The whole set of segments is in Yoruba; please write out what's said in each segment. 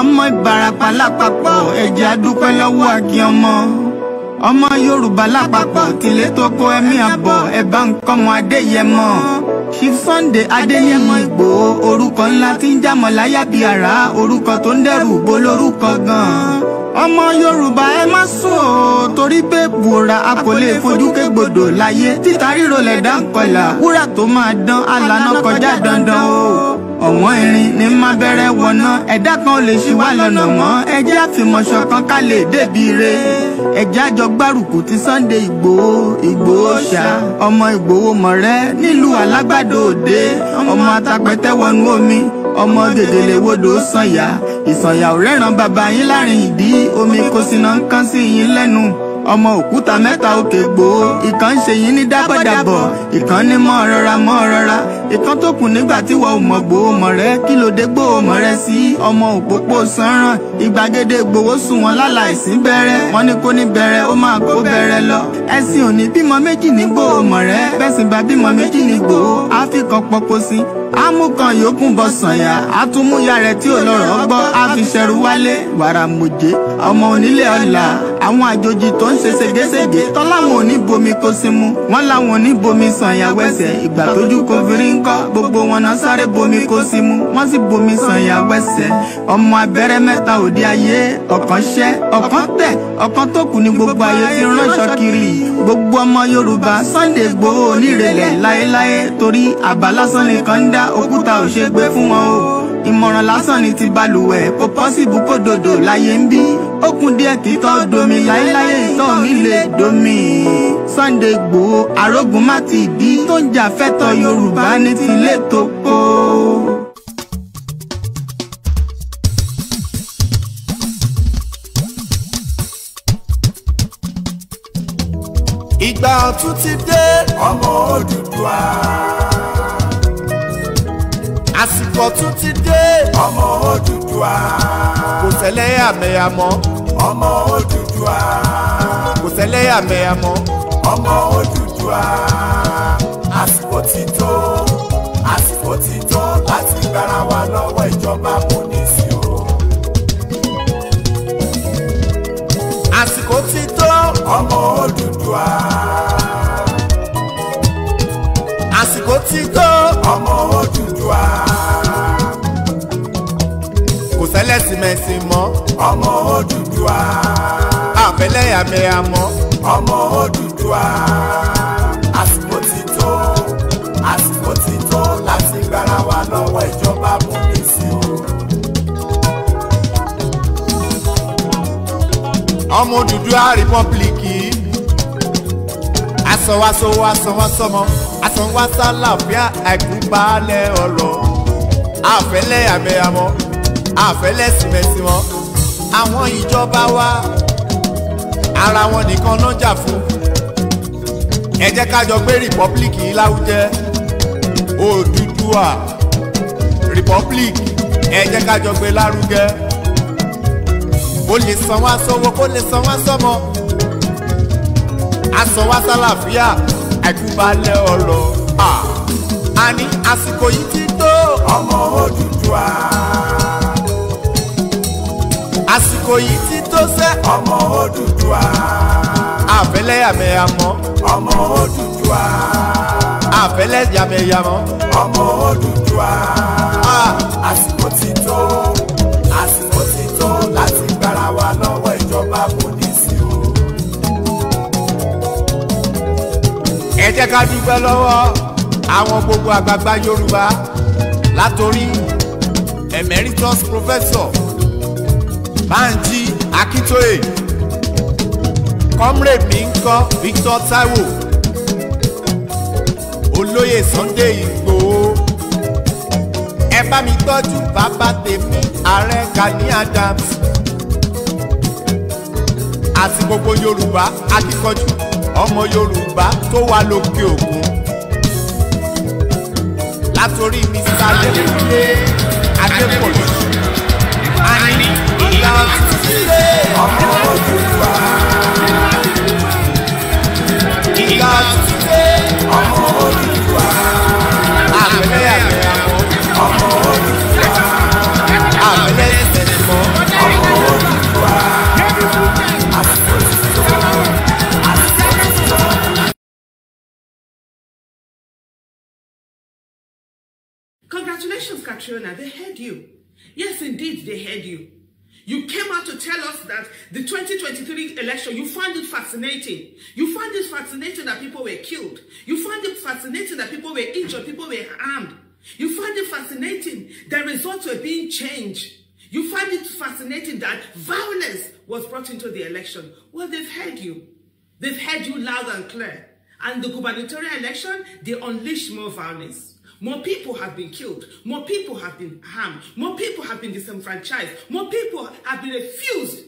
ọmọ Ìbàràpá lápapọ̀ ẹ jẹ́ adúpẹ́ lọ́wọ́ Akin ọmọ ọmọ Yorùbá lápapọ̀ tìlé tó kó ẹ̀mí àbọ̀ ẹ̀bá nkọ́mọ Adéyẹmọ Chief Adéyẹmọ Ìgbòho orúkọ ńlá tí ń jámọ̀ láyà bíi àrá orúkọ tó ń dẹrù bo lórúkọ gan-an ọmọ Yorùbá ẹ má sùn o torí pé bùrà a kò lè fojú kégbodò láyé títa ríro lẹ̀dá ń kọlà wúrà tó máa dán alànà kọjá dandan o ọ̀wọ́n irin ní má bẹ̀rẹ̀ wọ̀nà ẹ̀dá kan ò lè ṣì wá lọ́nà mọ́ ẹjẹ́ àfìmọ̀ṣọ kan ká lè débi re ẹjẹ́ àjọ gbárùkù ti Sunday Ìgbòho Ìgbòho ṣá ọmọ Ìgbòho mọ̀rẹ́ nílùú alágbàdo òde ọmọ atapẹ̀tẹ̀ wọnú omi ọmọ gègèlè wodò sànyà ìsànyà ò rẹ́ràn bàbá yín láàrin ìdí omi kò sínà ń kán sí yín lẹ́nu ọmọ òkúta mẹ́ta òkè gbòó ìkan ń ṣe yín ní dábọ̀dàbọ̀ ìkan ní mọ́ rọra mọ́ rọra ìkan tó kù nígbà tí wọ́n ò mọ̀ gbòó mọ̀ rẹ kí ló dé gbòó mọ̀ rẹ sí ọmọ òpópó sanran ìgbàgede gbòó sùn wọn lálà ìsín bẹ̀rẹ̀ wọn ní kó ní bẹ̀rẹ̀ ó máa kó bẹ̀rẹ̀ lọ ẹ̀sìn òní bímọ méjì ní gbòó mọ̀ rẹ bẹ́sìn bá bímọ méjì ní gbòó áfíkan pọ̀pọ̀ sí amúkan yòókù bọ̀ sànyà àtúmúyà rẹ̀ tí ò lọ́rọ̀ gbọ́ àfiṣẹ́rù wálé wàrà mòjé ọmọ onílé ọ̀la àwọn àjòjì tó ń ṣe ségesège tọ́láwọn ò ní bomi kó sí mu wọ́n láwọn ò ní bomi sàn ìyàwó ẹsẹ̀ ìgbà tójú kòfìrí ń kọ́ gbogbo wọn náà sáré bomi kó sí mu wọ́n sì bomi sàn ìyàwó ẹsẹ̀ ọmọ abẹ́rẹ́ mẹ́ta òde ayé ọ̀kan ṣẹ́ ọ̀kan tẹ̀ ọ̀kan tó kù ní gbogbo ayé ti ránṣọ kiri gbogbo ọmọ Yorùbá Sunday Igboho onírèlẹ̀ láéláé torí àbá lásán nìkan ń dá òkúta ò ṣe gbé fún wọn o ìmọ̀ràn lásán ni ti balùwẹ̀ kò pọ́sibú kò dòdò láyé ń bí ó kún díẹ̀ kí domi láéláé tán mi lè domi Sunday Igboho arógun má ti dí tó ń jà fẹ́tọ̀ Yorùbá ní tilé tó po. ìgbà ọ̀tun ti dé ọmọ Odùduwà. àsìkò ọ̀tun ti dé ọmọ Odùduwà. kò tẹ̀lé àmẹ́yàmọ́ ọmọ Odùduwà kò sẹ́lẹ́yàmẹ̀yà mọ́. ọmọ Odùduwà àsìkò ti tó àsìkò ti tó láti gbára wa lọ́wọ́ ìjọba amúnisí o. àsìkò ti tó ọmọ Odùduwà. àsìkò ti tó ọmọ Odùduwà kò sẹ́lẹ̀sìmẹ̀sì mọ́. ọmọ Odùduwà abẹ́lẹ́yàmẹ̀yàmọ́. ọmọ Odùduwà àsìkò ti tó àsìkò ti tó láti gbára wa lọ́wọ́ ìjọba amúnisí o. ọmọ Odùduwà rìpọ́blìkì asọwasọwọ asọwọsọmọ asọwọsálàfíà àìkúbalẹ̀ ọ̀rọ̀ àfẹ́lẹ́yàmẹ̀yàmọ́ àfẹ́lẹ́sìmẹ̀sìmọ́ àwọn ìjọba wa ara wọn nìkan náà jà fún ẹ jẹ́ ká jọ gbé rìpọ́blíkì láwùjẹ́ Odùduwà rìpọ́blíkì ẹ jẹ́ ká jọ gbé lárugẹ ó lè san wá sówó kó lè san wá sọ́mọ asan wá sálàfíà àìkúbalẹ̀ ọ̀rọ̀ a ní àsìkò yìí ti tó ọmọ Odùduwà àsìkò yìí ti tó sẹ́. ọmọ Odùduwà. àfẹ́lẹ́ yàmẹ̀yàmọ́. ọmọ Odùduwà. àfẹ́lẹ́ yàmẹ̀yàmọ́. ọmọ Odùduwà. àsìkò ti tó àsìkò ti tó láti gbára wa lọ́wọ́ ìjọba polisi o. ẹ jẹ́ ká dúpẹ́ lọ́wọ́ àwọn gbogbo àgbààgbà Yorùbá látòrí emeritus professor. Banji Akintoye comrade mi Victor Taiwo olóyè Sunday Igboho ẹ bá mi tọ́jú bàbá tèmi ààrẹ Gani Adams àti gbogbo Yorùbá akíkanjú ọmọ Yorùbá tó wà lókè òkun látòrí Mr. Adébóyè Adépọ̀jù ọmọ òjòpá. Ìyá àtúndé ọmọ òjòpá. Àgbẹ̀ àgbẹ̀ ọmọ òjòpá. Àgbẹ̀ ìfẹ̀sọ̀ ọmọ òjòpá. Àsìkò ìfẹ̀sọ̀ Congratulations, Katrina. They heard you. Yes, indeed, they heard you. You came out to tell us that the 2023 election, you find it fascinating. You find it fascinating that people were killed. You find it fascinating that people were injured, people were harmed. You find it fascinating that results were being changed. You find it fascinating that violence was brought into the election. Well, they've heard you. They've heard you loud and clear. And the gubernatorial election, they unleashed more violence. More people have been killed. More people have been harmed. More people have been disenfranchised. More people have been refused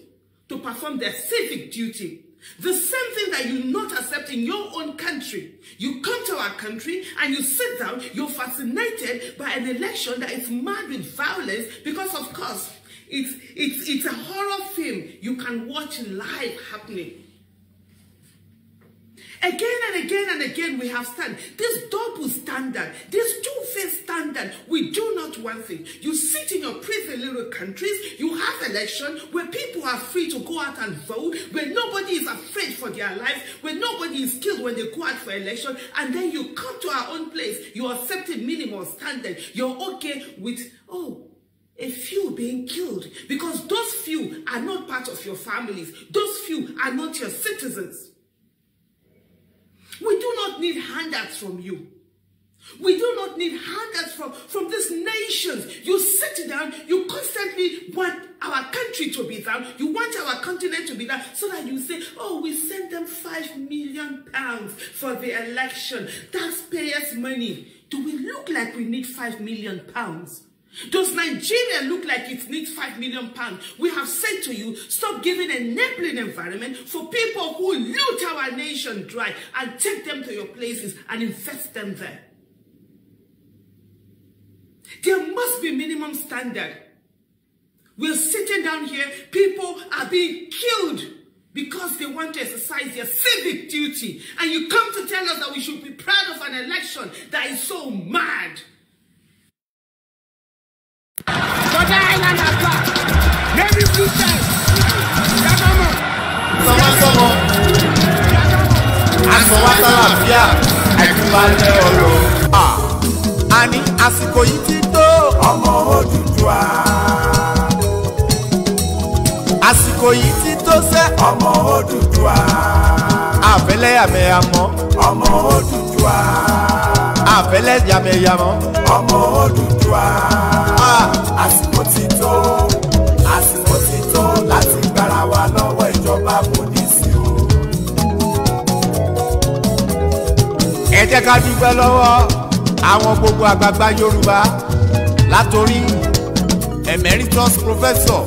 to perform their civic duty. The same thing that you not accept in your own country. You come to our country and you sit down, you're fascinated by an election that is mad with violence because of course, it's, it's, it's a horror film you can watch live happening. Again and again and again we have stand. This double standard, this two-faced standard, we do not want it. You sit in your prison little countries, you have election where people are free to go out and vote, where nobody is afraid for their lives, where nobody is killed when they go out for election, and then you come to our own place, you accept a minimal standard, you're okay with, oh, a few being killed because those few are not part of your families. Those few are not your citizens. We do not need handouts from you. We do not need handouts from, from these nations. You sit down, you constantly want our country to be down, you want our continent to be down, so that you say, oh, we sent them five million pounds for the election. That's Taxpayers' money. Do we look like we need five million pounds? Does Nigeria look like it needs 5 million pounds? We have said to you, stop giving a enabling environment for people who loot our nation dry and take them to your places and invest them there. There must be minimum standard. We're sitting down here, people are being killed because they want to exercise their civic duty. And you come to tell us that we should be proud of an election that is so mad. sọmọsọmọ asọwátàlàfíà àìkúbalẹ̀ ọ̀rọ̀. a ní àsìkò yìí ti tó. ọmọ Odùduwà. àsìkò yìí ti tó sẹ́. ọmọ Odùduwà. àfẹ́lẹ́ yàmẹ̀yàmọ́. ọmọ Odùduwà. àfẹ́lẹ́ yàmẹ̀yàmọ́. ọmọ Odùduwà. àsìkò ó ti tó àsìkò ti tó láti gbára wa lọ́wọ́ ìjọba pòlísì o. ẹ jẹ́ ká dúpẹ́ lọ́wọ́ àwọn gbogbo àgbààgbà Yorùbá látòrí emeritus professor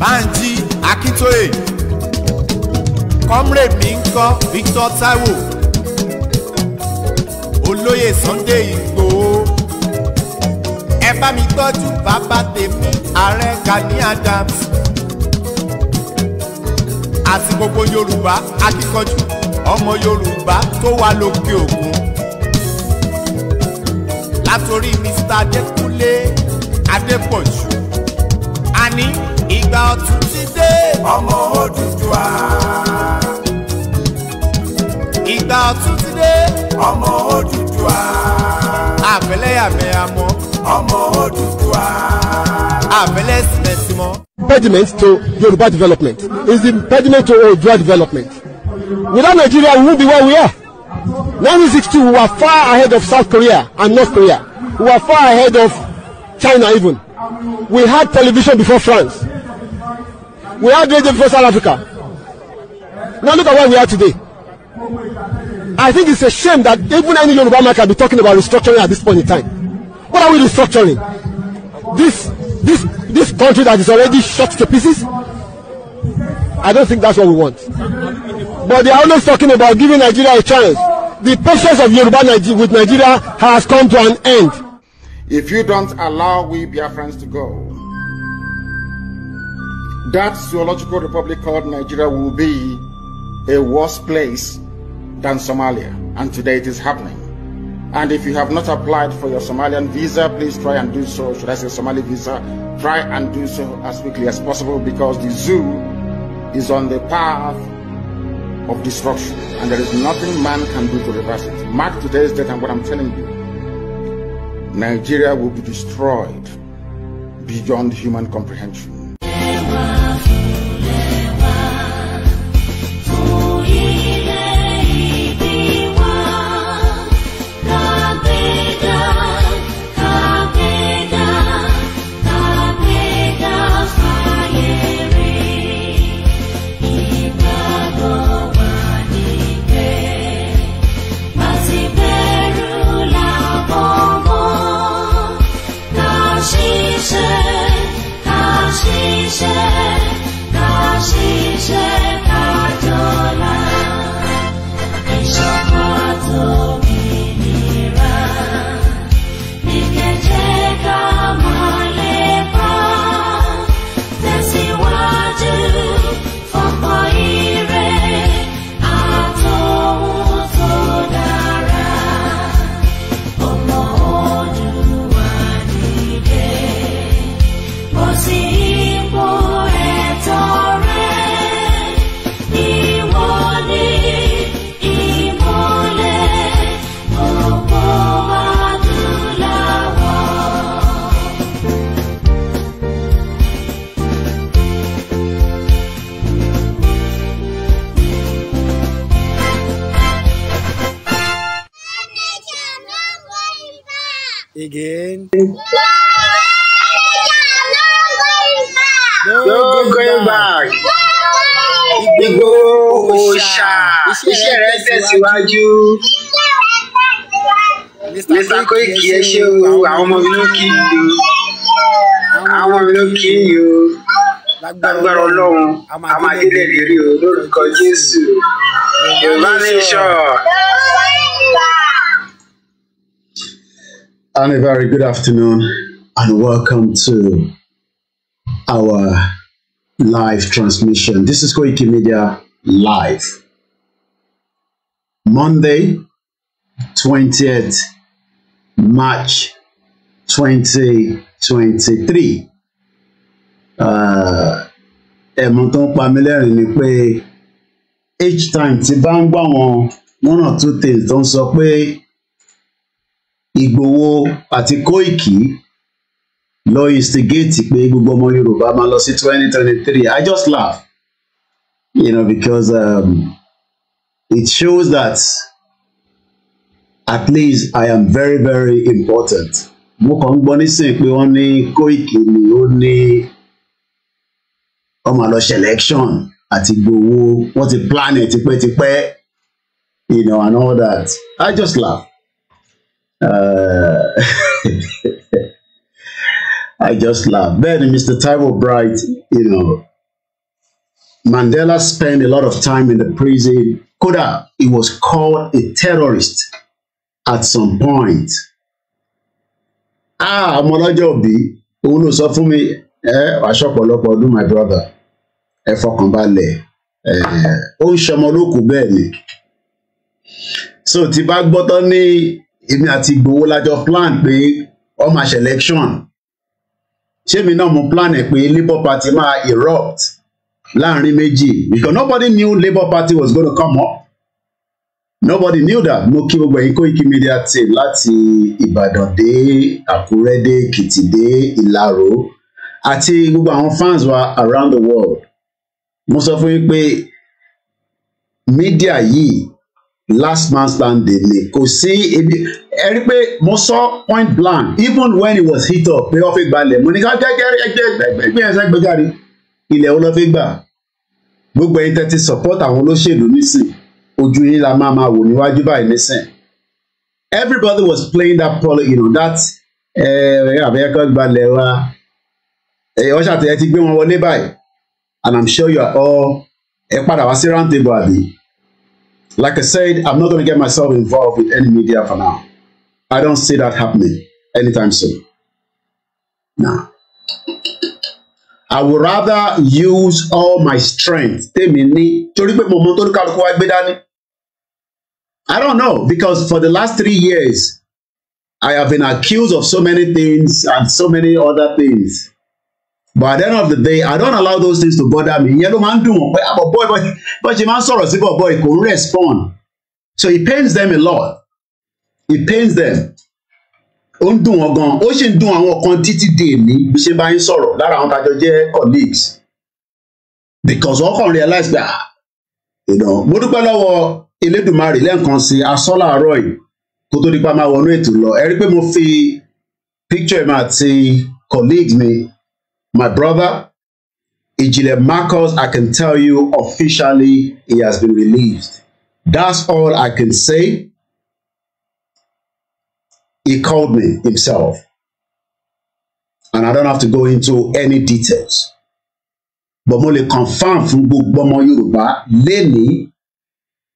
Banji Akintoye comrade mi ń kọ́ Victor Taiwo olóyè Sunday Igboho bá mi tọ́jú bàbá tèmi ààrẹ Gani Adams àti gbogbo Yorùbá akíkanjú ọmọ Yorùbá tó wà lókè òkun látòrí Mr. Adékúnlé Adépọ̀jù àní ìgbà ọ̀tun ti dé. ọmọ Odùduwà. ìgbà ọ̀tun ti dé. ọmọ Odùduwà. àfẹlẹ́yàmẹ̀yàmọ́ ọmọ Odùduwà. àfẹlẹ́ sìmẹ́ntì mọ́. impediment to Yoruba development is the impediment to Oduduwa development. Without Nigeria, we won't be where we are. 1962, we were far ahead of South Korea and North Korea. We were far ahead of China even. We had television before France. We had radio before South Africa. Now look at where we are today. I think it's a shame that even any Yoruba man can be talking about restructuring at this point in time. What are we restructuring? This this this country that is already shot to pieces? I don't think that's what we want. But they are always talking about giving Nigeria a chance. The process of Yoruba Nigeria with Nigeria has come to an end. If you don't allow we Biafrans to go, that zoological republic called Nigeria will be a worse place than Somalia. And today it is happening. And if you have not applied for your Somalian visa, please try and do so. Should I say Somali visa? Try and do so as quickly as possible because the zoo is on the path of destruction and there is nothing man can do to reverse it. Mark today's date and what I'm telling you. Nigeria will be destroyed beyond human comprehension. shine. iṣẹ́ rẹ tẹ̀síwájú. Mr. Koiki ẹ ṣé o, àwọn ọmọ mi ló kí yìí o, àwọn ọmọ mi ló kí yìí o, lágbára Ọlọ́run, a lérí o lórúkọ Jésù. Yorùbá nation. And a very good afternoon and welcome to our live transmission. This is Koiki Media Live. Monday, 20th March 2023. Uh, Ẹ̀mú tó ń pa mí lẹ́rìn ni pé each time tí bá ń gbọ́ wọn one or two things tó ń sọ pé Ìgbòho àti Kóìkì lọ instigate pé gbogbo ọmọ Yorùbá máa lọ sí 2023 I just laugh you know because um, It shows that at least I am very very important. Mo kàn ń gbọ́ nísìnyí pé wọ́n ti you know and all that. I just laugh. Uh, I just laugh. Then Mr. Taiwo Bright, you know, Mandela spent a lot of time in the prison Kódà he was called a terrorist at some point. Ah, ọmọ ọlọ́jọ́ òbí òun ló sọ fún mi ẹ aṣọ́pọ̀lọpọ̀ ọdún my brother ẹ fọkàn balẹ̀ ẹ eh, ó ń ṣọmọ olókùú bẹ́ẹ̀ ni. So tí bá gbọ́tọ́ ní èmi àti Ìgbòho lájọ plan pé ọmọ àṣẹ election ṣé mi náà mo plan ẹ̀ pé Labour Party máa erupt láàrin méjì because nobody knew Labour Party was gonna come up nobody knew that mo kí gbogbo ẹ̀yin Koiki Media team láti Ìbàdàn dé Àkúrẹ́ dé Èkìtì dé Ìlàró àti gbogbo àwọn fans wa around the world mo sọ fún yín pé mídíà yìí last man standing ni kò sí ebi ẹ rí i pé mo sọ point blank even when it was hit up pé wọ́n fi gbalẹ̀ mo ní ká jẹ́ jẹ́ ẹgbẹ́ ẹgbẹ́ ẹgbẹ́ ẹgbẹ́ ẹgbẹ́ jáde ilẹ̀ wọn fi gbà gbogbo ẹ̀yin tẹ́ support àwọn olóṣèlú nísìn ojú yín la máa máa wò níwájú báyìí nísìn everybody was playing that polo you know that eh, àbẹ̀yẹkọ gbalẹ̀ wa ẹ̀yọ́ ṣàtẹ̀yẹ ti gbé wọn wọlé báyìí and i'm sure you are all ẹ padà wá sí round table àbí like i said i'm not gonna get myself involved with any media for now i don't see that happening anytime soon now. Nah. I would rather use all my strength tèmi ní torí pé mo mọ tó ní kálukú wa gbé dání. I don't know because for the last three years I have been accused of so many things and so many other things. But at the end of the day, I don't allow those things to bother me. Ìyẹn ló máa ń dùn wọ́n pé àbọ̀ ah, boy boy bó ṣe máa ń sọ̀rọ̀ sí bọ̀ boy kò ń respond. So it pains them a lot. It pains them ó ń dùn wọn gan ó sì ń dùn àwọn kan títí dé èmi bí ṣe bá ń sọ̀rọ̀ lára àwọn tajọ jẹ́ colleagues because wọ́n kàn realize pé ah mo dúpẹ́ lọ́wọ́ Elédùmarè lẹ́ǹkan sí asọ́ làárọ̀ yìí kó tó di pa máa wọnú ètò lọ ẹ rí i pé mo fi picture mi àti colleague mi my brother Ìjìnlẹ̀ Marcus I can tell you officially he has been released that's all I can say. He called me himself. And I don't have to go into any details. But mo lè confirm fún gbogbo ọmọ Yorùbá lẹ́ni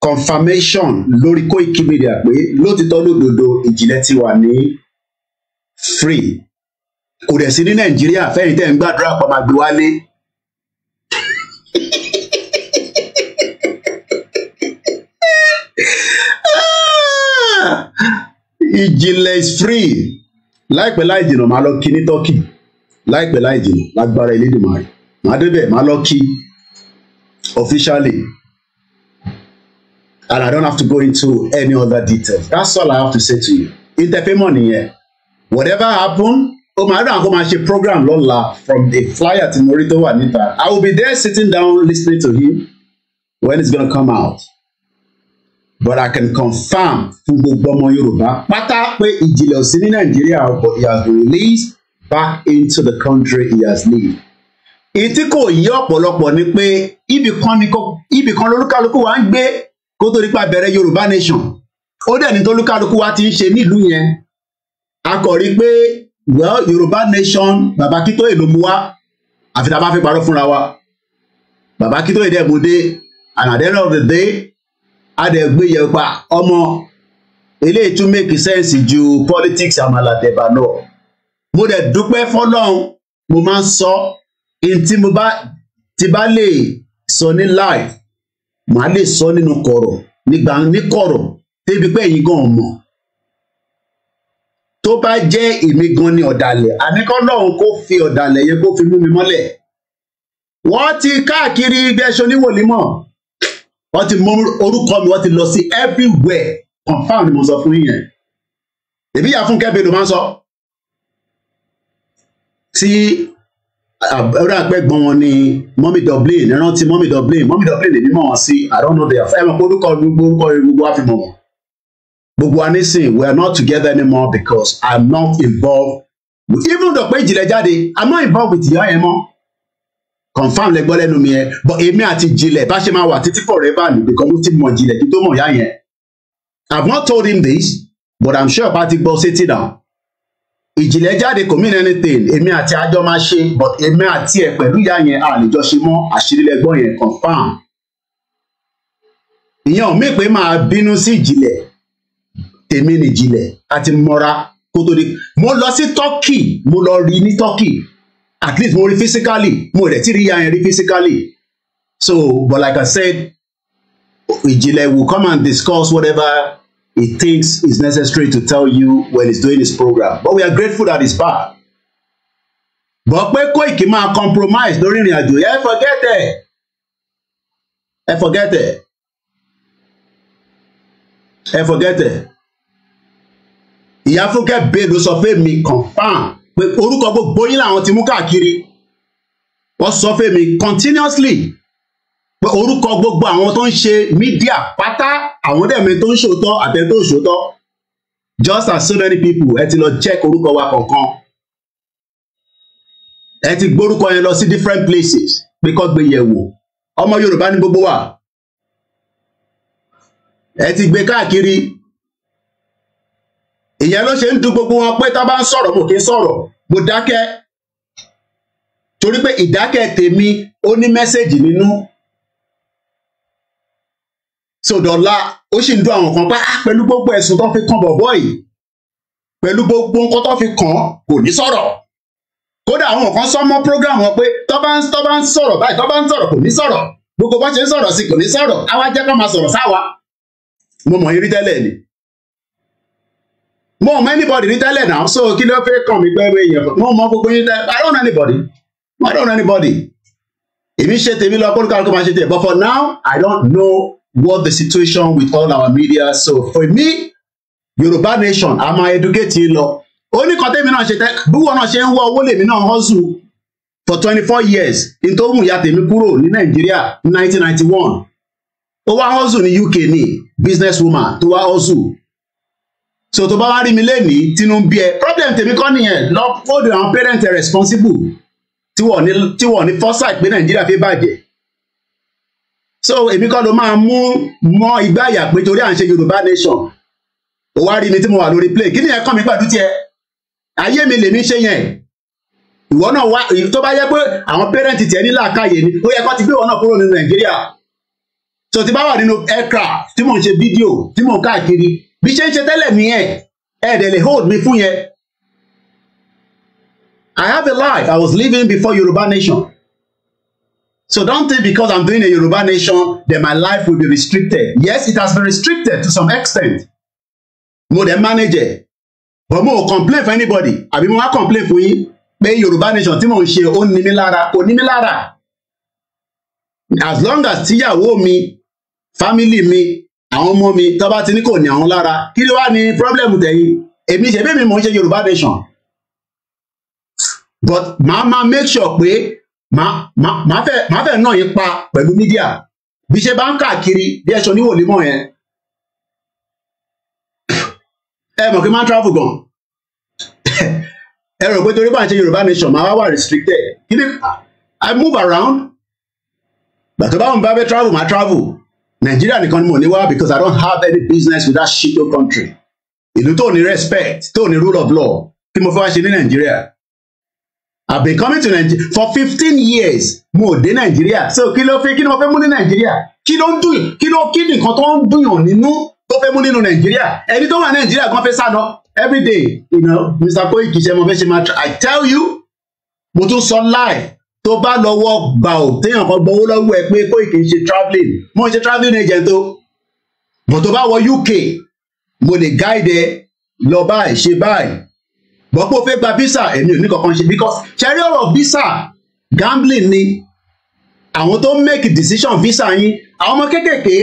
confirmation lórí Koiki Media pé lótìtọ́ lódodo ìjìnlẹ̀ ti wà ní free. Kò dẹ̀ sí ní Nàìjíríà fẹ́yìntẹ́ ń gbàdúrà pọ̀ máa gbé wálé. ìjìnlẹ̀ is free láìpẹ́ láì jìnnà máa lọ kí ní turkey láìpẹ́ láì jìnnà lágbára Elédùmarè máa débẹ̀ máa lọ kí officially and I don't have to go into any other details that's all I have to say to you interfamon nìyẹn whatever happen o máa dàn kó máa ṣe program lọ́la from the flyer tí mo rí tó wà níta I will be there sitting down listening to him when it's gonna come out but I can confirm fún gbogbo ọmọ Yorùbá pátá pé ìjìnlẹ̀ ò sí ní Nàìjíríà but he has been released back into the country he has lived. Ètí kò yí ọ̀pọ̀lọpọ̀ ni pé ibì kan lolúkálukú wa ń gbé kó tó nípa bẹ̀rẹ̀ Yorùbá nation ó dẹ̀ ní tolúkálukú wa ti ń ṣe nílùú yẹn a pé well Yorùbá nation bàbá kító èlò mu wá àfi tá a bá fi parọ́ fúnra wa bàbá kító èdè mo dé and at the end of the day adẹ̀gbéyẹ̀pà ọmọ eléyìí tún make sense ju politics àmàlàtẹ̀bà lọ mo dẹ̀ dúpẹ́ fọlọ́run mo máa ń sọ in tí mo bá ti bá lè sọ ní live màá lè sọ nínú kọ̀rọ̀ nígbà ní kọ̀rọ̀ débi pé èyí gan mọ̀ tó bá jẹ́ èmi gan ni ọ̀dàlẹ̀ àníkọ́ lọ́hùn kó fi ọ̀dàlẹ̀ yẹn kó fi mú mi mọ́lẹ̀ wọ́n ti káàkiri ibi ẹṣọ wọ́n ti mú orúkọ mi wọ́n ti lọ sí everywhere confam ni mo sọ fún yín èmi yà fún kẹ́bí ló máa ń sọ tí ọ̀rẹ́ àgbẹ̀gbọ́n wọn ni mọ́mí Dublin rántí mọ́mí Dublin mọ́mí Dublin lè mímọ̀ wọn sí àrọ́nà ọ̀dẹ̀ ẹ̀fọ́ ẹ̀mọ́ orúkọ orúkọ gbogbo wa fi mọ̀ wọn gbogbo wa nísìn we are not together anymore because I am not involved even though pé ìjìnlẹ̀ jáde I am not involved with ìyá ẹ̀ confam lẹ gbọ́ lẹ́nu mi yẹn but èmi àti jilẹ̀ bá ṣe máa wà títí forever ni because mo ti mọ̀ jilẹ̀ kí tó mọ̀ yá yẹn i have not told him this but i'm sure bá ti gbọ́ sétí náà ìjìnlẹ̀ jáde kò mean anything èmi àti àjọ máa ṣe but èmi àti ẹ̀ pẹ̀lú ìyá yẹn a lè jọ ṣe mọ́ àṣírí lẹ́gbọ́n yẹn confam ìyẹn ò mí pé máa bínú sí ìjìnlẹ̀ tèmi nìjìnlẹ̀ àti mọ́ra kó tó di mo lọ sí turkey mo lọ rí ní turkey at least mo rí physically mo rẹ̀ tí rí ya yẹn rí physically so but like I said ìjìnlẹ̀ will come and discuss whatever he thinks is necessary to tell you when he's doing his program but we are grateful that he's back But pé Koiki máa compromise lórí ìrìn àjò yẹn forget it ẹ forget it ẹ forget it ìyá fúnkẹ́ bẹ́ẹ̀ ló sọ pé mi confam pé orúkọ gbogbo yín làwọn ti mú káàkiri wọ́n sọ fẹ́mi continuously pé orúkọ gbogbo àwọn tó ń ṣe mídíà pátá àwọn dẹ̀mí tó ń ṣòótọ́ àtẹ tó ń ṣòótọ́ just as so many people ẹ ti lọ check orúkọ wa kọ̀ọ̀kan ẹ ti gbórúkọ yẹn lọ sí different places pé kọ́ gbé yẹ̀ wò ọmọ Yorùbá ní gbogbo wa ẹ ti gbé káàkiri ìyẹn ló ṣe ń du gbogbo wọn pé tá a bá ń sọ̀rọ̀ mò kí ń sọ̀rọ̀ mo dákẹ́ torí pé ìdákẹ́ tèmi ó ní mẹ́sẹ̀gì nínú sọdọ̀la ó sì ń dún àwọn kan pé á ah, pẹ̀lú gbogbo ẹ̀sùn tó fi kan bọ̀bọ́ yìí pẹ̀lú gbogbo nǹkan tó fi kàn án kò ní sọ̀rọ̀ kódà àwọn kan sọ mọ́ program wọn pé tó bá ń tó bá ń sọ̀rọ̀ báyìí tó bá ń sọ̀rọ̀ kò ní sọ̀rọ̀ gbogbo bá ṣe ń sọ̀rọ̀ sí kò ní sọ̀rọ̀ àwa jẹ́ kó máa sọ̀rọ̀ sáwa mo mọ̀ irí tẹ́lẹ̀ ni mo mọ anybody ní tẹ́lẹ̀ náà so kí ló fẹ́ kàn mí pẹ́ẹ́rú èèyàn mo mọ gbogbo yín tẹ́lẹ̀ I don't know anybody I don't know anybody èmi ṣe tèmi lọ kó kálukú máa ṣe tèmi but for now I don't know what the situation with all our media so for me Yorùbá nation a máa educate yín lọ oníkọ̀tẹ́mi náà ṣe tẹ́ búwọ́ náà ṣe ń wọ owó lèmi náà hustle for twenty four years n tó mú ìyá tèmi kúrò ní Nàìjíríà nineteen ninety one ó wá hustle ní UK ní business woman tó wá hustle so tó bá wá rí mi lénìí tínú bí ẹ problem tèmi kọ́ nìyẹn lọ hold àwọn parents are responsible tí wọ́n ní tí wọ́n ní foresight pé nàìjíríà fi bàjẹ́ so èmi kọ́ ló máa mú mọ́ igbá àyà pé torí à ń ṣe yorùbá nation ó wá rí mi tí mo wà lórí play kí ni ẹ̀kọ́ mi pàdú tiẹ̀ ayé mi lèmi ṣe yẹn ìwọ náà wá tó bá yẹ pé àwọn parents tiẹ̀ ní làákàyè ni ó yẹ kó ti gbé ìwọ náà kúrò nínú nàìjíríà so ti bá wà nínú aircraft tí mò ń ṣe fídíò tí mò ń káàkiri bí ṣe ń ṣe tẹ́lẹ̀ mi yẹn ẹ̀ dẹ̀ lè hold mi fún yẹn. I have a life I was living before Yoruba nation. So don't think because I'm doing a Yoruba nation that my life will be restricted. Yes, it has been restricted to some extent. Mo dẹ̀ manage it. But mo complain for anybody. Àbí mo wá complain for yín pé Yoruba nation tí mo ń ṣe ó ní mi lára kò ní mi lára. As long as tíyàwó mi, family mi, àwọn ọmọ mi tó bá ti ní kò ní àwọn lára kí ló wá ní problem tẹ̀yìn èmi ṣe bẹ́ẹ̀ mi mò ń ṣe Yorùbá nation but màá máa make sure pé màá fẹ́ màá fẹ́ náà yín pa pẹ̀lú mídíà bí ṣe bá ń káàkiri bí ẹṣọ níwò nímọ̀ yẹn ẹ mọ̀ kí n máa travel gan ẹ rò pé torí bá ń ṣe Yorùbá nation màá wá wà restricted kí ni I move around gbàtọ́ báwọn bá fẹ́ travel màá travel. Nigeria nìkan ni mo ní wá because I don't have any business with that shit no country ìlú tó ní respect tó ní rule of law tí mo fẹ́ wá ṣe ní Nigeria I've been coming to Nigeria for fifteen years mo dé Nigeria so kí ló fẹ́ kí ni mo fẹ́ mú ní Nigeria kí ló ń dùn kí ló kí nìkan tó ń dùnyàn nínú tó fẹ́ mú nínú Nigeria ẹni tó wà Nigeria kan fẹ́ sá lọ every day you know Mr. Koiki ṣe mo fẹ́ ṣe máa try I tell you mo tún sọ live tó bá lọ́wọ́ gbà ò téèyàn kan gbowó lọ́wọ́ ẹ pé Koiki ń ṣe travelling mo ń ṣe travelling agent o bọ̀ tó bá wọ UK mo lè guide ẹ lọ báyìí ṣe báyìí bọ́ pé o fẹ́ gba visa èmi ò ní kankan ṣe because ṣẹ́rí ọ̀rọ̀ visa gambling ni àwọn tó make decision visa yín àwọn ọmọ kéékèèké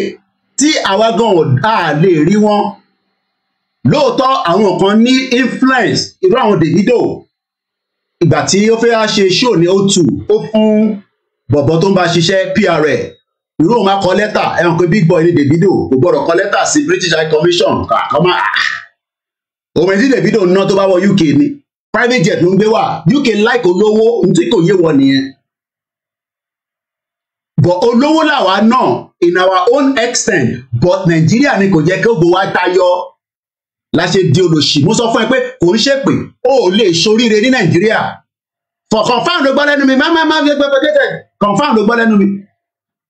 tí àwa gan à lè rí wọn lóòótọ́ àwọn kan ní influence irú àwọn Davido ìgbà tí ó fẹ́ ṣe show ní O2 ó fún bọ̀bọ̀ tó ń bá ṣiṣẹ́ PR ẹ̀ irú òun á kọ lẹ́tà ẹ̀wọ̀n pé big boy ní Davido kò gbọ́dọ̀ kọ lẹ́tà sí British High Commission kàkọ́mà òun èdè Davido ń ná tó bá wọ UK ni private jet ló ń gbé wà UK láìkó lówó ohun tí kò yé wọ nìyẹn but olówó làwa náà in our own extent but Nàìjíríà ni kò jẹ́ kí ó gbowó tayọ la ṣe di olòṣì mo sọ fún ẹ pé kò ń ṣèpè ó lè ṣoríire ní nàìjíríà for confam ló gbọ́ lẹ́nu mi má má fi gbẹ́ pẹ́tẹ́tẹ́ confam ló gbọ́ lẹ́nu mi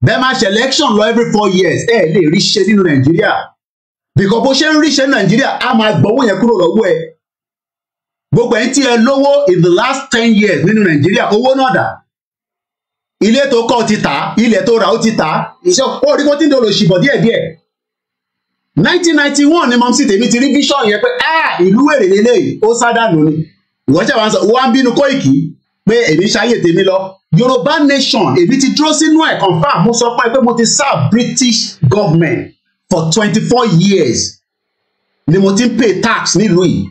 bẹ́ẹ̀ máa ṣe election lọ every four years ẹ lè rí ṣe nínú nàìjíríà bìkọ́ bó ṣe ń rí ṣe ní nàìjíríà á máa gbọ́wọ́ yẹn kúrò lọ́wọ́ ẹ gbogbo ẹ̀ ń tí lówó in the last ten years nínú nàìjíríà owó náà dà ilé tó kọ́ ti tà ilẹ̀ tó rà ó ti tà ìṣe ó rí kó tí ń dolo ṣìbọ̀ díẹ̀díẹ̀ 1991 ni mọ̀mísì tèmi ti rí bíṣọ̀ yẹn pé ah, ìlú wèrè lélẹ́yìí ó sádànù ni ìwọ́jà wa ń sọ wọ́n á bínú Kóìkì pé èmi ṣayé tèmi lọ Yorùbá nation èmi ti dúró sínú ẹ̀ confam mo sọ pé mo ti serve British government for twenty four years ni mo ti ń pay tax nílùú yìí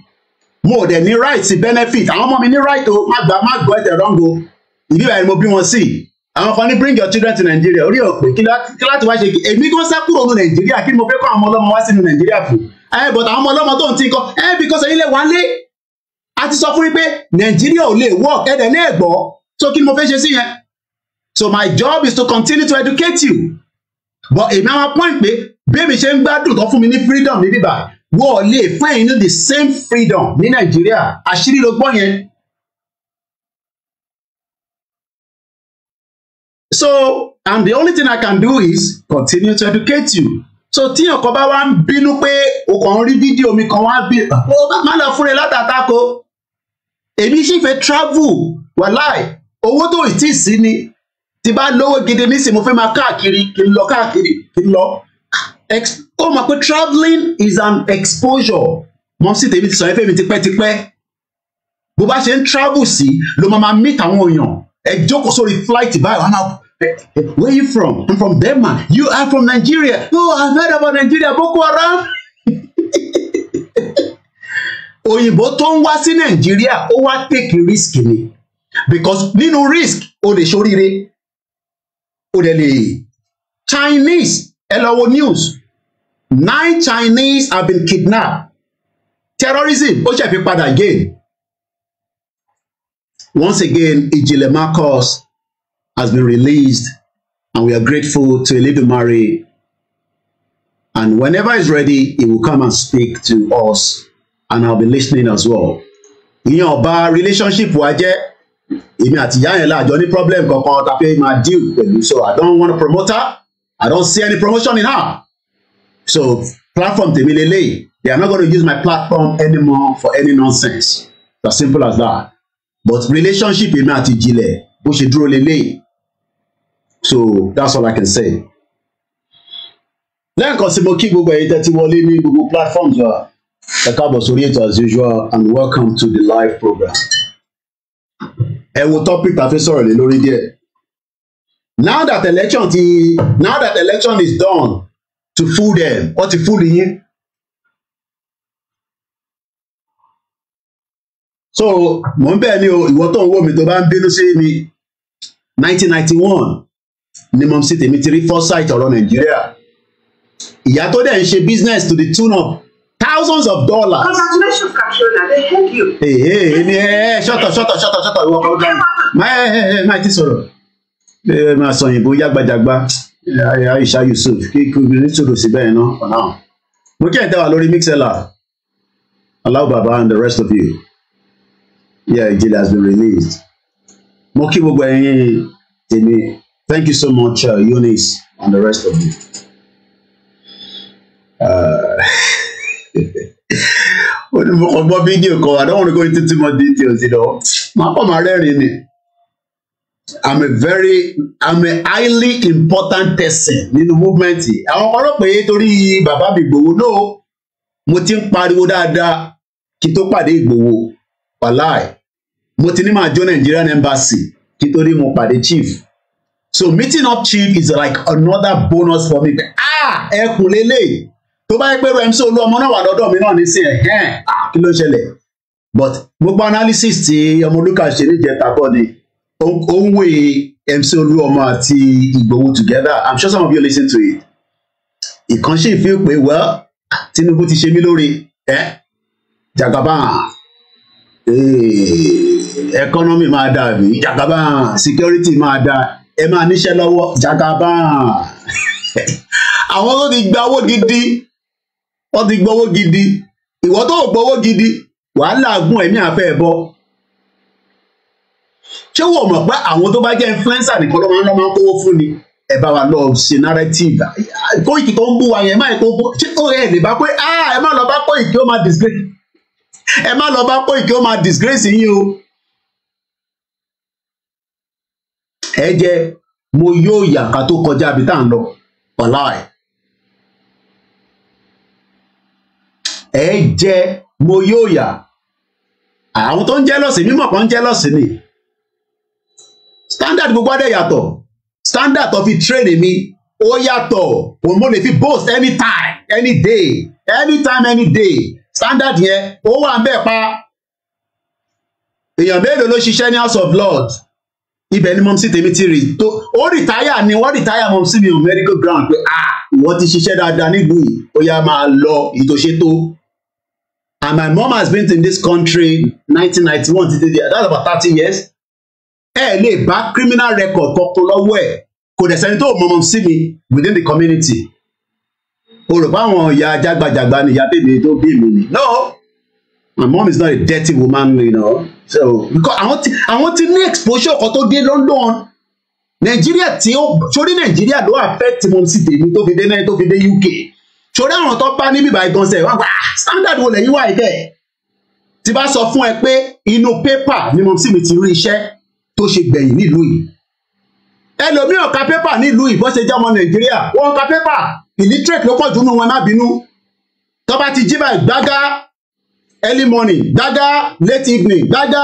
mo ò dẹ̀ ní right sí benefit àwọn ọmọ mi ní right o má gbà má gbọ́ ẹ̀tẹ̀ rọ́ngo ìbí báyìí ni mo bí wọn sí àwọn kan ní bring your children to Nigeria orí ọ̀pẹ kí láti wá ṣe kí èmi kò sá kúrò ní Nàìjíríà kí ni mo fẹ́ kọ́ àwọn ọmọ wá sínú Nàìjíríà fún ẹ but àwọn ọmọ tó ń ti kọ ẹ because ẹ̀yin lè wá lé a ti sọ fún yín pé Nàìjíríà ò lè work ẹ̀dẹ̀ ní ẹ̀gbọ́ so kí ni mo fẹ́ ṣe sí yẹn so my job is to continue to educate you but èmi àwọn point pé bẹ́ẹ̀ mi ṣe ń gbádùn tó fún mi ní freedom ní bíbá wọ́n lè fún ẹ̀yin ní the same freedom ní Nigeria? àṣírí ló gbọ́ yẹn so and the only thing i can do is continue to educate you so tí ọkọ bá wá ń bínú pé o rí fídíò mi kan wá bí o oh, má lọ fúnra látàtàkọ èmi sì fẹ́ travel wàláì owó tó ìtì sí ni tí bá lówó gidi nísìn mo fẹ́ máa káàkiri kí n lọ káàkiri kí n lọ ó mọ̀ pé travelling is an exposure mọ sí tèmi ti sọ ẹ fẹ́ mi tipẹ́tipẹ́ bó bá ṣe ń travel sí ló máa máa meet àwọn èèyàn ẹ jókòó sórí flight báyìí wọn náà where you from i'm from denmark you are from nigeria oh i heard about nigeria boko haram òyìnbó tó ń wá sí nàìjíríà ó wá take risk ni because nínú risk o lè ṣoríire o lè lè chinese ẹ news nine chinese have been kidnapped terrorism ó ṣe fi padà again Once again, Ijile Marcos has been released, and we are grateful to Elidumari. And whenever he's ready, he will come and speak to us, and I'll be listening as well. Ìyẹn ọba relationship waje. jẹ́ èmi àti ìyá problem kankan tàbí máa deal so I don't want to promote her. I don't see any promotion in her. So platform tèmi lélẹ́yìí. They are not going to use my platform anymore for any nonsense. It's as simple as that but relationship èmi àti ìjìnlẹ̀ bó ṣe dúró lele. so that's all I can say. lẹ́ẹ̀kan sí mo kí gbogbo ẹ̀yin tẹ́tí wọlé ní gbogbo platforms wa ẹ káàbọ̀ sórí ètò as usual and welcome to the live program. ẹ wo topic tá a fi sọ̀rọ̀ lé lórí díẹ̀. now that election ti now that election is done to fool them wọ́n to fool yín so mò ń bẹ̀ ni o ìwọ tó ń wò mí tó bá ń bínú sí mi nineteen ninety one ni mo sì tèmi ti rí foresight ọ̀rọ̀ nàìjíríà ìyá tó dẹ̀ ń ṣe business to the tune of thousands of dollars. congratulations katrina they help you. ee ni ẹ ẹ ṣọtọ ṣọtọ ṣọtọ ṣọtọ ìwọ kan dáhùn máa ẹ ẹ ẹ máa ti sọ̀rọ̀ ẹ máa sọ òyìnbó yàgbàjàgbà aisha yusuf kí kúndùn nítorí síbẹ̀ yẹn náà ọ̀nà. mo kí ẹ̀ ń tẹ́wà lórí mixela allow baba and the rest of you. Yeah, it has been released. Moki kí Thank you so much, uh, Eunice, and the rest of you. Uh, mo kàn I don't want to go into too much details, you know. Màá pọ̀ I'm a very I'm a highly important person The movement yìí. Àwọn kan rò pé torí bàbá mi gbowó náà mo ti ń pariwo dáadáa mo ti ní máa jó Nigerian embassy kí torí mo pàdé chief so meeting up chief is like another bonus for me pé ah ẹkùn lélẹ̀ tó bá yẹ pé rẹmi sí olú ọmọ náà wà lọ́dọ̀ mi náà nísìnyẹ hẹn ah, kí ló ṣẹlẹ̀ but gbogbo analysis tí ọmọ Lucas ṣe níjẹta bọ ni ó ń wé MC Olúọmọ àti Ìgbòho together i'm sure some of you listen to it ìkànṣe ìfihàn pé well Tinubu ti ṣe mí lórí ẹ jagaban economy máa dáa bí jagaban security máa dáa ẹ máa níṣẹ́ lọ́wọ́ jagaban àwọn tó ti gba owó gidi wọ́n ti gbowó gidi ìwọ tó gbowó gidi wàhálà gún ẹ̀mí àfẹ́ bọ́ ṣé wò mọ̀ pé àwọn tó bá jẹ́ influencer nìkan ló máa ń lọ́ máa ń kówó fún ni ẹ bá wa lọ ṣe narrative Koiki tó ń bú wa yẹn máa ń kó ṣé ó yẹ lè bá pé ah, ẹ má lọ bá Koiki ó máa disgrace ẹ má lọ bá Koiki ó máa disgrace yín o ẹ jẹ mo yóò yàká tó kọjá ibi tá à ń lọ ọlá ẹ ẹ jẹ mo yóò yà àwọn tó ń jẹ lọsìn mímọ̀ kan ń jẹ lọsìn ni standard gbogbo adé yàtọ̀ standard of fi train mi ó yàtọ̀ òun mo lè fi boast anytime any day anytime any day standard yẹn ó wà ń bẹ̀ pa èèyàn mélòó ló ṣiṣẹ́ ní house of lords ibẹ̀ ni mọ̀mísí tèmi ti rí tó ó rìtáyà ni wọ́n rìtáyà mọ̀mísí mi ò medical ground pé ah ìwọ ti ṣiṣẹ́ dáadáa nílùú yìí ó yá máa lọ ìtòṣe and my mom has been in this country nineteen ninety one títí di that's about thirty years ẹ lè bá criminal record kọkọ lọ́wọ́ ẹ̀ kò dẹ̀ sẹ́ni tó mọ̀mọ́ sí mi within the community o rò báwọn ìyá jágbajàgba ni ìyá bèbè tó bí mi ni no my mom is not a dirty woman you know so because àwọn ti àwọn ti ní exposure kan tó dé London nàìjíríà tí ó sórí nàìjíríà ló affect mọ sí tèmi tó fi dé náà tó fi dé UK sórí àwọn tó bá níbi ìbàdàn sẹ wọn gba ah, standard wo lẹ́yìn wà ẹkẹ Ti bá sọ fún ẹ pé inú pépà ni mo sì mi ti rí iṣẹ́ tó ṣe gbẹ̀yìn nílùú yìí ẹlòmíràn ka pépà nílùú yìí bó ṣe jẹ́ ọmọ nàìjíríà wọ́n ka pépà illiterate ló pọ̀ jù nù wọn má bínú tó bá ti jí báyìí gbágá early morning gbágá late evening gbágá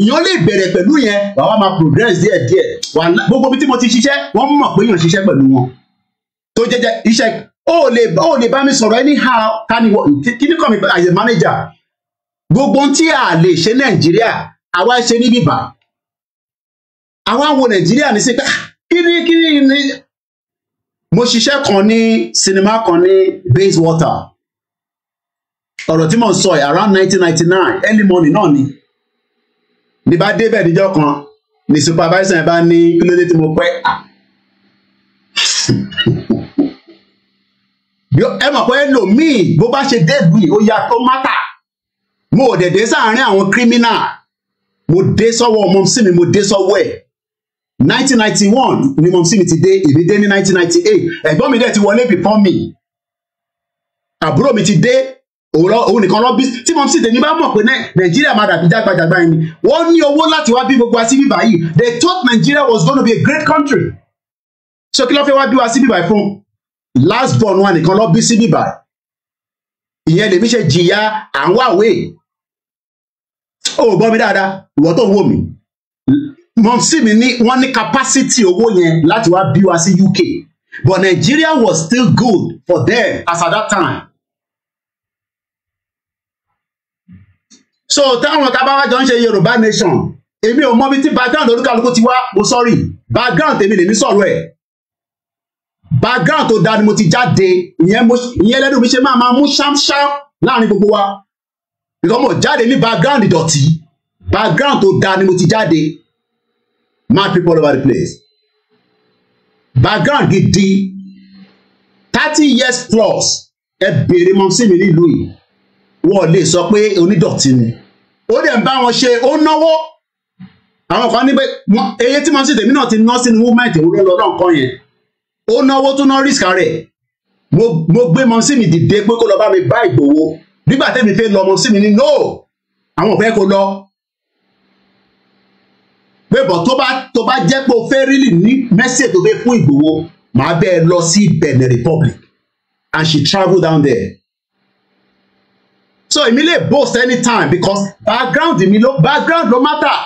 ìyàn lè bẹ̀rẹ̀ pẹ̀lú yẹn wà wá máa progress díẹ̀ díẹ̀ wà gbogbo ibi tí mo ti ṣiṣẹ́ wọ́n mọ̀ pé yàn ṣiṣẹ́ pẹ̀lú wọn tó jẹjẹ iṣẹ́ ó lè ó lè bá mi sọ̀rọ̀ anyhow kániwọ kíní kàn mí as a manager gbogbo tí a lè ṣe nàìjíríà àwa ṣe ní bíbá àwa wo nàìjíríà ní sí pé ah, kíni kíni mo ṣiṣẹ́ kan ní sinimá kan ní Bayswater ọ̀rọ̀ tí mò ń sọ yìí around nineteen ninety nine early morning náà ni ní bá débẹ̀ níjọ́ kan ní supervisor yẹn bá ní kí ló dé tí mo pẹ́ ẹ mọ̀ pé ẹlòmíì bó bá ṣe débù yìí ó ya tó mátà mo ò dẹ̀ dé sáàárín àwọn kírímínà mo dé sọ́wọ́ ọmọ sí mi mo dé sọ́wọ́ ẹ̀ nineteen ninety one ni mọ̀ sí mi ti dé èmi dé ní nineteen ninety eight ẹ̀gbọ́n mi dẹ̀ ti wọlé before me àbúrò mi ti dé òun nìkan lọ́bí tí mọ̀ sí tèmi bá mọ̀ pé nàìjíríà máa dàbí jágbajàgba ẹni wọ́n ní owó láti wá bí gbogbo wa sí bíbá yìí they thought Nigeria was gonna be a great country so kí ló fẹ́ wá bí wa sí bíbá fún last born wa nìkan lọ́bí sí bíbá ìyẹn lèmi ṣe jìyà à ń wá àwé ò gbọ́ mi dáadáa ìwọ tó ń wò mí mọ̀sími ní wọ́n ní capacity owó yẹn láti wá bí wa sí UK but Nigeria was still good for them as at that time. so táwọn tábàwá jọ ń ṣe Yorùbá nation èmi ò mọbi tí background olúkàlùkù ti wá mo sorry background tèmi lèmi sọ̀rọ̀ ẹ̀ background tó dáa ni mo ti jáde ìyẹn mo ìyẹn lẹ́nu mi ṣe máa máa mú ṣámṣám láàrin gbogbo wa ìkọ́mọ̀ jáde ní background ìdọ̀tí background tó dáa ni mo ti jáde mad people all over the place background gidi thirty years plus ẹ béèrè mọ sí mi nílùú yìí wọ́n lè sọ pé onídọ̀tí ni ó dẹ̀ ń bá wọn ṣe ó náwó àwọn kan ní pé eye tí mo ń ṣe tèmi náà ti ná sínú movement òwúrọ̀ lọ́dọ̀ nǹkan yẹn ó náwó tó ná risk rẹ̀ mo gbé mọ sí mi dìde pé kó lọ bá mi bá Ìgbòho nígbà tẹ́mi fẹ́ lọ mọ sí mi no àwọn ò fẹ́ kó lọ pé bọ̀ tó bá tó bá jẹ́ pé o fẹ́ rílì ní mẹ́sẹ̀ tó fẹ́ fún Ìgbòho màá bẹ́ẹ̀ lọ sí Benin Republic and she travel down there so èmi lè boast anytime because background mi ló background ló matter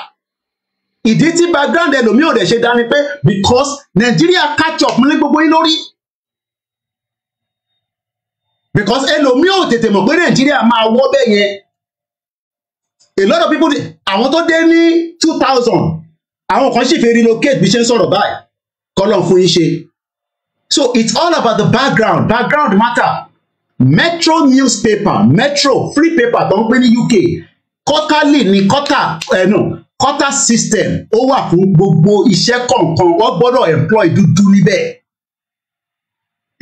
ìdí tí background ẹlòmíì ò dẹ̀ ṣe dání pé because Nigeria catch up ní gbogbo yín lórí because ẹlòmíì ò tètè mọ̀ pé Nigeria, máa wọ́ bẹ́ẹ̀ yẹn a lot of people àwọn tó dé ní two thousand àwọn kan sì fẹ́ relocate bí ṣe ń sọ̀rọ̀ báyìí kọ́lọ̀ fún yín ṣe so it's all about the background background matter metro newspaper metro free paper tó ń pè ní UK quarterly ní quarter eh, no, quarter system ó wà fún gbogbo iṣẹ́ kọ̀ọ̀kan wọ́n gbọ́dọ̀ employ dúdú níbẹ̀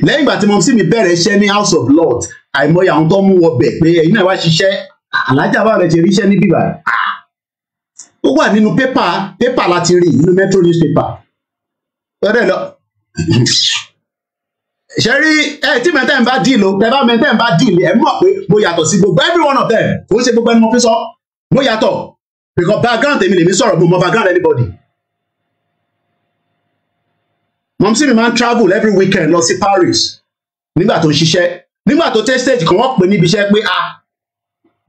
lẹ́yìn ìgbà tí mo sì mi bẹ̀rẹ̀ iṣẹ́ ní House of Lords àìmọye àwọn tó mú wọ bẹ̀ pé ẹ̀yin náà wá ṣiṣẹ́ alájà bá rẹ̀ ṣe ríṣẹ́ níbí báyìí ó wà nínú pépà pépà láti rí nínú metro newspaper lọ́dẹ̀ lọ. ṣe rí ẹ tí mẹ́tẹ́ ń bá díì lo tẹ́ bá mẹ́tẹ́ ń bá díì lé ẹ̀ mọ̀ pé mo yàtọ̀ sí gbogbo every one of them kò ń ṣe gbogbo ẹni mo fi sọ mo yàtọ̀ because background tèmi lèmi sọ̀rọ̀ mo mọ background anybody. mọ̀mísí mi máa ń travel every weekend lọ sí Paris nígbà tó ń ṣiṣẹ́ nígbà tó tẹ́ stage kan wọ́n pè níbi iṣẹ́ pé ah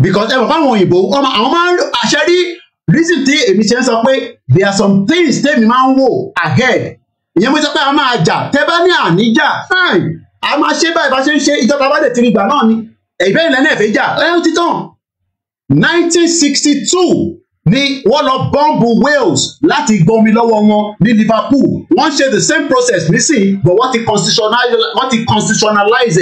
because ẹ mọ̀ fáwọn òyìnbó àwọn máa ń àṣẹ rí reason tí èmi ṣe ń sọ pé there are some things tèmi máa ń wò ahead ìyẹn mo sọ pé a máa jà tẹ bá ní àníjà fine a máa ṣe báyìí bá ṣe ń ṣe ìjọba bá lè ti rí gbà náà ni ẹ̀yìn bẹ́ẹ̀ lẹ́nu ẹ̀fẹ́ jà ẹ̀ títàn nineteen sixty two ni wọ́n lọ bọ́ǹbù Wales láti gbomi lọ́wọ́ wọn ní Liverpool wọ́n ṣe the same process nísìnyí but wọ́n ti constitutionalize wọ́n ti constitutionalize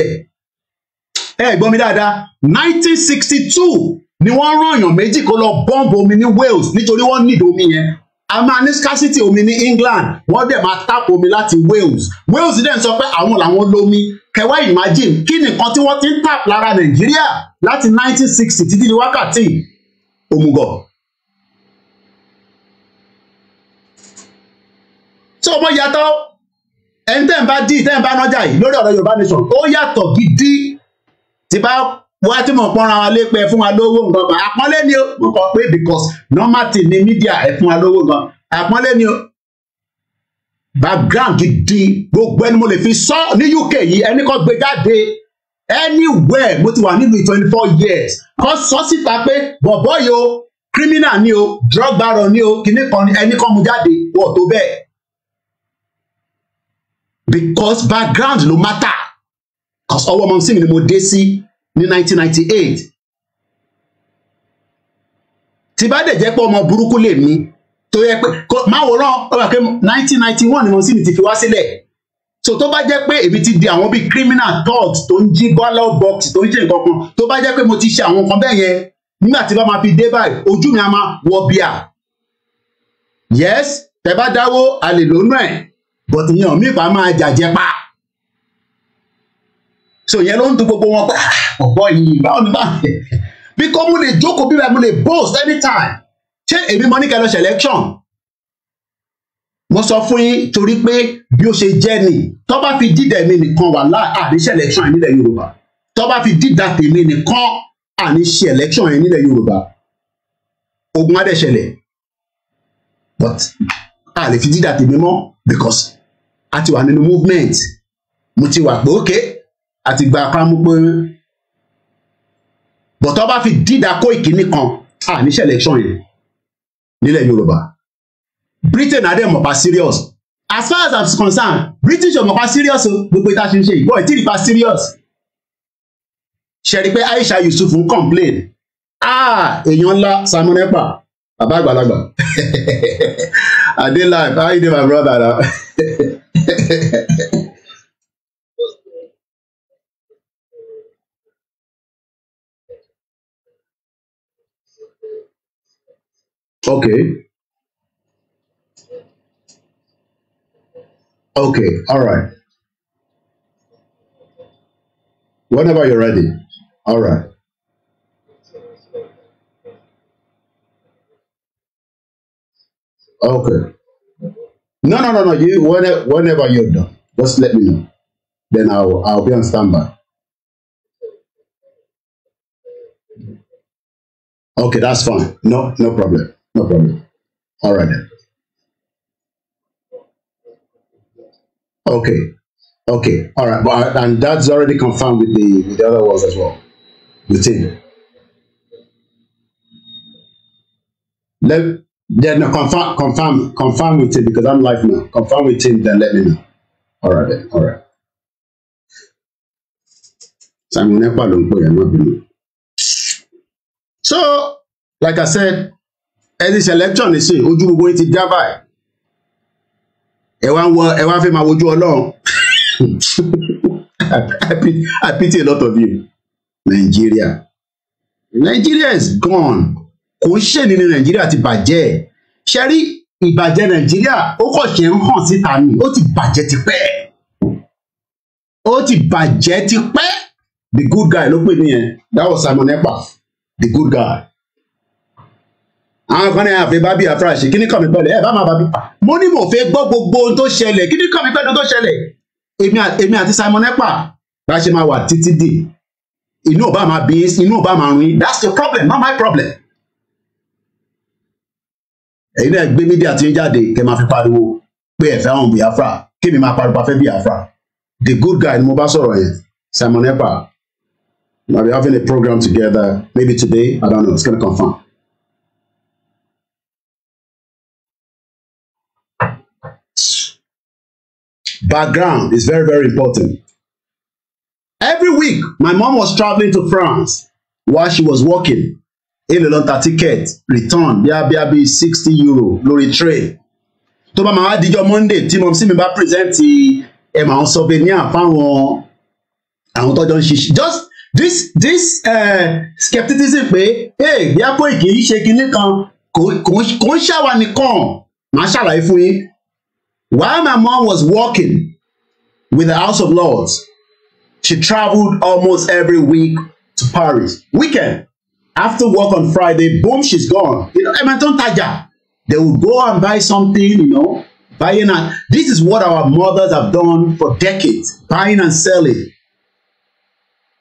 ẹ̀ ẹ̀ gbọ́ mi dáadáa nineteen sixty two ni wọ́n rán èèyàn méjì kó lọ bọ́ǹbù omi ní Wales nítorí wọ́n nídìí omi yẹn a máa ní scarcity omi ní England wọ́n dẹ̀ máa tap omi láti Wales Wales dẹ̀ ń sọ pé àwọn làwọn lómi kẹwàá imagine kí nìkan tí wọ́n ti ń tap lára Nàìjíríà láti 1960 títí di wákàtí òmùgọ̀. tí ọmọ yàtọ̀ ẹni tẹ́ ń bá dí tẹ́ ń bá nájà yìí lórí ọ̀rọ̀ Yorùbá nation ó yàtọ̀ gidi tí bá wá tí mo pọ́nra wa lé fún wa lówó nǹkan kan àpọ́nlé ni ó mo kàn pé because normal thing ni media ẹ fún wa lówó nǹkan àpọ́nlé ni ó background gidi gbogbo ẹni mo lè fi sọ ní UK yìí ẹni kan gbé jáde anywhere mo ti wà nílùú twenty four years kan sọ síta pé bọ̀bọ́ yìí o criminal ni o drug baron ni o kíní kan ẹni kan mu jáde wọ̀ tó bẹ́ẹ̀ because background no matter cause ọwọ́ ọmọ sí mi ni mo dé sí ní 1998 tí bá dẹ̀ jẹ́ pé ọmọ burúkú lè mí tó yẹ pé máa wòran pé 1991 ni mo sì ní ti fi wá sílẹ̀ so tó bá jẹ́ pé èmi ti di àwọn bíi criminal thought tó ń jí ballot box tó ń ṣe nǹkan kan tó bá jẹ́ pé mo ti ṣe àwọn nǹkan bẹ́ẹ̀ yẹn nígbà tí bá máa fi dé báyìí ojú mi á máa wọ bíà yes tẹ bá dáwó a lè lónú ẹ bọ̀tìyàn mi pa máa jàjẹ pa so yẹn ló ń dun gbogbo wọn pa ah, ọ̀bọ yìí báwo ni báwo bí kò mú lè jókòó bíbẹ̀ mú lè boast anytime ṣé èmi mọ ní kẹlẹ ṣe election mo sọ fún yín torí pé bí ó ṣe jẹ́ ni tó bá fi dídẹ̀ mi nìkan wà láà àníṣe election yẹn nílẹ̀ Yorùbá tó bá fi dídà tèmi nìkan àníṣe election yẹn nílẹ̀ Yorùbá ogun adẹ́ṣẹlẹ̀ but a lè fi dídà tèmi mọ́ because a ti wà nínú movement mo ti wà pé okay àti gba kámú pé bọ̀tọ́ bá fi dídà kó ìkíní kan à ní selection yẹn nílẹ̀ Yorùbá Britain adẹ́mọ̀pá serious as far as i'm concerned British ọmọpá serious o gbogbo ìta ṣe ń ṣe ìbọn ìtìrì pa serious ṣẹ̀rí pé Aisha Yusuf ń complain ah èèyàn ńlá Simon Ekpa bàbá àgbàlagbà I dey live how you dey my brother na Okay. Okay. All right. Whenever you're ready. All right. Okay. No, no, no, no. You whenever, whenever you're done, just let me know. Then I'll I'll be on standby. Okay, that's fine. No, no problem no problem. All right then. Okay. Okay. All right. But uh, and that's already confirmed with the with the other ones as well. With him. Let yeah, no, confirm confirm confirm with him because I'm live now. Confirm with him, then let me know. All right then. All right. So like I said, ẹ ti ṣe election nísìn ojú gbogbo yín ti dá báyìí ẹ wá ń wọ ẹ wá fẹ́ máa wojú Ọlọ́run I pity a lot of you Nigeria Nigeria is gone kò ń ṣèlú ní Nigeria ti bàjẹ́ ṣe rí ìbàjẹ́ Nàìjíríà ó kàn ṣe ń hàn síta ni ó ti bàjẹ́ tipẹ́ ó ti bàjẹ́ tipẹ́ the good guy ló pè mí yẹn that was Simon Epa, the good guy àwọn kan ní àfi ah, bábí àfúrásì kí ni kàn mí pẹ̀lú ẹ bá máa bábí. mo ní mo fẹ́ gbọ́ gbogbo ohun tó ṣẹlẹ̀ kí ni kàn mí pẹ̀lú tó ṣẹlẹ̀ èmi àti Simon Ekpa bá ṣe máa wà títí dè inú ò bá máa bí inú ò máa rún that's the problem not my problem. ẹ̀yin náà gbé mídíà tí ń jáde kẹ́ máa fi pariwo pé ẹ̀fẹ́ àwọn Biafra kí mi máa pariwo afẹ́ Biafra the good guy ni mo bá sọ̀rọ̀ yẹn Simon Ekpa. Now we're having a program together, maybe today, I don't know, it's gonna to confirm. background is very, very important. Every week, my mom was traveling to France while she was working. In ló ń ticket return bí abíá bíi sixty euro lórí tray. Tó bá máa wá díjọ́ Monday tí mọ̀ sí mi bá present ẹ̀ máa ń souvenir fáwọn àwọn tọ́jọ́ ń ṣiṣẹ́. Just this this uh, skepticism Hey, ee bí apò ìkì í ṣe kinní kan kò ń ṣàwa nìkan màá ṣàlàyé fún yín While my mom was working with the House of Lords, she traveled almost every week to Paris. Weekend, after work on Friday, boom, she's gone. You know, Edmonton Taja. They would go and buy something, you know, buying and this is what our mothers have done for decades, buying and selling.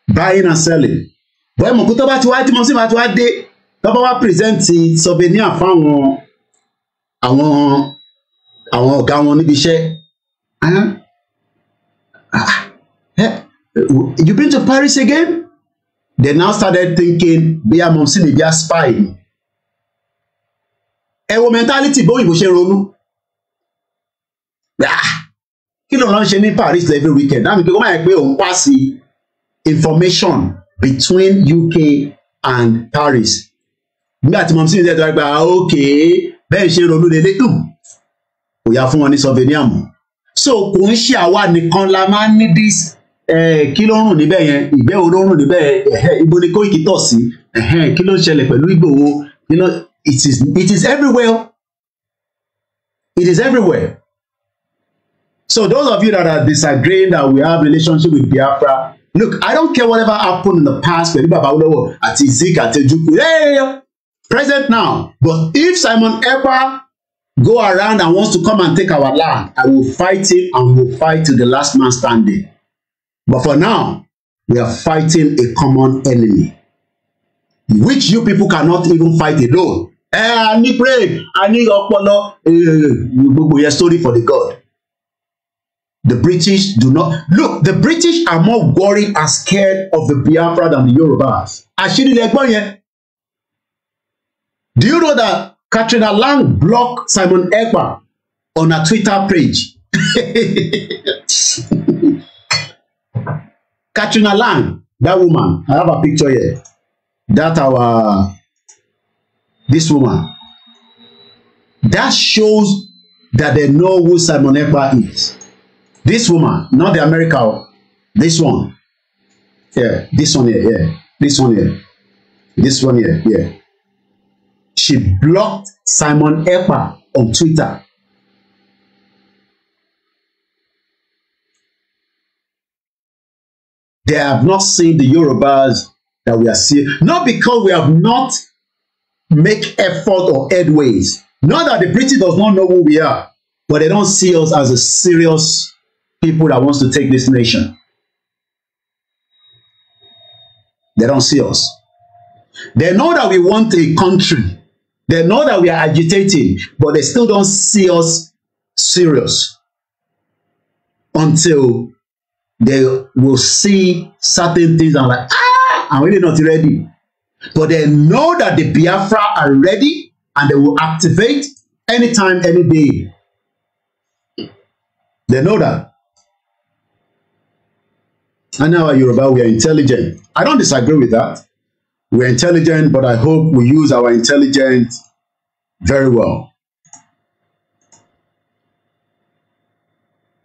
Buying and selling. Bọ́ẹ̀ mọ̀ kó tó bá ti wá tí mo sì bá àwọn ọ̀gá wọn níbi iṣẹ́ ah, eh, eh, you been to Paris again they now started thinking bóyá mọ̀ sí ni bí a spy ni ẹ wo mentality bó òyìnbó ṣe ronú ah, kí ló ń ṣe ní Paris every weekend láti pé ó máa yẹ pé òun pass information between UK and Paris nígbà tí mọ̀ sí ni ṣe tó gba ah, ok bẹ́ẹ̀ ṣe ronú lélẹ́dùn. Hmm kò yá fún wọn ní souvenir mọ́ so kò ń ṣe àwa nìkan la máa ń ní dis kí ló ń rùn níbẹ̀ yẹn ìgbẹ́ wo ló ń rùn níbẹ̀ yẹn ibo ni Koiki tọ̀ sí kí ló ń ṣẹlẹ̀ pẹ̀lú Ìgbòho you know it is it is everywhere it is everywhere so those of you that are disagreeing that we have relationship with Biafra look I don't care whatever happened in the past pẹ̀lú baba olówó àti Zik àti Ojukwu yeah, present now but if Simon Ekpa go around and wants to come and take our land, I will fight him and will fight to the last man standing. But for now, we are fighting a common enemy, which you people cannot even fight alone. Eh, I need brain, I need ọpọlọ, gbogbo yẹn story for the God. The British do not look. The British are more worried and scared of the Biafra than the Yorubas. Àṣírí lẹgbọn yẹn. Do you know that Katrina Lang blocked Simon Ekpa on her Twitter page. Katrina Lang, that woman, I have a picture here. That our this woman. That shows that they know who Simon Ekpa is. This woman, not the America, this one. Yeah, this one here, yeah. This one here. This one here, yeah she blocked Simon Ekpa on Twitter. They have not seen the Yorubas that we are seeing, not because we have not make effort or headways. Not that the British does not know who we are, but they don't see us as a serious people that wants to take this nation. They don't see us. They know that we want a country They know that we are agitating, but they still don't see us serious until they will see certain things and like, ah, and we're not ready. But they know that the Biafra are ready and they will activate anytime, any day. They know that. And our Yoruba, we are intelligent. I don't disagree with that. We're intelligent, but I hope we use our intelligence very well.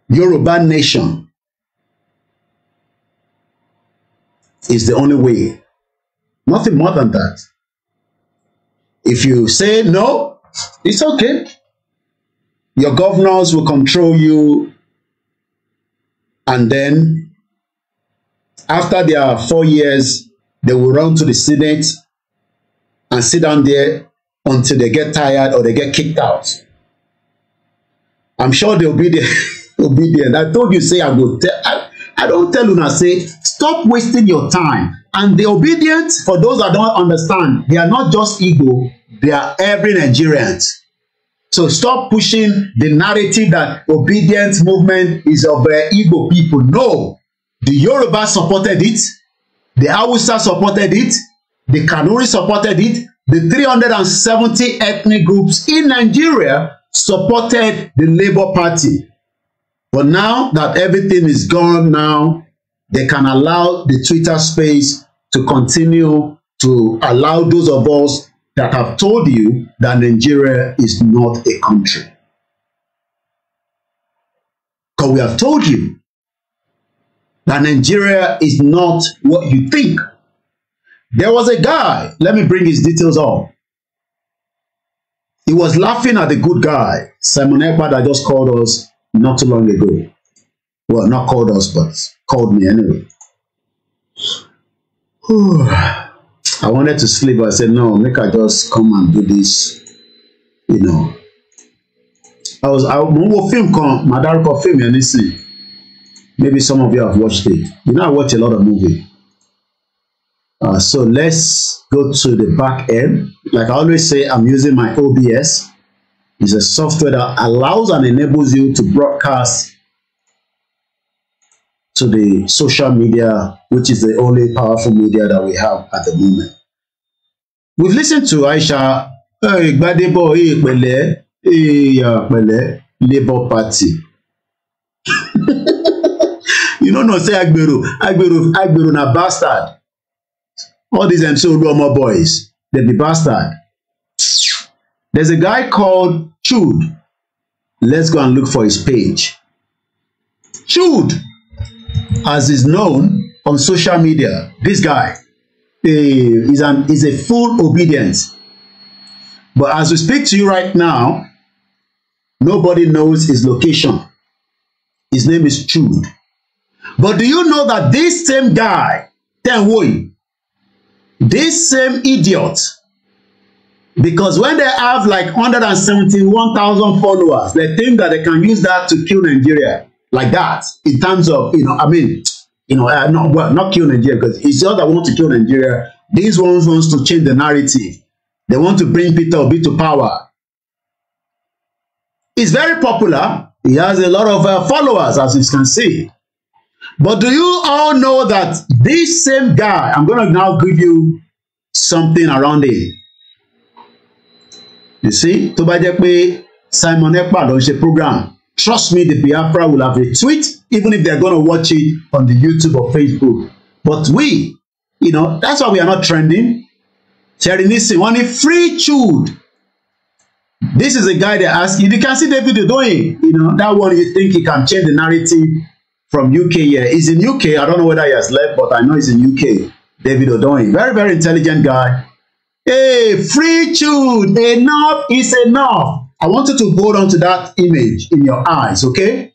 Yoruba nation is the only way. Nothing more than that. If you say no, it's okay. Your governors will control you. And then, after their four years, They will run to the Senate and sit down there until they get tired or they get kicked out. I'm sure they'll be there. obedient. I told you, say, I go tell. I, I don't tell Una, say, stop wasting your time. And the obedient, for those that don't understand, they are not just ego, they are every Nigerians. So stop pushing the narrative that obedience movement is of uh, Igbo people. No, the Yoruba supported it. The Hausa supported it. The Kanuri supported it. The 370 ethnic groups in Nigeria supported the Labour Party. But now that everything is gone now, they can allow the Twitter space to continue to allow those of us that have told you that Nigeria is not a country. Because we have told you that Nigeria is not what you think. There was a guy, let me bring his details up. He was laughing at the good guy, Simon Ekpa, that just called us not too long ago. Well, not called us, but called me anyway. I wanted to sleep, but I said, no, make I just come and do this, you know. I was, I, mo wo film kan, màá dárúkọ film yẹn nísìnyí. Maybe some of you have watched it. You know, I watch a lot of movie. Uh, so let's go to the back end. Like I always say, I'm using my OBS. It's a software that allows and enables you to broadcast to the social media, which is the only powerful media that we have at the moment. We've listened to Aisha Hey, eh, Gbadebo Ipele Iyapele Labour Party. you no know say agbero agbero agbero na bastard all these mc oluomo boys dem be bastard there's a guy called chud let's go and look for his page chud as is known on social media this guy eh, is an is a full obedience but as we speak to you right now nobody knows his location his name is Chud. But do you know that this same guy, Ten this same idiot, because when they have like 171,000 followers, they think that they can use that to kill Nigeria like that in terms of, you know, I mean, you know, uh, not, well, not kill Nigeria because it's the other one to kill Nigeria. These ones wants to change the narrative. They want to bring Peter Obi to power. He's very popular. He has a lot of uh, followers, as you can see. But do you all know that this same guy, I'm going to now give you something around him. You see, to bá jẹ́ pé Simon Ekpa ló ń program, trust me, the Biafra will have a tweet even if they're going to watch it on the YouTube or Facebook. But we, you know, that's why we are not trending. Terry Nissen, one, ní free chewed. This is a guy they ask, if you can see the video doing. you know, that one you think he can change the narrative from UK here. He's in UK. I don't know whether he has left, but I know he's in UK. David Odoyin, very, very intelligent guy. Hey, free children, enough is enough. I want you to hold on to that image in your eyes, okay?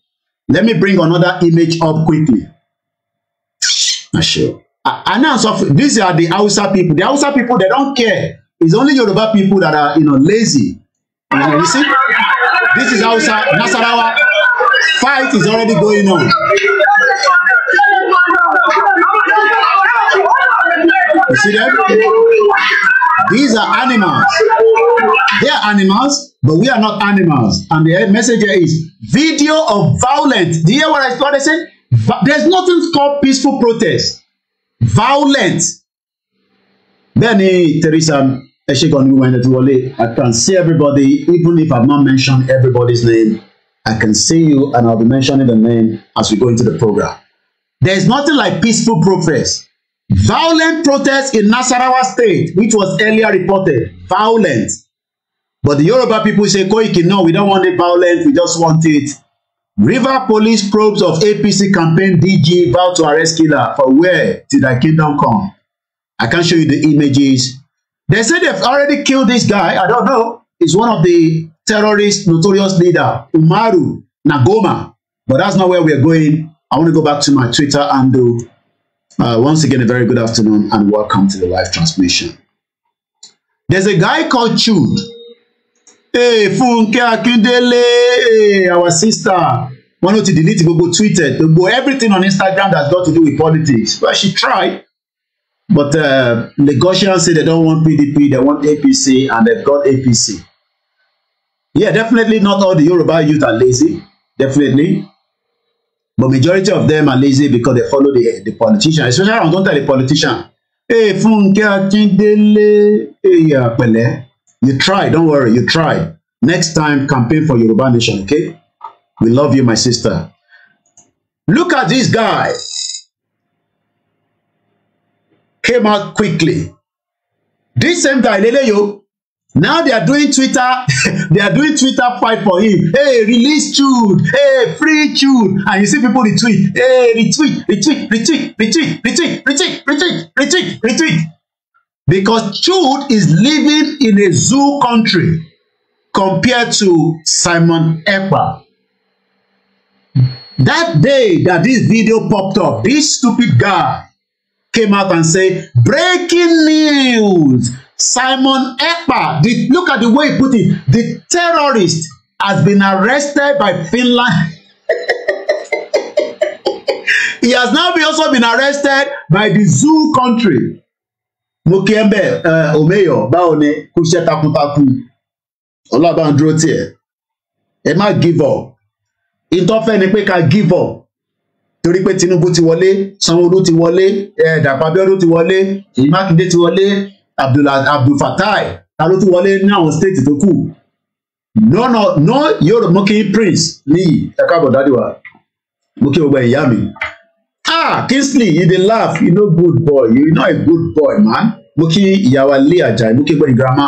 Let me bring another image up quickly. Sure. I now, so these are the Hausa people. The Hausa people, they don't care. It's only Yoruba people that are, you know, lazy. You, know, you see? This is Hausa, Nasarawa, Fight is already going on. You see that? These are animals. They are animals, but we are not animals. And the message here is video of violence. Do you hear what I started saying? There's nothing called peaceful protest. Violence. Bẹ́ẹ̀ni Teresa Eshegon Iwumenetiwole, I can see everybody even if I've not mentioned everybody's name. I can see you, and I'll be mentioning the name as we go into the program. There is nothing like peaceful protest. Violent protests in Nasarawa state, which was earlier reported, violent. But the Yoruba people say, Koiki, no, we don't want it violent, we just want it. River police probes of APC campaign DG vow to arrest killer for where till thy kingdom come. I can show you the images. They say they've already killed this guy. I don't know. He's one of the terrorist notorious leader Umaru Nagoma. But that's not where we're going. I want to go back to my Twitter and Uh, once again, a very good afternoon and welcome to the live transmission. There's a guy called Chud. Hey, Funke Akindele, hey, our sister. Wọ́n ló ti delete gbogbo Twitter, gbogbo everything on Instagram that's got to do with politics. Well, she tried. But uh, the Gaussians say they don't want PDP, they want APC, and they've got APC. Yeah, definitely not all the Yoruba youth are lazy, definitely. But majority of them are lazy because they follow the, eh, the politician, especially àwọn tó ń tẹ̀lé politician. Hey, Funke Akindele, hey, Apele, you try, don't worry, you try. Next time, campaign for Yoruba Nation, okay? We love you, my sister. Look at this guy. Came out quickly. This same guy, Leleyo, now they are doing twitter they are doing twitter fight for him hey release chud hey free chud and you see people retweet hey retweet retweet retweet retweet retweet retweet retweet retweet retweet because chud is living in a zoo country compared to simon ekpa that day that this video popped up this stupid guy came out and said breaking news Simon Ekpa, the, look at the way he put it, the terrorist has been arrested by Finland. he has now been also been arrested by the zoo country. mo Omeyo Baone ń Kupaku ọmẹyọ báwo ni give up ìtọ́fẹ́ ni pé give up torí pé Tinubu ti wọlé Sanwó-Olú ti wọlé Dàpọ̀ Abíọ́dún ti wọlé Mákindé ti wọlé abdul fatai ta ló tún wọlé ní àwọn stéètì tó kù nọ́nà ná yóò mú kí prince níyì ẹ káàbọ̀ dáàdì wa mú kí gbogbo ìyá mi ah kingsley you dey laugh you no good boy you no a good boy man mú kí ìyá wa lé àjà mú kí gbẹ̀yìn girama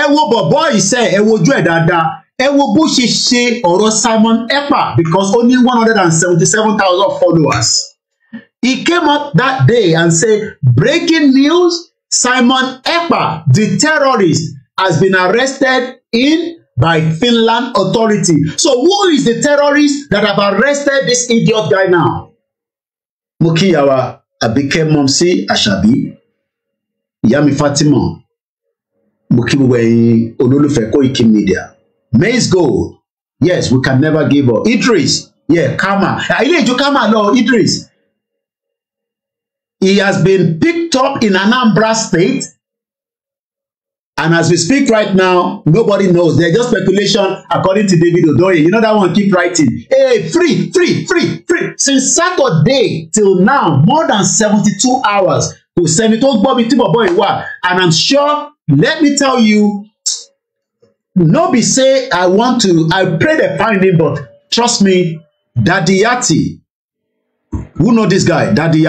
ẹ wo bọ̀bọ́ ìṣe ẹ wojú ẹ̀ dáadáa ẹ wo bó ṣe ṣe ọ̀rọ̀ simon Epa because only one hundred and seventy seven thousand followers he came up that day and say breaking news Simon Ekpa, the terrorist, has been arrested in by Finland authority. So who is the terrorist that have arrested this idiot guy now? Mukiyawa Abike Momsi Ashabi, Yami Fatima, Mukiweyin Ololufe Koiki Media, Maize Gold, yes, we can never give up. Idris, yeah, Kama, ilé ìjọ Kama lọ Idris, He has been picked up in Anambra State. And as we speak right now, nobody knows. They're just speculation according to David Odoye. You know that one, keep writing. Hey, free, free, free, free. Since Saturday till now, more than seventy-two hours. Kò sẹ́ni tó gbọ́ mi tí bọ̀bọ́ yìí wà. And I'm sure, let me tell you, no be say I want to, I pray the find him, but trust me, Daddy who know this guy, Daddy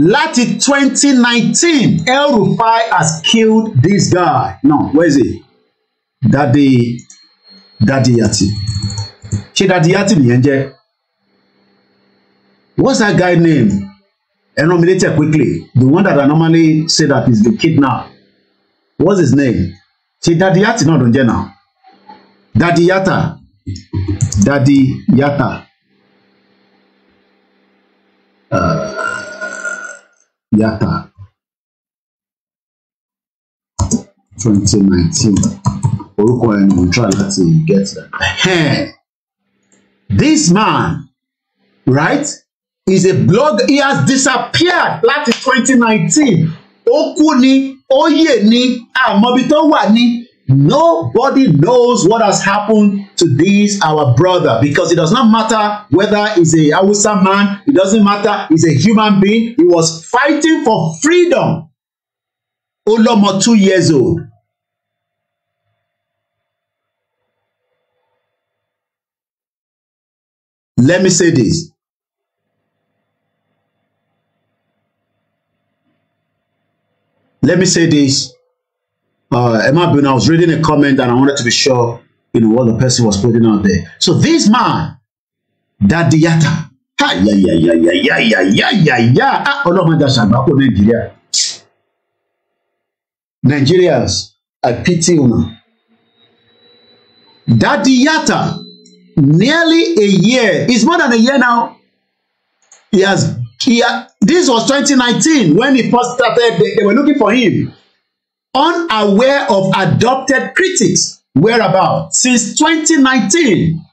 láti 2019 El Rufai has killed this guy now where is he Daddy Daddy Yati ṣé Daddy Yati nìyẹn jẹ́ what's that guy name ẹran mi létẹ̀ quickly the one that I normally say that is the kidnap what's his name ṣé Daddy Yati náà ló ń náà Daddy Yata Daddy Yata. Uh, Yapa 2019 orúkọ ẹ̀ ni mo try láti get that. Hey. This man, right, is a blog he has disappeared láti 2019 ó kú ni ó yè ni àmọ́bi tó wà ni Nobody knows what has happened to this our brother because it does not matter whether he's a Hausa man, it doesn't matter, he's a human being. He was fighting for freedom. Olomo, two years old. Let me say this. Let me say this uh, Emma Boone, I was reading a comment and I wanted to be sure, you know, what the person was putting out there. So this man, Dadiyata, ha ya ya ya ya ya ya ya ya ya, ah, Ọlọ́mọdé àṣàgbákò Nàìjíríà. Nigerians, I pity you. Dadiyata, nearly a year, it's more than a year now. He has, he ha, this was 2019 when he first started, they, they were looking for him unaware of adopted critics' whereabouts since 2019.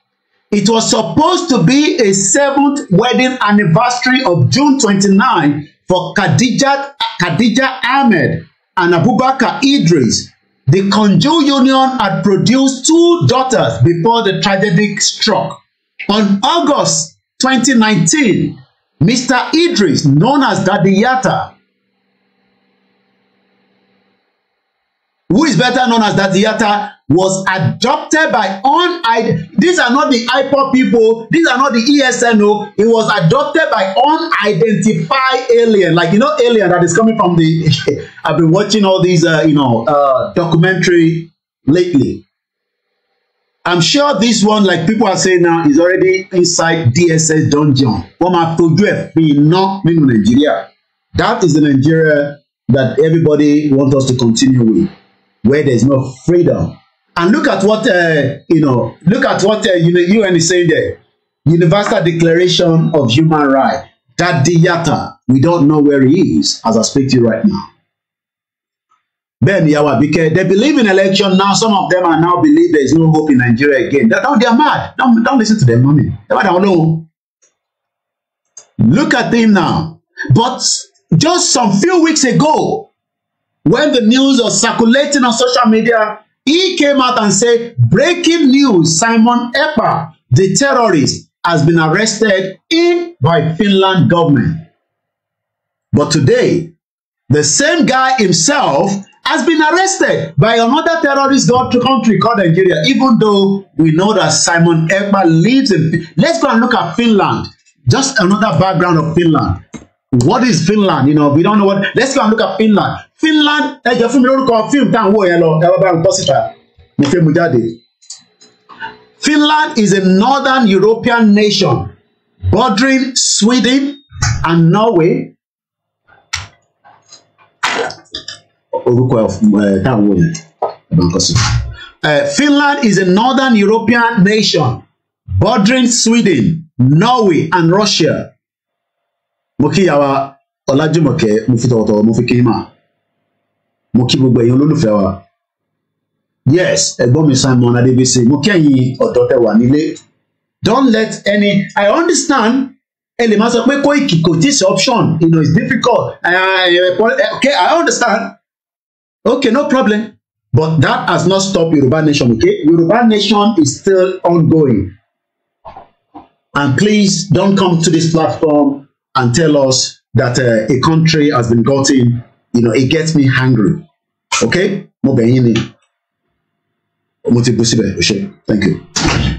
It was supposed to be a seventh wedding anniversary of June 29 for Khadija, Khadija Ahmed and Abubakar Idris. The conjugal union had produced two daughters before the tragedy struck. On August 2019, Mr. Idris, known as Daddy Yatta, who is better known as Dadiyata, was adopted by unid. These are not the IPOP people. These are not the ESNO. It was adopted by unidentified alien, like you know, alien that is coming from the. I've been watching all these, uh, you know, uh, documentary lately. I'm sure this one, like people are saying now, is already inside DSS dungeon. Wọ́n máa fojú ẹ̀ fi iná nínú Nàìjíríà. That is the Nigeria that everybody wants us to continue with where there's no freedom. And look at what uh, you know. Look at what uh, UN is saying there. Universal Declaration of Human Rights. That Diyata, we don't know where he is as I speak to you right now. Ben Yawabike, they believe in election now. Some of them are now believe there is no hope in Nigeria again. That, no, oh, they are mad. Don't, don't listen to them, mommy. They don't know. Look at them now. But just some few weeks ago, when the news was circulating on social media, he came out and said, breaking news, Simon Epa, the terrorist, has been arrested in by Finland government. But today, the same guy himself has been arrested by another terrorist country called Nigeria, even though we know that Simon Epa lives in... Let's go and look at Finland. Just another background of Finland what is Finland you know we don't know what let's go and look at Finland Finland ẹ jẹ́ fún mi lórúkọ fíìmù tá à ń wò yẹn lọ ẹ bá bá ń bọ́ síta mo fẹ́ mu jáde Finland is a northern European nation bordering Sweden and Norway. orúkọ ẹ tá à ń wò yẹn ẹ bá ń kọ sí Finland is a northern European nation bordering Sweden, Norway, and Russia mo kí yàwá ọlájúmọ̀kẹ́ mo fi tọ̀wọ̀tọ̀wọ̀ mo fi kí mà mo kí gbogbo ẹ̀yin olólùfẹ́ wa yes ẹ̀gbọ́n mi Simon Adébísí mo kí ẹ̀yin ọ̀dọ́ tẹ́ wà nílé don't let any i understand ẹ lè máa sọ pé Koiki kò tí ì option you know it's difficult okay i understand okay no problem but that has not stopped Yorùbá nation okay Yorùbá nation is still ongoing and please don't come to this platform and tell us that uh, a country has been gotten, you know, it gets me angry. Okay? Mo bẹ̀ yín Mo ti bú síbẹ̀, Oṣé. Thank you.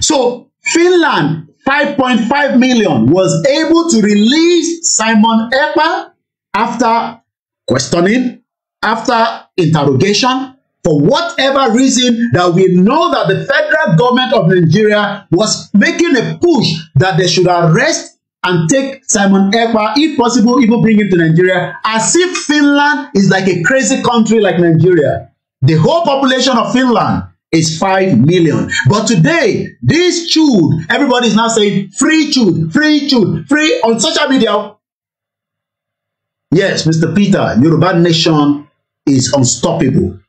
So, Finland, 5.5 million, was able to release Simon Epa after questioning, after interrogation, for whatever reason that we know that the federal government of Nigeria was making a push that they should arrest and take Simon Ekpa, if possible, even bring him to Nigeria, as if Finland is like a crazy country like Nigeria. The whole population of Finland is 5 million. But today, this chud, everybody is now saying free chud, free chud, free on social media. Yes, Mr. Peter, Yoruba nation is unstoppable.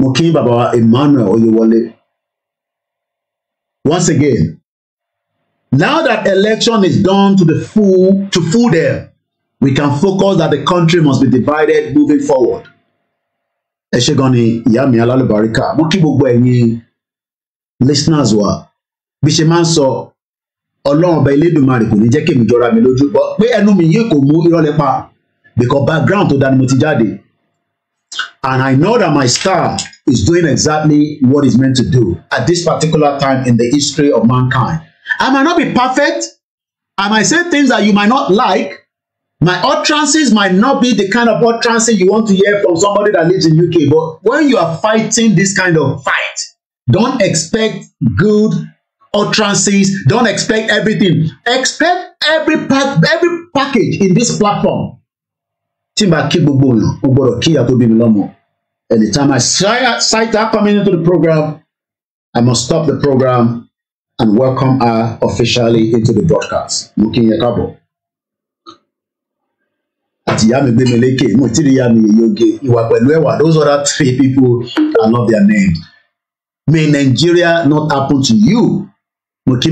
Mokin Baba Emmanuel Oyewole. Once again, Now that election is done to the full to fool them, we can focus that the country must be divided moving forward. Ẹ ṣe gan ni ìyá mi alálùbáríkà mo kí gbogbo ẹ̀yin listeners wa bí ṣe máa ń sọ Ọlọ́run ọba Elédùmarè kò ní jẹ́ kí èmi jọra mi lójú bọ́ pé ẹnu mi yìí kò mú irọ́ lẹ́pa because background tó dání mo ti jáde and I know that my star is doing exactly what it's meant to do at this particular time in the history of mankind. I might not be perfect. I might say things that you might not like. My utterances might not be the kind of utterances you want to hear from somebody that lives in UK, but when you are fighting this kind of fight, don't expect good utterances. Don't expect everything. Expect every pack, every package in this platform. Tí n bá Anytime I sight that coming into the program, I must stop the program and welcome her officially into the broadcast. Mo kí yẹn káàbọ̀. Àti ìyá mi gbé mi lékè, mo ti rí ìyá mi those other three people, I love their name. May Nigeria not happen to you. Mo kí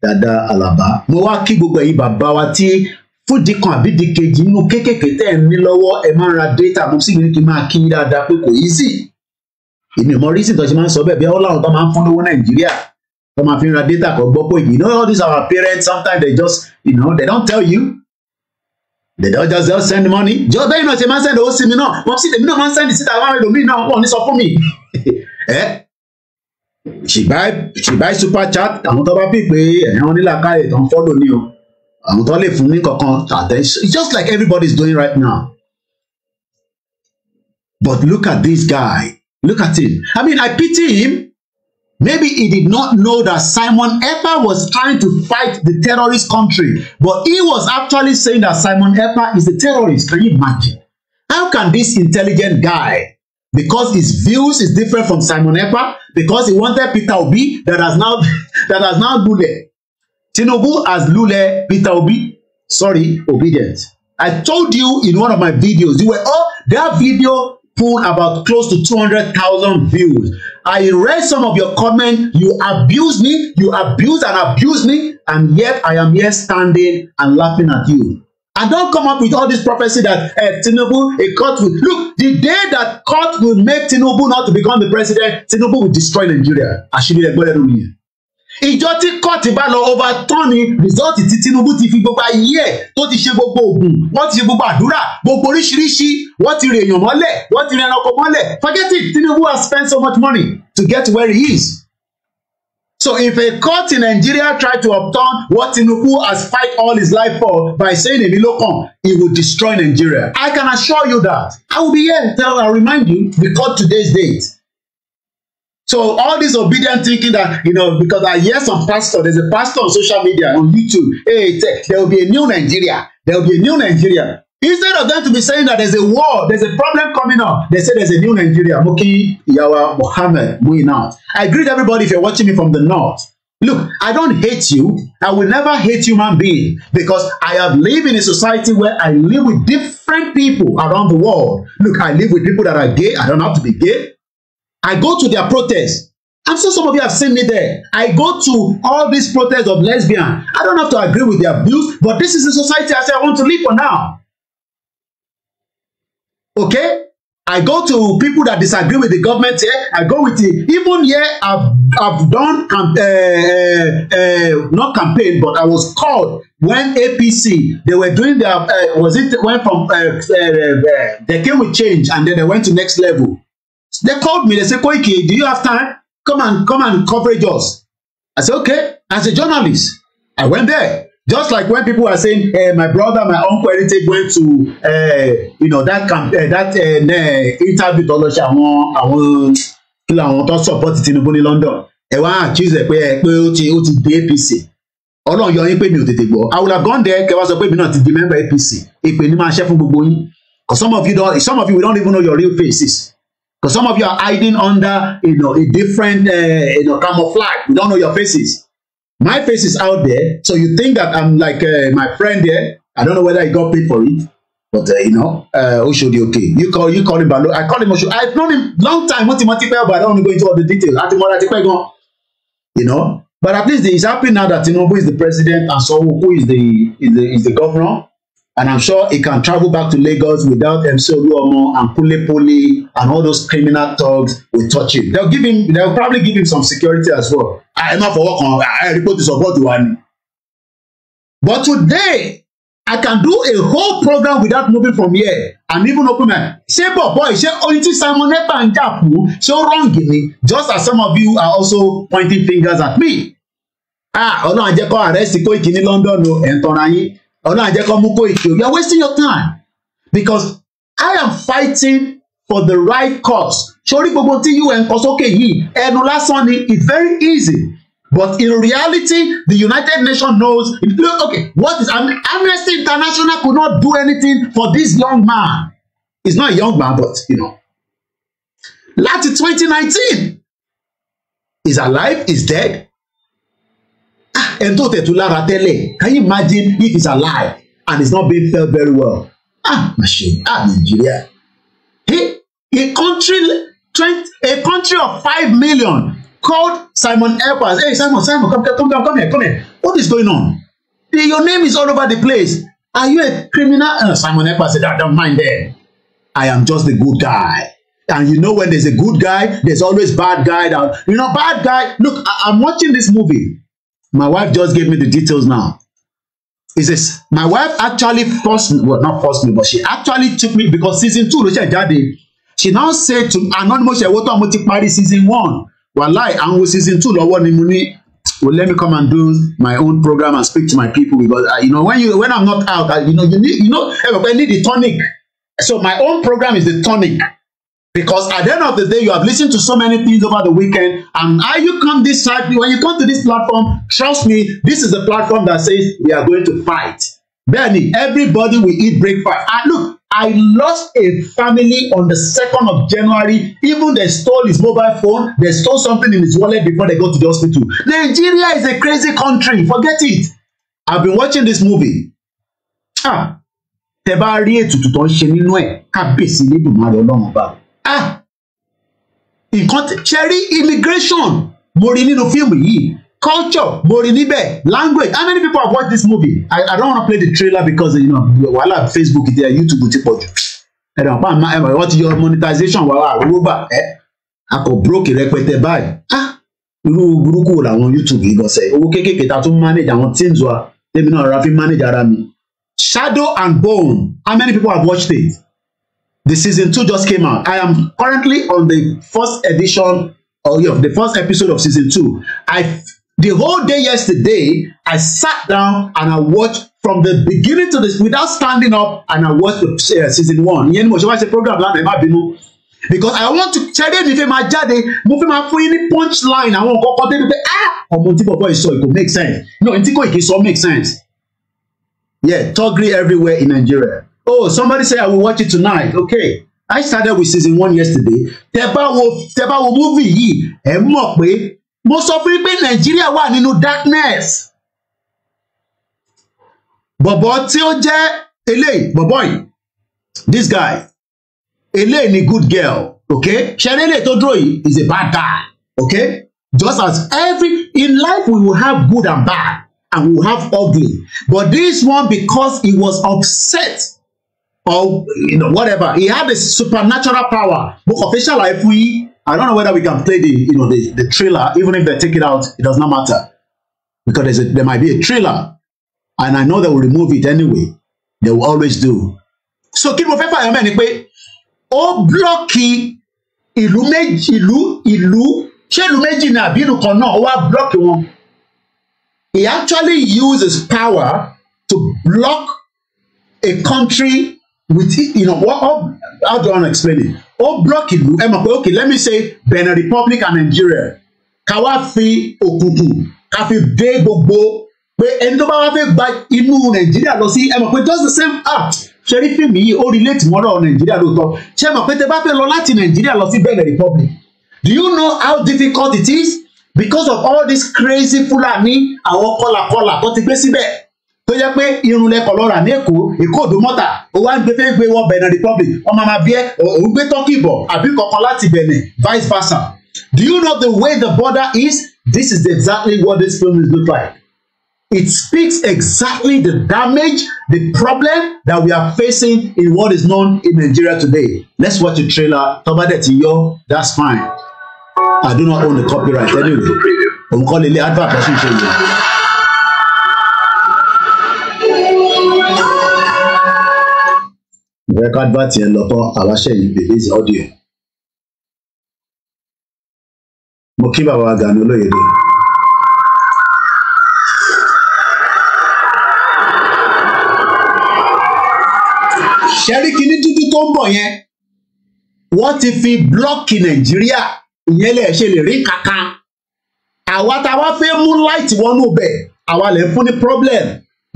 dada Alaba. Mo wá kí gbogbo ẹ̀yin bàbá wa tí fúdi kan àbí di kejì inú kéékèèké tẹ́ ẹ̀ ń ní data mo sì ní kí n máa kí dáadáa pé kò easy. Èmi ò mọ rí sí ìtọ́jú máa ń sọ bẹ́ẹ̀ bí ọlọ́run tó máa kọ́ máa fi data kọ́ gbọ́ pé you know all these our parents sometimes they just you know they don't tell you they don't just don't send money jọ bẹ́ẹ̀ náà ṣe máa ń send owó sí mi náà mo sì tèmi náà máa ń send síta láwọn ẹlòmíì náà wọ́n ò ní sọ fún mi eh? buy, she buy super chat àwọn tó bá bí pé ẹ̀yàn onílàkàyè tó ń fọ́lò ní o àwọn tó lè fún ní kankan attention just like everybody is doing right now but look at this guy look at him i mean i pity him Maybe he did not know that Simon Epa was trying to fight the terrorist country, but he was actually saying that Simon Epa is a terrorist. Can you imagine? How can this intelligent guy, because his views is different from Simon Epa, because he wanted Peter Obi that has now that has now Lule. Tinubu as Lule Peter Obi. Sorry, obedient. I told you in one of my videos, you were oh, that video pulled about close to 200,000 views. I read some of your comments. You abused me. You abused and abused me. And yet I am here standing and laughing at you. And don't come up with all this prophecy that uh, Tinubu, a court will. Look, the day that court will make Tinubu not to become the president, Tinubu will destroy Nigeria. Àṣírí ẹgbẹ́ lẹ́nu nìyẹn ìjọ tí kóòtù bá lọ overturn rìsọ́ọ̀tì tí Tinubu ti fi gbogbo ayé ẹ̀ tó ti ṣe gbogbo oògùn wọ́n ti ṣe gbogbo àdúrà gbogbo oríṣiríṣi wọ́n ti rè èèyàn mọ́lẹ̀ wọ́n ti rè ẹranko mọ́lẹ̀ forget it Tinubu has spent so much money to get where he is. So if a court in Nigeria tried to upturn what Tinubu has fight all his life for by saying èmi ló kàn, he would destroy Nigeria. I can assure you that. I will be here to tell remind you the court today's date. So all this obedient thinking that you know, because I hear some pastor, there's a pastor on social media on YouTube. Hey, there will be a new Nigeria. There will be a new Nigeria. Instead of them to be saying that there's a war, there's a problem coming up, they say there's a new Nigeria. Moki Yawa Mohammed going I greet everybody if you're watching me from the north. Look, I don't hate you. I will never hate human being because I have lived in a society where I live with different people around the world. Look, I live with people that are gay. I don't have to be gay. I go to their protests. I'm sure some of you have seen me there. I go to all these protests of lesbian. I don't have to agree with their views, but this is the society I say I want to live for now. Okay? I go to people that disagree with the government here. I go with it. Even here, I've, I've done, camp uh, eh, uh, eh, eh, not campaign, but I was called when APC, they were doing their, uh, was it, went from, uh, uh, uh, they came with change and then they went to next level. They called me. They said, Koike, do you have time? Come and come and coverage us. I said, okay. As a journalist, I went there. Just like when people are saying, eh, my brother, my uncle, anything went to, uh, you know, that camp, uh, that uh, interview tó lọ ṣe àwọn àwọn kí làwọn tó support Tinubu ní London. Ẹ wá accuse ẹ pé ẹ pé ó ti ó ti di APC. Ọlọ́run yọ yín pé mi ò tètè gbọ́. I would have gone there kẹwàá sọ pé mi náà ti di member APC. Èpè ni máa ṣẹ́ fún gbogbo yín. Because some of you don't, some of you we don't even know your real faces. Because some of you are hiding under, you know, a different, uh, you know, camouflage. We don't know your faces. My face is out there, so you think that I'm like uh, my friend there. I don't know whether he got paid for it, but uh, you know, uh, Oshodi okay. You call you call him Balo. I call him Oshodi. I've known him long time, multi multi but I don't want to go into all the details. you know. But at least it's happening now that Tinubu is the president and so who is the is the is the governor, and I'm sure he can travel back to Lagos without MC Oluomo and Kule Poli and all those criminal thugs will touch him. They'll give him, they'll probably give him some security as well. I am not for work on, I report to support one. But today, I can do a whole program without moving from here and even open my say but boy say only to Simon Ekpa ń jà kú wrong ni just as some of you are also pointing fingers at me. ah oh ọlọ́run àjẹkọ́ àrẹ́sì Koiki ní London o ẹ̀ ń tanra yín Oh no, I just o you You're wasting your time because I am fighting for the right cause sórí gbogbo tí UN kọ sókè yìí ẹnu lásán ni it's very easy but in reality the United Nations knows okay what is Amnesty International could not do anything for this young man he's not a young man but you know láti 2019 he's alive he's dead ah ẹni tó tẹ̀ tó lára tẹ́lẹ̀ can you imagine if he's alive and he's not being felt very well ah machine ah Nigeria. A country, 20, a country of five million called Simon Helpers. Hey, Simon, Simon, come, come, come, come here, come here. What is going on? The, your name is all over the place. Are you a criminal? Uh, Simon Helpers said, I don't mind them. I am just a good guy. And you know when there's a good guy, there's always bad guy. That, you know, bad guy. Look, I, I'm watching this movie. My wife just gave me the details now. Is this my wife actually forced me? Well, not forced me, but she actually took me because season two, Richard Daddy, she now said to anonymous ṣẹ̀wó tó àwọn ti parí season one wàláì àwọn season two lọ́wọ́ ni mo ní well let me come and do my own program and speak to my people because uh, you know when you when i'm not out uh, you know you need you know everybody need the tonic so my own program is the tonic because at the end of the day you have listened to so many things over the weekend and how you come this side when you come to this platform trust me this is the platform that says we are going to fight benny everybody will eat breakfast and ah, look I lost a family on the second of January. Even they stole his mobile phone. They stole something in his wallet before they go to the hospital. Nigeria is a crazy country. Forget it. I've been watching this movie. Ah, tẹ bá rí ètùtù tó ń ṣe nínú ẹ̀ ba Ah, nǹkan cherry immigration mo rí nínú fíìmù culture borí níbẹ̀ language how many people have watched this movie i, I don't wanna play the trailer because you know wàhálà facebook ti ẹ youtube ti pọ̀ jù ẹ̀rọ pa àmà ẹ̀rọ wọ́n ti yọ monetization wà wà rọ́bà ẹ̀ a kò brókì rẹpẹtẹ báyìí ah irú burúkú làwọn youtube yìí gbọ̀nsẹ̀ owó kéékèèké ta tún manage àwọn teams wa tèmi náà ra manage ara mi shadow and bone how many people have watched it the season two just came out i am currently on the first edition of, of the first episode of season two i The whole day yesterday, I sat down and I watched from the beginning to this without standing up and I watched the, uh, season one. Ìyẹn ni mo ṣe wá ṣe program I ẹ má bínú. Because I want to ṣẹ́dé mi if máa jáde, mo fẹ́ máa fún yín ní punchline àwọn nǹkan kan débi pé ah ọmọ boy bọ̀bọ̀ it ìkò make sense. No, ntí kò ìkì sọ make sense. Yeah, toggery everywhere in Nigeria. Oh, somebody say I will watch it tonight. Okay. I started with season one yesterday. Tẹ wo tẹ wo movie yìí, ẹ mọ̀ mo sọ fún yín pé nàìjíríà wà nínú darkness bọ̀bọ̀ tí ó jẹ́ eléyìí bọ̀bọ̀ yìí this guy eléyìí ni good girl okay ṣẹ́rí eléyìí tó dúró yìí is a bad guy okay just as every in life we will have good and bad and we will have ugly but this one because he was upset or you know, whatever he had a supernatural power mo kàn fẹ́ ṣàlàyé fún yín I don't know whether we can play the you know the, the trailer. Even if they take it out, it does not matter because a, there might be a trailer, and I know they will remove it anyway. They will always do. So kí ni mo fẹ́ fàyọ mẹ́ni pé Ilu, blọ́ọ̀kì ìlú méjì ìlú ìlú ṣé ìlú méjì ni àbí ìlú kan náà ó He actually uses power to block a country with you know what how, how do I explain it? ó block ìlú ẹ mọ̀ pé okay let me say Benin Republic and Nigeria ká wá fi òkùnkùn ká fi dé gbogbo pé ẹni tó bá wá fẹ́ gba inú Nàìjíríà lọ sí ẹ mọ̀ pé just the same act ṣeré fíìmù yìí ó relate mọ́rọ̀ Nàìjíríà lóòótọ́ ṣé mọ̀ pé tẹ bá fẹ́ lọ láti Nàìjíríà lọ sí Benin Republic do you know how difficult it is because of all this crazy Fulani àwọn kọlàkọlà tó ti gbé síbẹ̀ tó jẹ́ pé irun lẹkọ lọrà ní èkó èkó òdó mọta ó wá ń gbé fẹẹ gbé wọ Benin Republic ọmọ máa bí òun gbé tọkì bọ àbí kankan láti Benin vice versa do you know the way the border is this is exactly what this film is look like it speaks exactly the damage, the problem that we are facing in what is known in Nigeria today. Let's watch the trailer. Tobadeti yo, that's fine. I do not own the copyright anyway. I'm calling the advert. ìyẹn ká advert yẹn lọ tán àwáṣẹ yìí release audio mo kí bàbá Gani Olóyèdè. ṣẹ́rí kìíní dúdú tó ń bọ̀ yẹn wọ́n ti fi blọ́ọ̀kì nàìjíríà ìyẹn lè ṣe lè rí kankan àwa tá a wá fẹ́ mú láìtì wọnú bẹ̀ àwa lè fún ní problem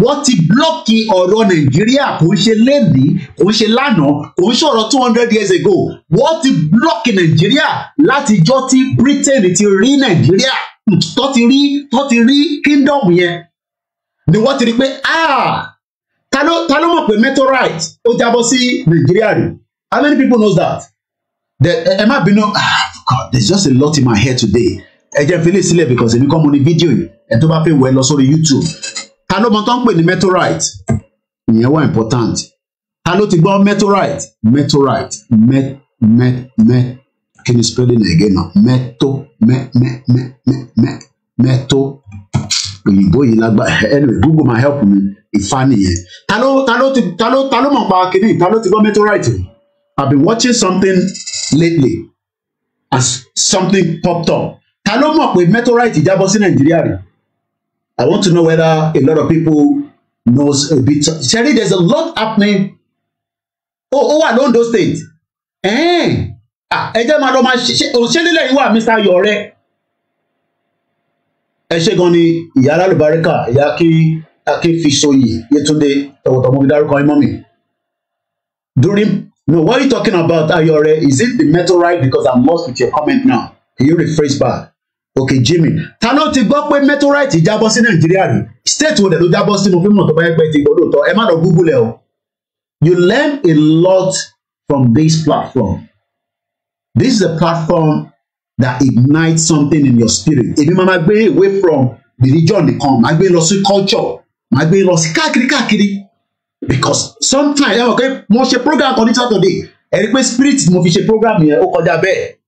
wọ́n ti blọ́ọ̀kì ọ̀rọ̀ nàìjíríà kò ń ṣe lẹ́ẹ̀dí kò ń ṣe lánàá kò ń ṣọ̀rọ̀ two hundred years ago wọ́n ti blọ́ọ̀kì nàìjíríà látijọ́ tí britain ti rí nàìjíríà tó ti rí tó ti rí kingdom yẹn ni wọ́n ti rí pé ah, ta ló ta ló mọ̀ pé meteorite ó jábọ́ sí nàìjíríà rẹ̀ how many people knows that ẹ má bínú ah god there is just a lot in my head today ẹ jẹ́ fi lè sílẹ̀ because èmi kọ́ mo ní fídíò yìí ẹ̀ tó bá fẹ́ wẹ̀ lọ sórí youtube ta ló mọ tó ń pè ní meteorite ìyẹn wà important ta ló ti gbọ́ meteorite meteorite me me me kí ni spelling again na meto me me me me me meto òyìnbó yìí lágbá anyway Google ma help me ìfá nìyẹn ta ló ta ló ti ta ló ta ló mọ̀ pa kínní ta ló ti gbọ́ meteorite rí I've been watching something lately as something popped up ta ló mọ̀ pé meteorite jábọ́ sí Nàìjíríà rí. I want to know whether a lot of people knows a bit. Sherry, there's a lot happening. Oh, oh, ó wà l'Ondo state. Ẹ jẹ́ máa lọ máa ṣe òṣèlélẹ̀ oh, yìí wà Mr. Yọ̀rẹ́. Ẹ ṣe gan ni ìyá alálùbáríkà ìyá kí Akínfisoyè Yétúndé tọwọ́tọwọ́ mi dárúkọ ẹ mọ́ mi. During no what are you talking about Ayọ̀rẹ́ is it the metal right because I'm lost with your comment now can you rephrase back? òkè jimmy ta ló ti gbọ́ pé meteorite jábọ́ sí nàìjíríà rí state wo dẹ̀ ló jábọ́ sí mo fi mọ̀ tó bá yẹ pé ti gbọ́ lóòótọ́ ẹ má lọ google ẹ o you learn a lot from this platform this is a platform that ignites something in your spirit èmi máa ma gbé away from religion nìkan máa gbé lọ sí culture máa gbé lọ sí káàkiri káàkiri because sometimes ẹ mọ̀ pé mo ṣe program kan ní saturday ẹ rí i pé spirit mo fi ṣe program yẹn ó kọjá bẹ́ẹ̀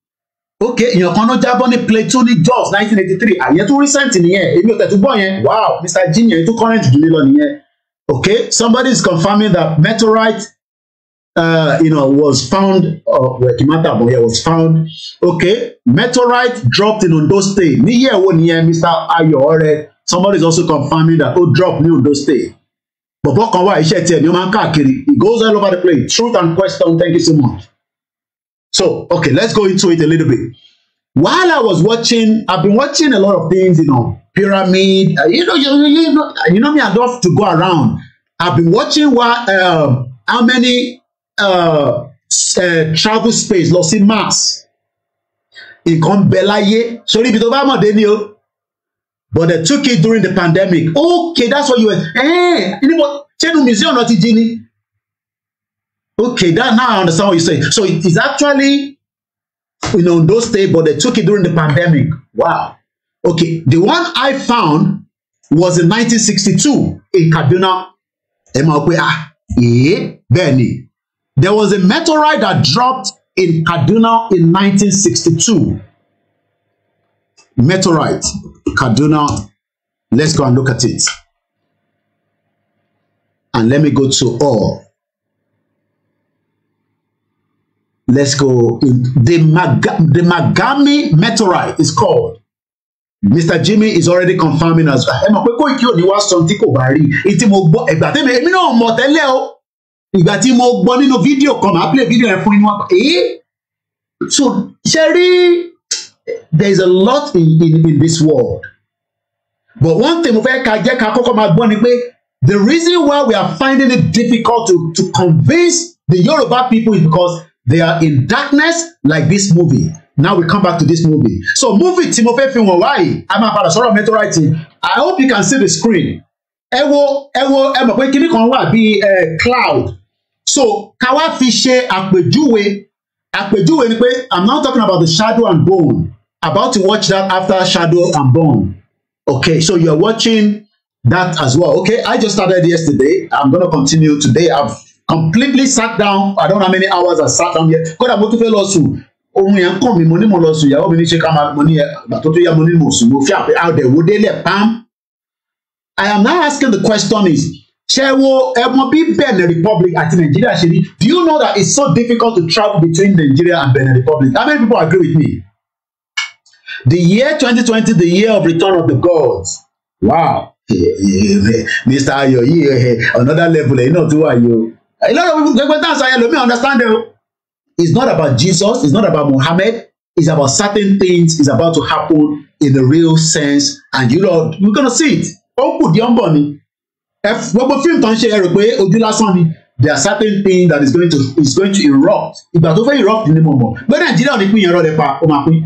ok èèyàn kan ló jábọ́ ní platonic jaws nineteen eighty three àyẹn tún recent nìyẹn èmi ò tẹ̀tú gbọ́ yẹn wow mr jinyẹn tún current jù mí lọ nìyẹn ok somebody is confirming that meteorite uh, you know, was found, uh, well, Kimata Boye was found. Okay, meteorite dropped in Ondo State. Ní year wo nìyẹn, Mr. Ayọ̀ọ́rẹ́, somebody is also confirming that ó drop ní Ondo State. Bọ̀bọ̀ kan wà iṣẹ́ tiẹ̀ ni ó máa ń káàkiri. It goes all over the place. Truth and question, thank you so much. So, okay, let's go into it a little bit. While I was watching, I've been watching a lot of things, you know, pyramid. Uh, you know, you, you know, you know me. I love to go around. I've been watching what, uh, um, how many uh, uh, travel space lost in Mars. It come belaye. Sorry, ibi tó bá But they took it during the pandemic. Okay, that's what you were. Eh, anybody? níbo ṣé nu museum náà ti jí Okay, that now I understand what you say. So it is actually, you know, those days, but they took it during the pandemic. Wow. Okay, the one I found was in 1962 in Kaduna. Ah, eh, There was a meteorite that dropped in Kaduna in 1962. Meteorite, Kaduna. Let's go and look at it. And let me go to all. Let's go. The, Mag- the Magami meteorite is called. Mr. Jimmy is already confirming us. Ẹ mọ̀ pé Koiki ò ní wá sọ tí kò bá rí. Ìtí mo gbọ́ ẹ̀gbà tẹ́mi èmi náà mọ̀ tẹ́lẹ̀ o. Ìgbà tí mo gbọ́ nínú fídíò kan, màá play fídíò yẹn fún inú wa. Ee. So ṣe there is a lot in, in, in this world. But one thing mo fẹ́ ká jẹ́ ká kọ́kọ́ máa gbọ́ ni pé the reason why we are finding it difficult to, to convince the Yoruba people is because they are in darkness like this movie now we come back to this movie so movie tí mo fẹ́ fi wọ̀n wáyìí a máa padà sọ̀rọ̀ meteorite i hope you can see the screen ẹ wo ẹ wo ẹ mọ̀ pé kinní kan wà bíi cloud so ká wá fi ṣe àpèjúwe àpèjúwe ni pé i'm now talking about the shadow and bone about to watch that after shadow and bone okay so you're watching that as well okay i just started yesterday i'm gonna continue today i've completely sat down i don't know how many hours i sat down here kódà mo tún fẹ́ lọ sùn ohun yẹn kàn mí mo ní mo lọ sùn ìyàwó mi ní ṣe ká máa mo ní eh, ìgbà tó tó yá mo ní mo sùn mo fi àpè àdẹ̀wò délẹ̀ pam i am now asking the question is ṣé wo ẹmọ bí Benin Republic àti Nigeria ṣe ní do you know that it's so difficult to travel between Nigeria and Benin Republic how many people agree with me the year 2020 the year of return of the gods wow mr ayo yìí another level ẹ̀ náà tún wà yìí o a lot of people gbẹgbẹ dance Let me understand o it's not about Jesus it's not about Muhammad it's about certain things it's about to happen in the real sense and you know we gonna see it ó kù di If ni film, fíìmù share. ń ṣe ẹ rò pé there are certain things that is going to is going to erupt ìgbà tó over erupt in mo moment. But Nàìjíríà did ní pín yẹn rọ́lẹ̀ pa ó máa pín.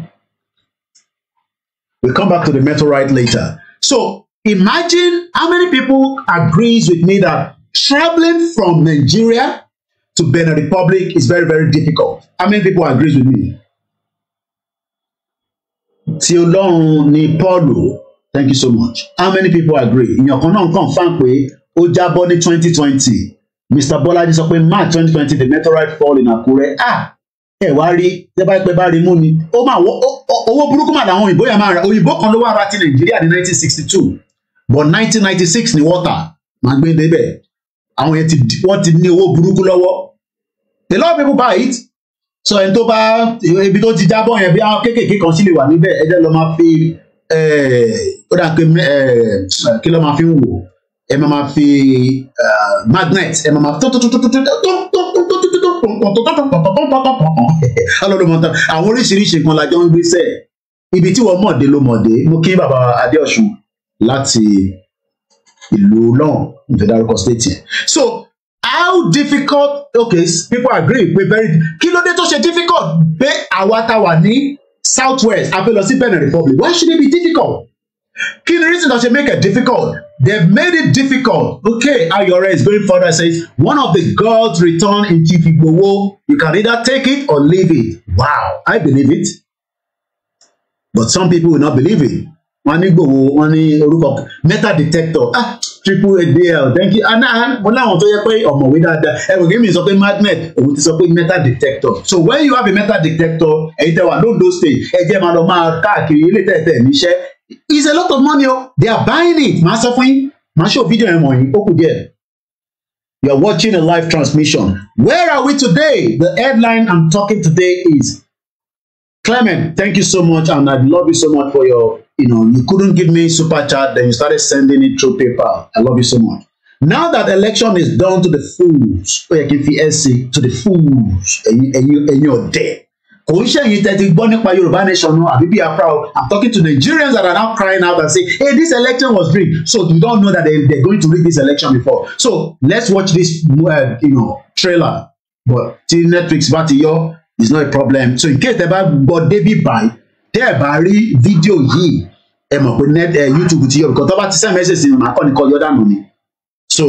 we come back to the meteorite later so imagine how many people agrees with me that traveling from Nigeria to Benin Republic is very, very difficult. How many people agree with me? Ti Ọlọ́run ni Paul. Thank you so much. How many people agree? Ìyàn kan náà confirm pé ó jábọ́ ní 2020. Mr. Bọ́lájí sọ pé March 2020 the meteorite fall in Akure. Ah! Ẹ wá rí ẹ bá pẹ́ bá rí mú ni. Ó máa wọ owó burúkú mà làwọn òyìnbó yẹn máa ra. Òyìnbó kan ló wá ra ti Nàìjíríà ní 1962 but 1996 ni water máa gbé débẹ̀ àwọn yẹn ti wọ́n ti ní owó burúkú lọ́wọ́ a lot of people buy it so ẹni tó bá ibi tó ti jábọ̀ yẹn bí àwọn kéékèèké kan sì lè wà níbẹ̀ ẹ jẹ́ lọ́ máa fi ó dà pé kí lọ́ máa fi ń wò ẹ máa máa fi magnet ẹ máa máa tó tó tó tó tó tó tó tó tó tó tó alọ́dọ̀mọ́tà àwọn oríṣiríṣi nǹkan la jọ ń gbé sẹ́ẹ̀ ibi tí wọ́n mọ̀dé ló mọ̀dé mo kí bàbá Adéọ̀sùn láti ìlú náà ìfẹ́ dárúkọ state yẹn so how difficult okay people agree pé very kí ló dé tó ṣe difficult pé àwa tá wà ní south west a lọ sí Benin Republic why should it be difficult kí ni reason tó ṣe make it difficult they made it difficult okay Ayore is going further says one of the gods return in Chief Igboho you can either take it or leave it wow I believe it but some people will not believe it wọ́n ní gbòòwò wọ́n ní orúkọ metal detector ah triple adl thank you and ah, mo láwọn tó yẹ pé ọ̀mọ̀wé dáadáa ẹ̀rùn kìí mi sọ pé magnet òun ti sọ pé metal detector so when you have a metal detector ẹ̀yin tẹ́ wà lóńdó stage ẹ jẹ́ máa lọ máa káàkiri ilé tẹ̀tẹ̀ níṣẹ́ it's a lot of money o oh. they are buying it màá sọ fún yín màá ṣe òbídìí ẹ̀rọ yìí ó kù díẹ̀. You are watching a live transmission. Where are we today? The headline I'm talking today is Clement, thank you so much, and I love you so much for your you know, you couldn't give me super chat, then you started sending it through PayPal. I love you so much. Now that election is done to the fools, ó you kí n to the fools, ẹ̀yin ẹ̀yin ẹ̀yin ọ̀dẹ̀. Kò ń ṣẹ̀yìn tẹ́tí gbọ́ nípa Yorùbá nation náà àbí proud. I'm talking to Nigerians that are now crying out and say, hey, this election was rigged. So you don't know that they, they're going to rig this election before. So let's watch this uh, you know, trailer. But till Netflix bá ti yọ, it's not a problem. So in case they buy, but they be báyìí, tẹ́ ẹ̀ bá rí fídíò yìí ẹ mọ̀ pé net ẹ eh, youtube ti yọ because tó bá ti send message sí màá kọ́ ni kọ́ yọ dànù ni so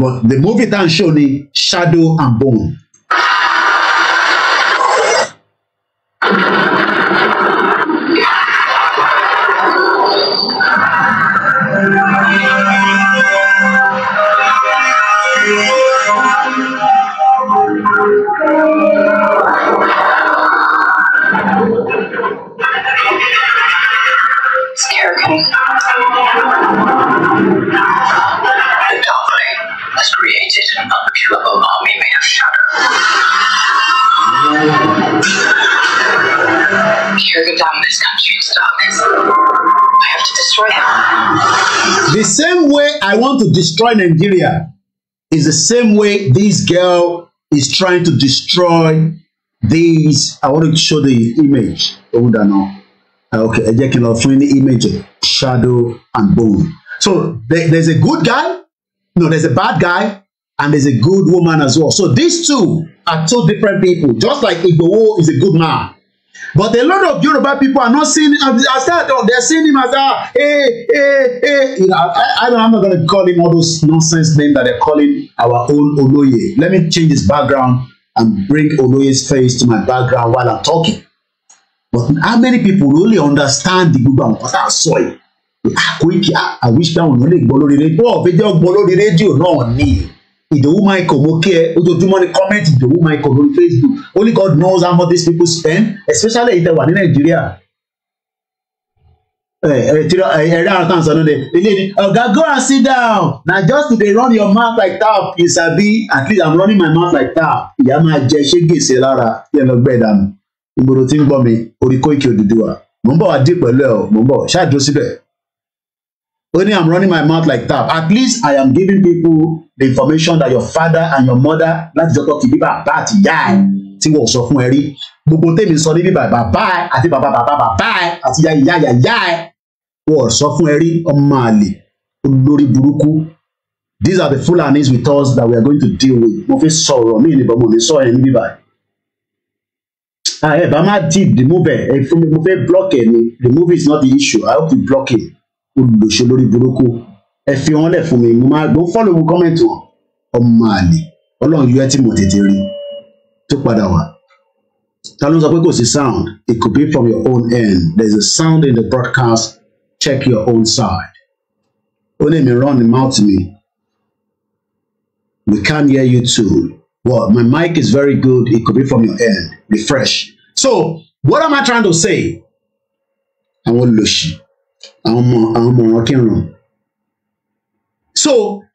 but the movie tá à ń ni shadow and bone The same way I want to destroy Nigeria is the same way this girl is trying to destroy these. I want to show the image. Hold on now. Okay, I jẹ́ kí n lọ fún ní image shadow and bone. So there's a good guy, no, there's a bad guy, and there's a good woman as well. So these two are two different people. Just like Igboho is a good man, But a lot of Yoruba people are not seeing him as that. Or oh, they're seeing him as a ah, Hey, eh, eh, hey, eh. hey. You know, I, I, I'm not going to call him all those nonsense names that they're calling our own Oloye. Let me change his background and bring Oloye's face to my background while I'm talking. But how many people really understand the gbogbo àwọn kọ́tà sọ yìí? Àkóyíkì, ah, ah, I wish that one lè gbọ́ lórí rédíò. Wọ́n ò fi jẹ́ gbọ́ lórí rédíò náà ìdòwú michael mo kí ẹ ojoojúmọ́ ni comment ìdòwú michael lórí facebook only god knows how much these people spend especially èyí tẹ́ wà ní nàìjíríà ẹ̀rí àwọn kan sọ ní ilé ni ọ̀gá go and sit down na just to dey run your mouth like tap you sabi at least i'm running my mouth like tap ìyá máa jẹ ṣé gbèsè lára yẹn lọ gbẹ ìdààmú ìgboro tí ń gbọ́ mi orí Koiki Odùduwà mò ń bọ̀ wá dé pẹ̀lú ẹ̀ o mò ń bọ̀ ṣáà dúró síbẹ̀ only I'm running my mouth like that. At least I am giving people the information that your father and your mother láti jọ tọ́kì bí bàbá àti ìyá ẹ̀ tí wọ́n sọ fún ẹ rí. Gbogbo tèmi sọ ní bíbà bàbá ẹ̀ àti bàbá bàbá bàbá ẹ̀ àti ìyá ìyá ìyá ìyá ẹ̀ wọ́n sọ fún ẹ rí ọmọ àlè olórí burúkú. These are the Fulanis with us that we are going to deal with. Mo fi sọ̀rọ̀ mí ìnìbọn mo fi sọ ẹ̀ ní bíbà. Ah, ẹ bá má dìde mú bẹ̀ ẹ fún mi mo fẹ́ block ẹ̀ ni remove is not the issue I hope you block it olùlòṣe lórí burúkú ẹ fi wọn lẹ̀ fún mi mo máa gbọ́ fọ́lọ̀ mu kọ́mẹ̀ntì wọn ọmọ àlè ọlọ́run yóò tí mo tètè rí tó padà wá ta ló ń sọ pé kò sí sound it could be from your own end there is a sound in the broadcast check your own side ó lè mi run the mouth mi we can hear you too well my mic is very good it could be from your end Refresh. so what am I trying to say àwọn olùlòṣì àwọn ọmọ àwọn ọmọ wọn kírun so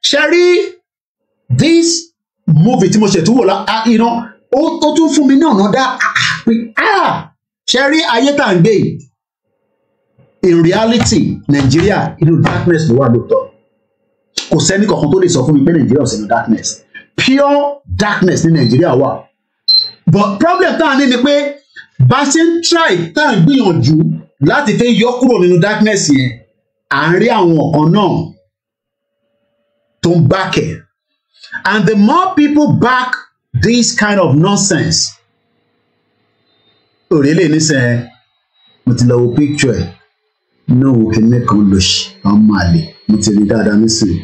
ṣe rí this movie tí mo ṣètò wò lá iná ó tún fún mi ní ọ̀nà dá ṣe rí ayé tá à ń gbé in reality Nigeria inú darkness ló wà lóòótọ́ kò sẹ́ni kankan tó lè sọ fún mi pé Nàìjíríà ò sínú darkness pure darkness ní Nigeria. wà but problem tá à ní ni pé bá ṣe ń try tá à gbìyànjú láti fẹ́ yọ kúrò nínú darkness yẹn à ń rí àwọn ọ̀kan náà tó ń bákẹ̀ and the more people back this kind of nonsense òrèlè nísìnyẹn mo ti lọ wo picture ẹ̀ náà wo kinní kan lò ṣì ọmọ àlè mo ti rí dáadáa nísìnyí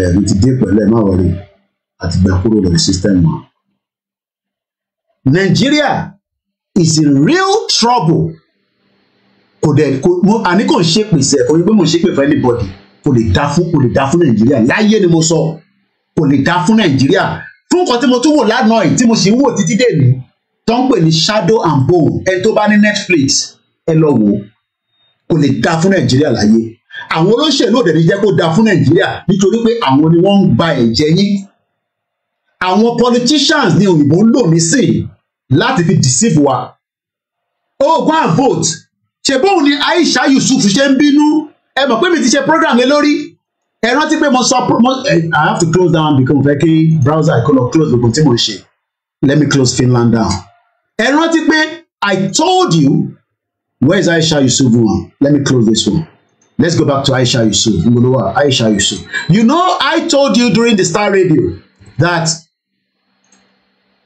ẹ̀ mo ti dé pẹ̀lú ẹ̀ má wọlé àti gbà kúrò lórí system wọn. Nigeria is in real trouble kò dẹ̀ kò mo àní kò ń ṣépè sẹ̀ kò yẹ pé mo ń ṣépè for anybody kò lè dá fún kò lè dá fún nàìjíríà láyé ni mo sọ kò lè dá fún nàìjíríà fún nǹkan tí mo tún wò lánàá yìí tí mo sì ń wò títí dèní tó ń pè ní shadow and bone ẹ tó bá ní netflix ẹ lọ wò kò lè dá fún nàìjíríà láyé àwọn olóṣèlú òdẹ̀ ní jẹ́ kó dá fún nàìjíríà nítorí pé àwọn ni wọ́n ń gba ẹ̀jẹ̀ yín àwọn politicians ni òyìnbó ń lò nísìn láti fi deceive wa oh go and vote ṣèbóhùn ni Aisha Yusuf ṣe ń bínú ẹ mọ̀ pé mi ti ṣe program yẹn lórí ẹ rántí pé mo sọ I have to close down because mo fẹ́ kí browser kò lọ close gbogbo tí mo ṣe let me close Finland down ẹ rántí pé I told you where is Aisha Yusuf one let me close this one. Let's go back to Aisha Yusuf. Ngolowa, Aisha Yusuf. You know, I told you during the Star Radio that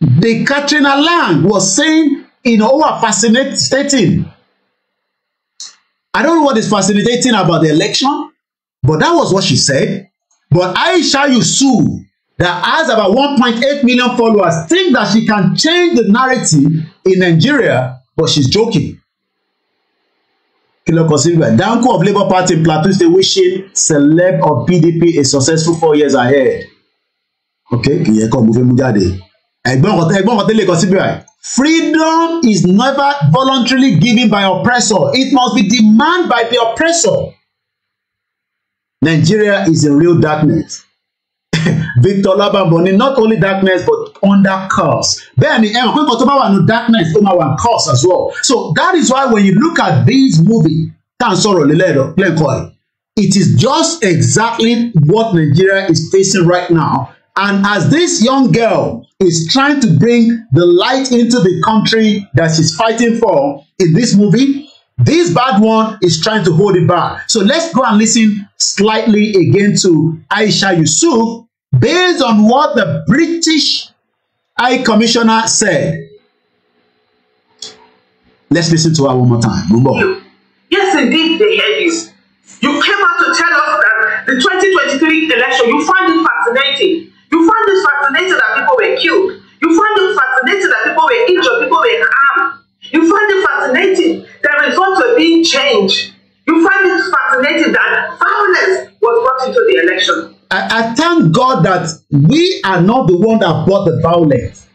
the Katrina Lang was saying, in know, fascinating I don't know what is fascinating about the election, but that was what she said. But Aisha Yusu, that has about 1.8 million followers, think that she can change the narrative in Nigeria, but she's joking. Kilo Kosibia, Danko of Labour Party in Plateau State wishing celeb of PDP a successful four years ahead. Okay, kìí yẹ kọ́ mo fẹ́ mú jáde. Ẹ̀gbọ́n kan tẹ́lẹ̀ Kosibia. Freedom is never voluntarily given by oppressor. It must be demanded by the oppressor. Nigeria is in real darkness. Victor Labamboni, not only darkness but under curse. Bẹ́ẹ̀ ni ẹ̀wọ̀n pípọ̀ tó bá wà ní darkness ó máa wà curse as well. So that is why when you look at this movie, tá à ń sọ̀rọ̀ it is just exactly what Nigeria is facing right now And as this young girl is trying to bring the light into the country that she's fighting for in this movie, this bad one is trying to hold it back. So let's go and listen slightly again to Aisha Yusuf based on what the British High Commissioner said. Let's listen to her one more time. Mumbo. Yes, indeed, the head You came out to tell us that the 2023 election, you find it fascinating You find it fascinating that people were killed. You find it fascinating that people were injured, people were harmed. You find it fascinating that results were being changed. You find it fascinating that violence was brought into the election. I, I thank God that we are not the one that brought the violence.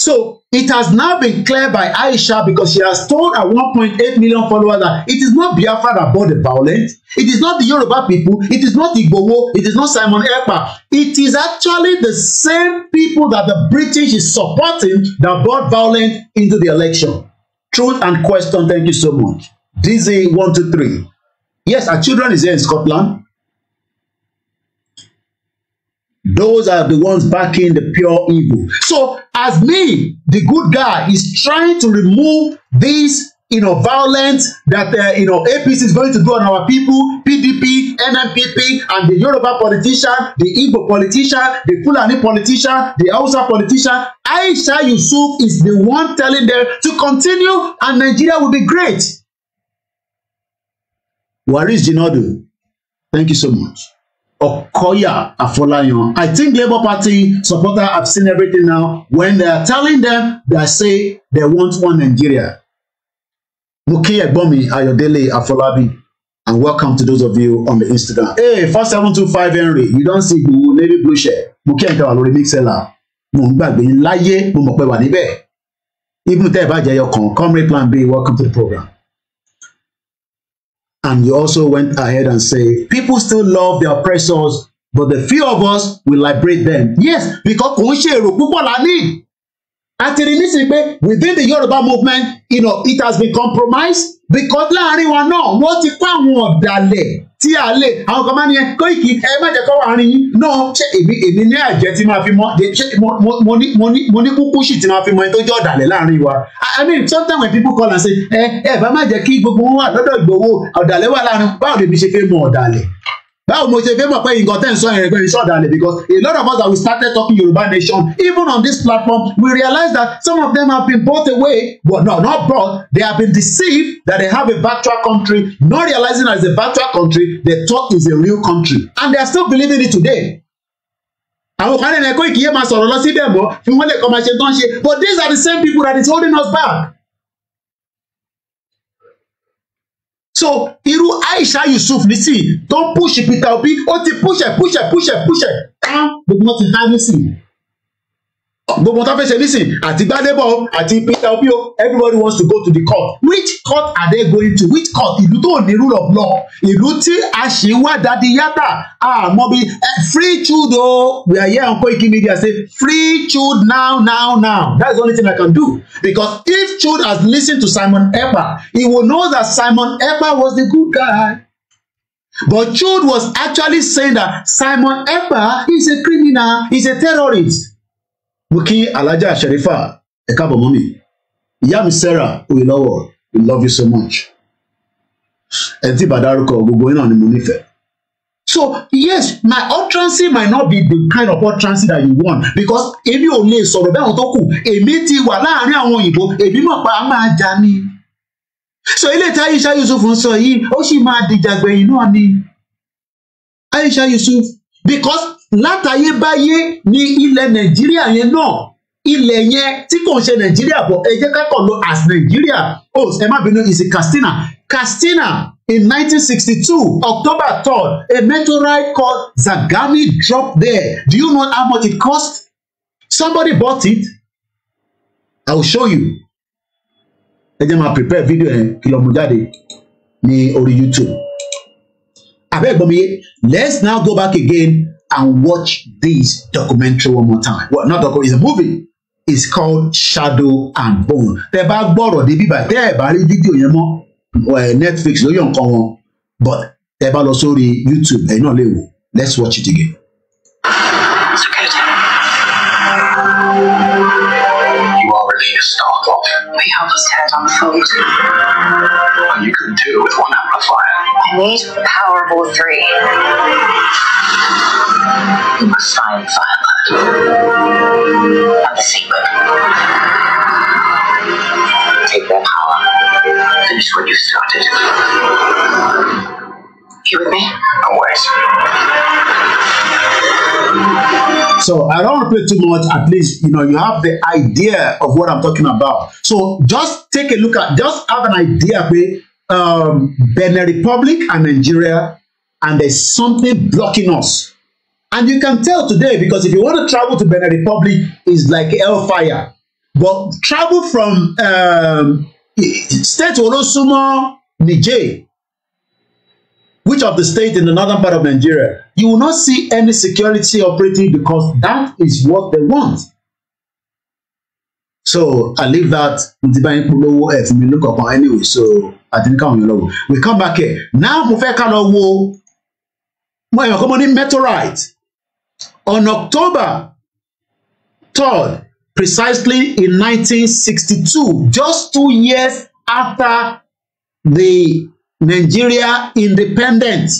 So It has now been clear by Aisha because she has told her 1.8 million followers that it is not Biafra that brought the violence. It is not the Yoruba people. It is not Igbowo. It is not Simon Ekpa. It is actually the same people that the British is supporting that brought violence into the election. Truth and question. Thank you so much. Dizzy one dz three. Yes, our children is here in Scotland. Those are the ones backing the pure evil. So, as me, the good guy, is trying to remove this, you know, violence that uh, you know APC is going to do on our people, PDP, NNPP, and the Yoruba politician, the Igbo politician, the Fulani politician, the Hausa politician. Aisha Yusuf is the one telling them to continue, and Nigeria will be great. Waris Jinodu, thank you so much. Okoya Afolayan. I think Labour Party supporters have seen everything now. When they are telling them, they say they want one Nigeria. Muki Egbomi Ayodele Afolabi, and welcome to those of you on the Instagram. Hey, four Henry, you don't see blue navy blue shirt. Muki Ẹ̀ka wà lórí Mixella. Mo ń gbàgbé láyé, mo mọ̀ pé wà níbẹ̀. Ibùdó tẹ́ ẹ̀ Comrade Plan B, welcome to the program. And he also went ahead and said, people still love their oppressors, but the few of us will liberate them. Yes, because kò ń ṣe èrò púpọ̀ la àti rí nísìnyí pé within the Yoruba movement you know, it has been compromised because láàrin wa náà wọ́n ti kó àwọn ọ̀dàlẹ̀ tí a lè àwọn kan máa ní yẹn Koiki ẹ má jẹ́ kó wà rìn yín náà ṣé èmi èmi ní àjẹ tí máa fi mọ ṣé mo ní mo ní mo ní kúkú sì tí máa fi mọ ẹni tó jẹ́ ọ̀dàlẹ̀ láàrin wa I mean sometimes when people call and say ẹ ẹ bá má jẹ́ kí gbogbo wọn wà lọ́dọ̀ Ìgbòho ọ̀dàlẹ̀ wà láàrin báwo lèmi ṣe fẹ́ mọ ọ̀dàlẹ̀ báwo mo ṣe fẹ́ mọ̀ pé nǹkan tẹ́ ń sọ yẹn pé iṣẹ́ ọ̀dàlẹ̀ because a lot of us that we started talking Yoruba nation even on this platform we realize that some of them have been brought away but no not brought they have been deceived that they have a virtual country not realizing that it's a virtual country they thought is a real country and they are still believing it today àwọn kan lè ní ẹkọ ìkìyẹ máa sọ̀rọ̀ lọ síbẹ̀ mọ́ fi wọ́n lè kọ́ máa ṣe tán ṣe but these are the same people that is holding us back. so irú Aisha Yusuf nísìnyí tó ń púṣì Peter Obi ó ti púṣẹ̀ púṣẹ̀ púṣẹ̀ púṣẹ̀ tán gbogbo wọn ti há nísìnyí gbogbo tó fẹ́ ṣe nísìn àti gbadebo àti peter obio everybody wants to go to the court which court are they going to which court ìlú tó ní rule of law ìlú tí a ṣì wá dadi yàtà àmọ́ bí eh, free chud o we are here on Koiki Media say free chud now now now that's the only thing i can do because if chud has listened to simon ekpa he will know that simon ekpa was the good guy. But Jude was actually saying that Simon Ekpa is a criminal, he's a terrorist mo kí alájà Sherifa ẹ káàbọ̀ mọ́ mi ìyá mi Sarah oyinlọ́wọ̀ we love you so much ẹ ti bá dárúkọ gbogbo iná ni mo nífẹ̀ẹ́. So yes, my utterance might not be the kind of utterance that you want because èmi ò lè sọ̀rọ̀ bẹ́ẹ̀ wọn tó kù èmi ti wà láàrin àwọn òyìnbó èmi mọ̀ pa á máa jà ni. So ilé tí Aisha Yusuf ń sọ yìí ó sì máa dìjà gbẹ̀yìn náà ni Aisha Yusuf because látayébáyé ni ilẹ̀ nàìjíríà yẹn náà ilẹ̀ yẹn tí kò ń ṣe nàìjíríà bọ̀ ẹ jẹ́ ká lọ as nàìjíríà o oh, ẹ má bínú is Katsina Katsina in 1962 October 3rd a meteorite called Zagami dropped there do you know how much it cost somebody bought it I will show you ẹ jẹ́ máa prepare video yẹn kí lọ mú ní orí YouTube abẹ́ẹ̀gbọ́n mi let's now go back again and watch this documentary one more time. Well, not documentary, it's a movie. It's called Shadow and Bone. Tẹ́ bá gbọ́rọ̀ They be tẹ́ ẹ̀ bá rí fídíò yẹn mọ́ Netflix ló don't come on. but tẹ́ bá also the YouTube ẹ̀yin náà lè wò let's watch it again. helpless head unfold. Well, you couldn't do it with one amplifier. I need the power of all three. You must find Firebird and the secret. Take their power. Finish what you started. You puberty, and worse. So I don't play too much. At least you know you have the idea of what I'm talking about. So just take a look at, just have an idea of um, Benin Republic and Nigeria, and there's something blocking us. And you can tell today because if you want to travel to Benin Republic, it's like hellfire. But travel from um, state Olosumo, Niger, which of the state in the northern part of Nigeria, you will not see any security operating because that is what they want. So I leave that Ntibayin polówó ẹ̀ eh, fún mi lókàn anyway so àti nǹkan òyìnbó lọ́wọ́. We come back here. Now mo fẹ́ ká wo mo ẹ̀yàn meteorite on October third precisely in 1962 just two years after the Nigeria independent.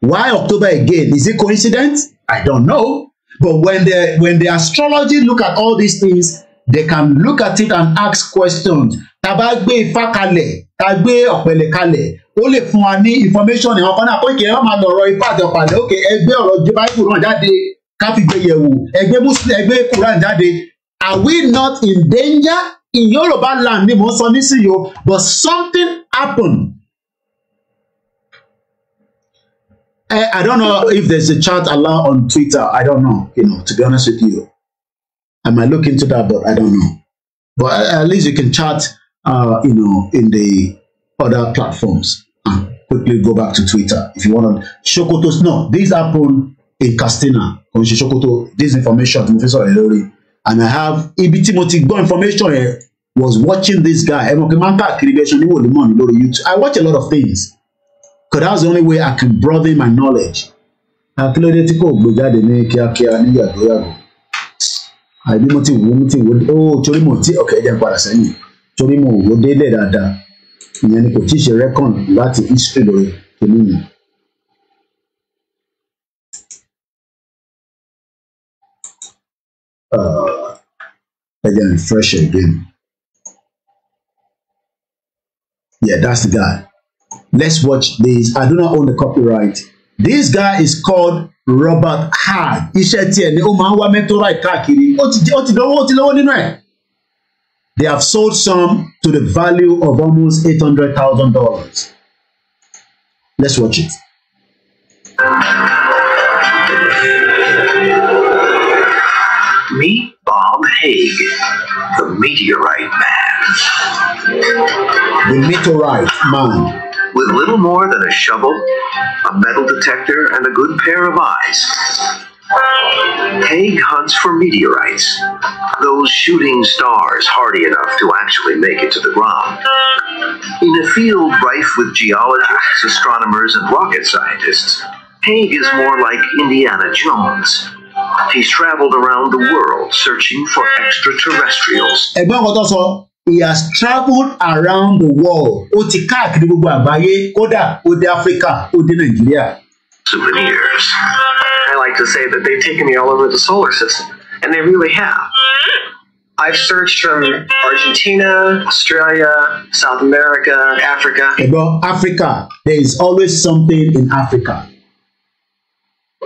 Why October again? Is it coincidence? I don't know. But when the when the astrology look at all these things, they can look at it and ask questions. Tá bá gbé Ifá kalẹ̀, tá gbé Ọ̀pẹ̀lẹ̀ kalẹ̀, ó lè fún wa ní information ìhàn kan náà pé kì í má lọ̀rọ̀ Ifá àti Ọ̀pẹ̀lẹ̀ òkè ẹgbẹ́ ọ̀rọ̀ Bible náà jáde ká fi gbé yẹ̀wò ẹgbẹ́ Muslim ẹgbẹ́ Quran jáde. Are we not in danger? In Yoruba land ni mo ń sọ nísìnyí o, but something happened Eh, I don't know if there's a chat allowed on Twitter. I don't know. You know, to be honest with you, I might look into that, but I don't know. But eh, at least you can chat. Uh, you know, in the other platforms. And ah, quickly go back to Twitter if you want to. Shokoto's no. These happen in Castina. Konshi Shokoto. This information Professor Elori. And I have Ibi Timothy information here. Was watching this guy. I watch a lot of things because that's the only way I can broaden my knowledge akílódé ah, tí kò gbé jáde ní kíákíá níyàgòyàgò àbí mo ti wò mo ti wò ó oh, torí mo ti ọ̀kẹ́ jẹ́ padà sẹ́yìn torí mo wò délẹ̀ dáadáa ìyẹn ni kò tí ì ṣe rẹ́kọ̀n láti history lórí tèmi yẹn. Ah, uh, again, fresh again. Yeah, that's the guy. Let's watch this. I do not own the copyright. This guy is called Robert Hard. They have sold some to the value of almost eight hundred thousand dollars. Let's watch it. Meet Bob Haig, the meteorite man. The meteorite man. With little more than a shovel, a metal detector, and a good pair of eyes, Haig hunts for meteorites, those shooting stars hardy enough to actually make it to the ground. In a field rife with geologists, astronomers, and rocket scientists, Haig is more like Indiana Jones. He's traveled around the world searching for extraterrestrials he has travelled around the world ó ti káàkiri gbogbo àgbáyé kódà ó ó i like to say that they've taken me all over the solar system and they really have. I've searched from Argentina, Australia, South America, Africa. About Africa, there is always something in Africa.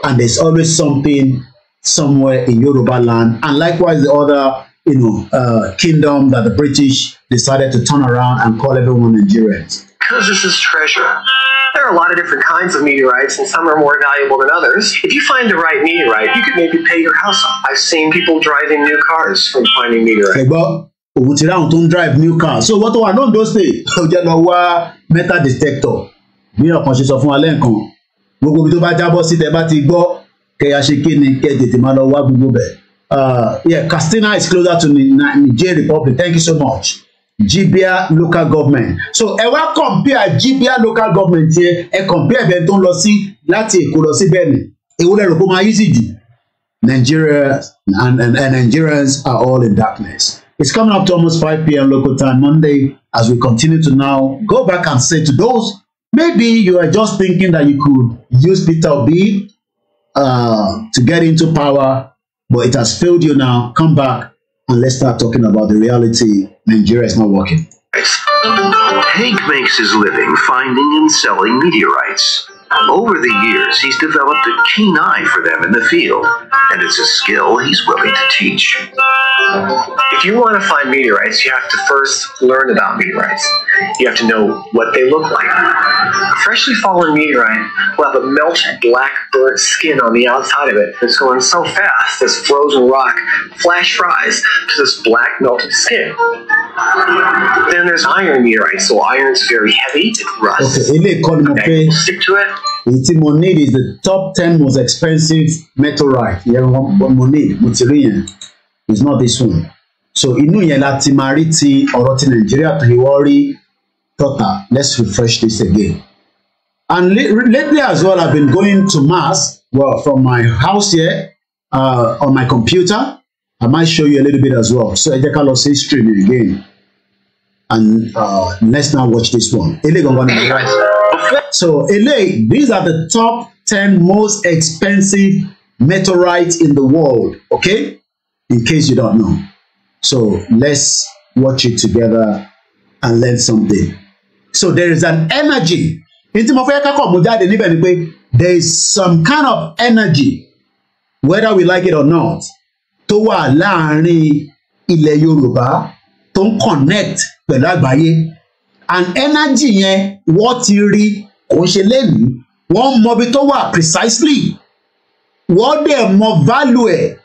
And there's always something somewhere in Yoruba land. And likewise, the other you know, uh, kingdom that the British decided to turn around and call everyone Nigerians? Because this is treasure. There are a lot of different kinds of meteorites, and some are more valuable than others. If you find the right meteorite, you could maybe pay your house off. I've seen people driving new cars from finding meteorites. Ẹgbọ́n, òun ti ráhùn drive new cars. So wọ́n tó wà náà dóṣè ó jẹ́ lọ wá metal detector bí ọ̀kan ṣe sọ fún wa lẹ́ẹ̀kan. go to tó bá see the tẹ Go. ti gbọ́ kẹ̀yà ṣe kí ni kẹ̀ tètè máa lọ wá gbogbo bẹ́ẹ̀ uh, yeah, Castina is closer to Niger Republic. Thank you so much. Jibia local government. So ẹ wá compare Jibia local government yẹn ẹ compare ẹbẹ tó ń lọ sí láti Èkó lọ sí Benin. Èwo lẹ máa easy jù? Nigeria and, and, and Nigerians are all in darkness. It's coming up to almost 5 p.m. local time Monday as we continue to now go back and say to those maybe you are just thinking that you could use Peter B uh, to get into power but it has failed you now. Come back and let's start talking about the reality. Nigeria is not working. Hank makes his living finding and selling meteorites. Over the years, he's developed a keen eye for them in the field, and it's a skill he's willing to teach. If you want to find meteorites, you have to first learn about meteorites. You have to know what they look like. A freshly fallen meteorite will have a melted black burnt skin on the outside of it that's going so fast this frozen rock flash fries to this black melted skin. Then there's iron meteorites. So iron's very heavy, it rusts. Okay, ilé ìkọ́ni mo pé èyí is the top ten most expensive meteorite. Yeah, mo need, mo ti it's not this one so inú yẹn la ti máa rí ti ọ̀rọ̀ ti nàìjíríà tó yẹ wọ́n rí tọ́ta let's refresh this again and lately as well i've been going to mass well from my house here uh, on my computer i might show you a little bit as well so ẹ jẹ́ ká lọ sí stream again and uh, let's now watch this one so ele these are the top ten most expensive meteorites in the world okay in case you don't know. So let's watch it together and learn something. So there is an energy. Ní tí mo there is some kind of energy whether we like it or not tó wà láàárín ilẹ̀ Yorùbá tó ń connect pẹ̀lú àgbáyé and energy yẹn wọ́n ti rí kò ń ṣe lẹ́nu wọ́n mọ tó wà precisely wọ́n dẹ̀ mọ value ẹ̀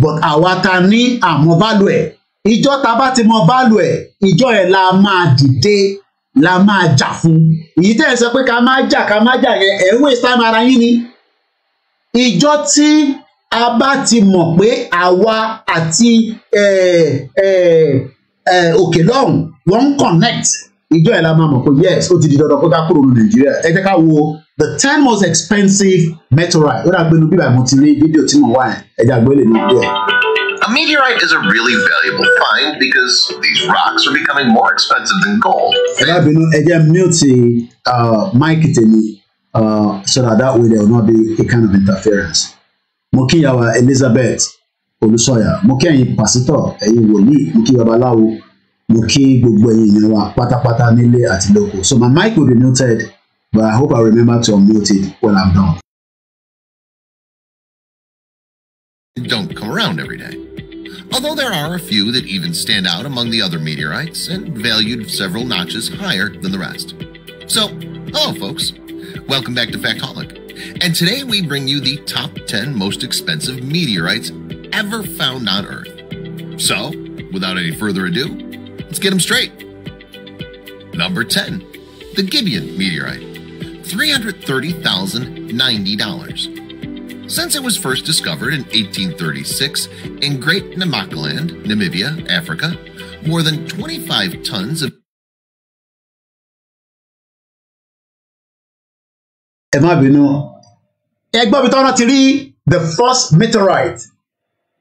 but àwa ta ní àmọ́ value ẹ̀ ìjọ ta bá ti mọ value ẹ̀ ìjọ ẹ̀ la máa dìde la máa jà fún èyí tẹ́ ẹ sọ pé ká má jà ká má jà yẹn ẹ̀ ń wé sáà ara yín ni ìjọ tí a bá ti mọ̀ pé àwa àti òkè lọ́hùn wọ́n ń connect ìjọ ẹ̀ la máa mọ̀ pé yes ó ti di dandan kó ká kúrò ní Nàìjíríà ẹ jẹ́ ká wo the ten most expensive meteorite ó dà gbẹnu bíbá mo ti rí tí mo wá yẹn ẹja gbẹlẹ ní díẹ̀. A meteorite is a really valuable find because these rocks are becoming more expensive than gold. Ẹ̀dá bínú mute uh, máìkì tèmi uh, so that that way there will not be a kind of interference. Mo kí yàwá Elizabeth Olúṣọ̀yà, mo kí ẹ̀yin pásítọ̀, ẹ̀yin wòlíì, mo kí babaláwo, mo kí gbogbo ẹ̀yin èèyàn wa pátápátá nílé àti lóko. So my mic will be muted. But I hope I remember to unmute it when I'm done. Don't come around every day. Although there are a few that even stand out among the other meteorites and valued several notches higher than the rest. So, hello folks. Welcome back to Factolic. And today we bring you the top 10 most expensive meteorites ever found on Earth. So, without any further ado, let's get them straight. Number 10, the Gibeon meteorite. $330,090. Since it was first discovered in 1836 in Great Namakaland, Namibia, Africa, more than 25 tons of ẹ má bínú ẹ tọ́nà ti rí the first meteorite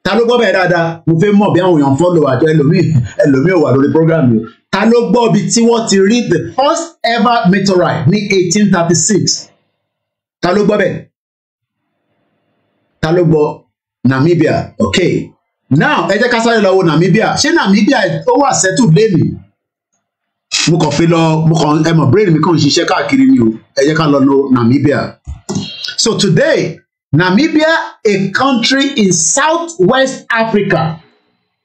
ta ló gbọ́ bẹ́ẹ̀ dáadáa mo fẹ́ mọ̀ bí àwọn èèyàn fọ́lọ̀ àjọ ẹlòmíì ẹlòmíì ò wà lórí program yìí ta ló gbọ́ ibi tí wọ́n ti rí the first ever meteorite ní eighteen thirty six ta ló gbọ́ bẹ́ẹ̀ ta ló gbọ́ Namibia okay now ẹ jẹ́ ká sáré lọ wo Namibia ṣé Namibia ó wà settled lẹ́nìí mo kàn fi lọ mo kàn ẹ mọ̀ brain mi kàn ń ṣiṣẹ́ káàkiri ni o ẹ jẹ́ ká lọ lo Namibia so today Namibia a country in Southwest Africa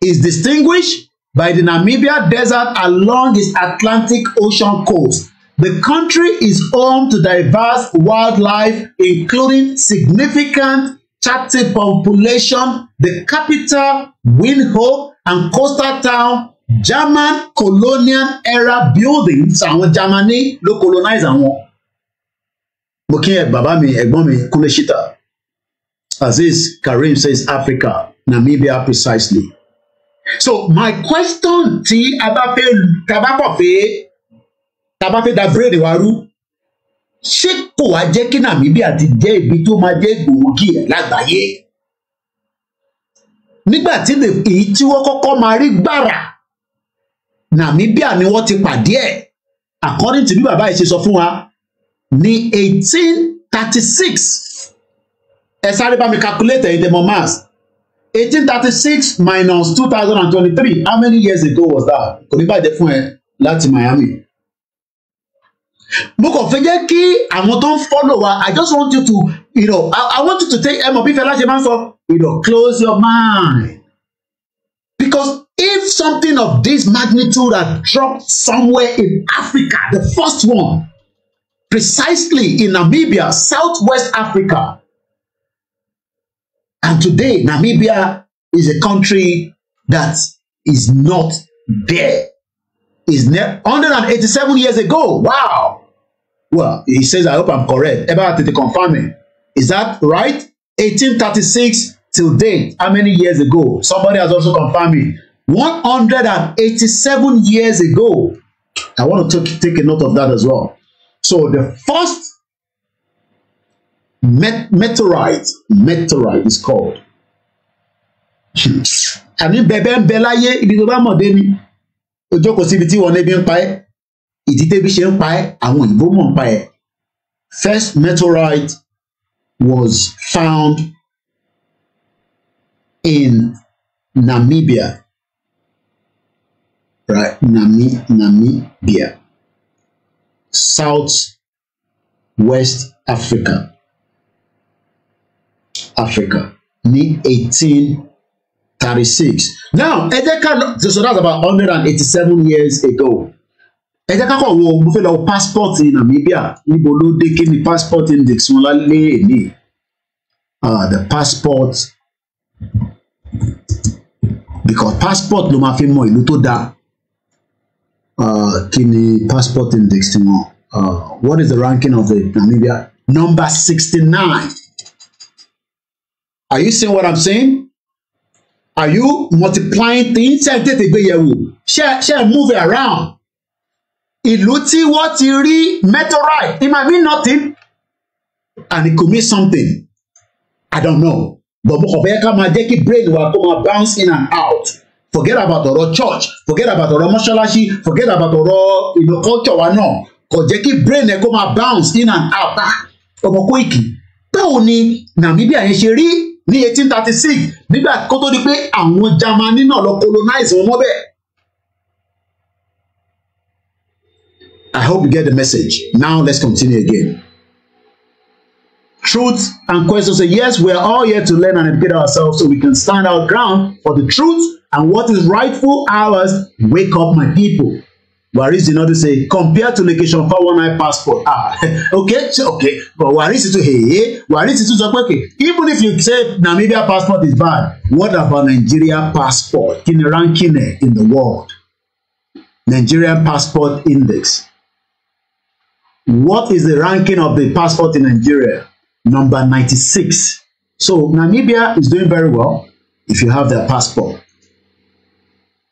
is distinguished by the Namibia Desert along its Atlantic Ocean coast. The country is home to diverse wildlife, including significant chatted population, the capital, Windhoek, and coastal town, German colonial era buildings. Àwọn Germany ló colonize àwọn. Mo kí ẹ bàbá mi, ẹ̀gbọ́n mi, Kúnlé Ṣítà. Aziz Karim says Africa, Namibia precisely so my question tí a bá fẹ́ tá a bá kọ̀ pé tá a bá fẹ́ da brain wa rú ṣé kò wá jẹ́ kí Nàmíbíà ti jẹ́ ibi tó máa jẹ́ gbòógì ẹ̀ lágbàáyé nígbà tí èyí tí wọ́n kọ́kọ́ máa rí gbàrà Nàmíbíà ni wọ́n ti pàdé ẹ̀ according to bí bàbá yìí ṣe sọ fún wa ní eighteen thirty six ẹ sáré bá mi calculate ẹ̀yin demo mass 1836 minus 2023 how many years ago was that kò ní bàjẹ́ fún ẹ láti Miami. mo kàn fẹ́ jẹ́ kí àwọn tó ń fọ́lọ̀ wa I just want you to you know, I, I want you to take ẹ mọ̀ bí Fẹlá ṣe máa ń sọ you know, close your mind because if something of this magnitude had dropped somewhere in Africa the first one precisely in Namibia, Southwest Africa And today, Namibia is a country that is not there. Is 187 years ago. Wow. Well, he says, I hope I'm correct. About to confirm it. Is that right? 1836 till date. How many years ago? Somebody has also confirmed me. 187 years ago. I want to take, take a note of that as well. So the first Met- meteorite meteorite is called àní bẹ̀bẹ̀ ń bẹ láyé ibi tó bá mọ̀ dé ni ojókòó síbi tí wọn ebi ń pa ẹ́ ìdí tẹ́bi ṣe ń pa ẹ́ àwọn òyìnbó mọ̀ ń pa ẹ́ first meteorite was found in Namibia right Nami Namibia South West Africa Africa ní eighteen now ẹ jẹ́ ká lọ so that's about 187 years ago ẹ jẹ́ ká kọ̀ wo mo fẹ́ lọ passport in Namibia níbo ló dé kí ni passport index wọn lálẹ́ èlé ah, the passport because passport ló máa fi mọ ìlú tó dáa ah, kí ni passport index ti wọn ah, what is the ranking of the Namibia number sixty nine. Are you seeing what I'm saying? Are you multiplying things? Ṣé ẹ tètè gbé yẹ̀wò? Ṣé ṣé ẹ move around? Ìlú tí wọ́n ti rí meteorite, it might mean nothing and it could mean something. I don't know. But mo kàn fẹ́ ká máa jẹ́ kí brain wa kó máa bounce in and out. Forget about ọ̀rọ̀ church, forget about ọ̀rọ̀ mọ́ṣáláṣí, forget about ọ̀rọ̀ you know, culture wa náà. Kò jẹ́ kí brain ẹ̀ kó máa bounce in and out. Ah, ọmọ Koiki, báwo ni Nàmíbíà yẹn ṣe rí? ní eighteen thirty six nígbà kó tó di pé àwọn Jámánì náà lọ colonize wọn mọ́bẹ̀. I hope you get the message. Now let's continue again. Truth and questions. So yes, we are all here to learn and educate ourselves so we can stand our ground for the truth and what is rightful ours. Wake up, my people. Waris did not say compare to location four one nine passport. Ah, okay, okay. But Waris to hey, Waris to sọ okay. Even if you say Namibia passport is bad, what about Nigeria passport in the ranking in the world? Nigerian passport index. What is the ranking of the passport in Nigeria? Number ninety-six. So Namibia is doing very well if you have their passport.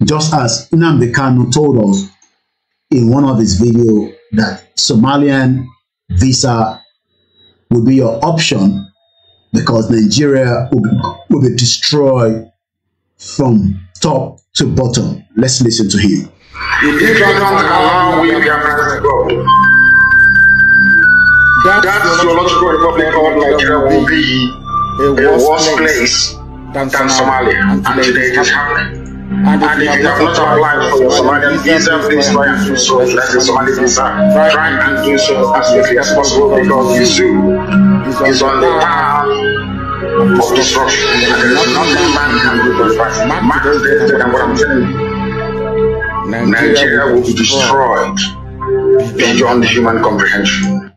Just as Nnamdi Kanu told us in one of his video that Somalian visa will be your option because Nigeria will be, will be destroyed from top to bottom. Let's listen to him. That, that republic of Nigeria will be a worse place than Somalia, and today it is happening. And if, you, have not applied for your Somali visa, please try and do so let your Somali visa. Try and do so as quickly as possible because the zoo is on the path of destruction. And There is nothing man can do but fight. Man is dead, and what I'm telling you, Nigeria will be destroyed beyond human comprehension.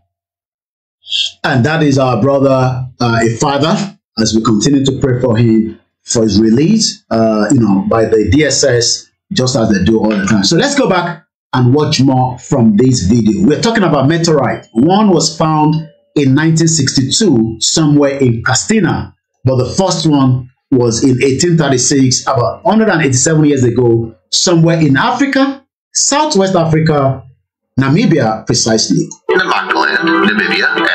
And that is our brother, uh, a father, as we continue to pray for him for its release, uh, you know, by the DSS, just as they do all the time. So let's go back and watch more from this video. We're talking about meteorite. One was found in 1962 somewhere in Castina, but the first one was in 1836, about 187 years ago, somewhere in Africa, Southwest Africa, Namibia precisely. In the Namibia,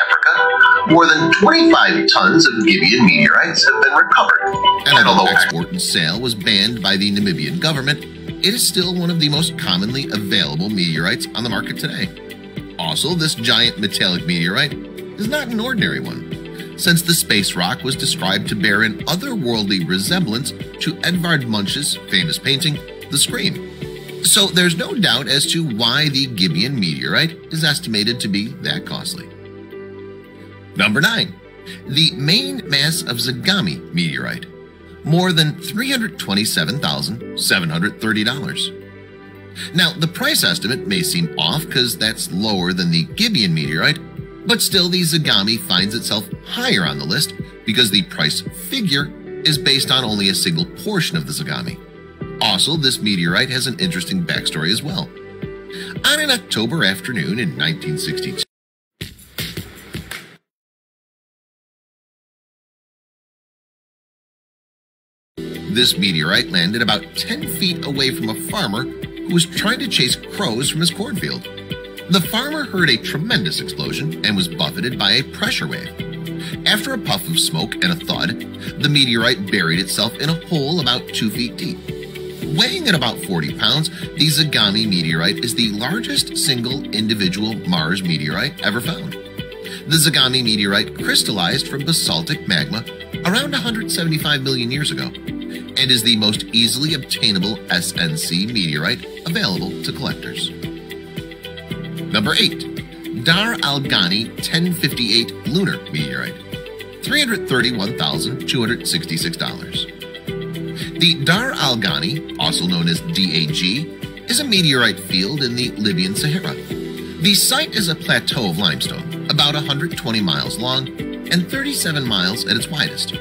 more than 25 tons of Gibeon meteorites have been recovered. And, and although export and sale was banned by the Namibian government, it is still one of the most commonly available meteorites on the market today. Also, this giant metallic meteorite is not an ordinary one, since the space rock was described to bear an otherworldly resemblance to Edvard Munch's famous painting, The Scream. So there's no doubt as to why the Gibeon meteorite is estimated to be that costly. Number 9. The main mass of Zagami meteorite, more than $327,730. Now, the price estimate may seem off because that's lower than the Gibeon meteorite, but still the Zagami finds itself higher on the list because the price figure is based on only a single portion of the Zagami. Also, this meteorite has an interesting backstory as well. On an October afternoon in 1962, This meteorite landed about 10 feet away from a farmer who was trying to chase crows from his cornfield. The farmer heard a tremendous explosion and was buffeted by a pressure wave. After a puff of smoke and a thud, the meteorite buried itself in a hole about two feet deep. Weighing at about 40 pounds, the Zagami meteorite is the largest single individual Mars meteorite ever found. The Zagami meteorite crystallized from basaltic magma around 175 million years ago and is the most easily obtainable SNC meteorite available to collectors. Number 8. Dar al Ghani 1058 Lunar Meteorite $331,266. The Dar al Ghani, also known as DAG, is a meteorite field in the Libyan Sahara. The site is a plateau of limestone, about 120 miles long and 37 miles at its widest.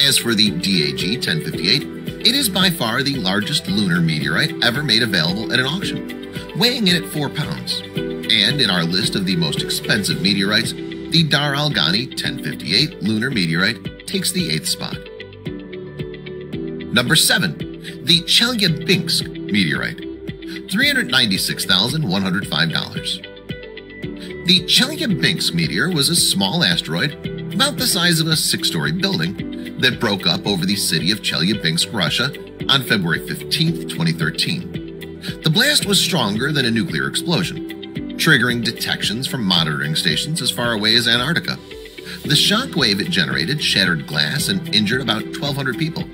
As for the DAG 1058, it is by far the largest lunar meteorite ever made available at an auction, weighing in at 4 pounds. And in our list of the most expensive meteorites, the Dar al Ghani 1058 lunar meteorite takes the 8th spot. Number 7. The Chelyabinsk meteorite $396,105. The Chelyabinsk meteor was a small asteroid, about the size of a six story building, that broke up over the city of Chelyabinsk, Russia, on February 15, 2013. The blast was stronger than a nuclear explosion, triggering detections from monitoring stations as far away as Antarctica. The shock wave it generated shattered glass and injured about 1,200 people.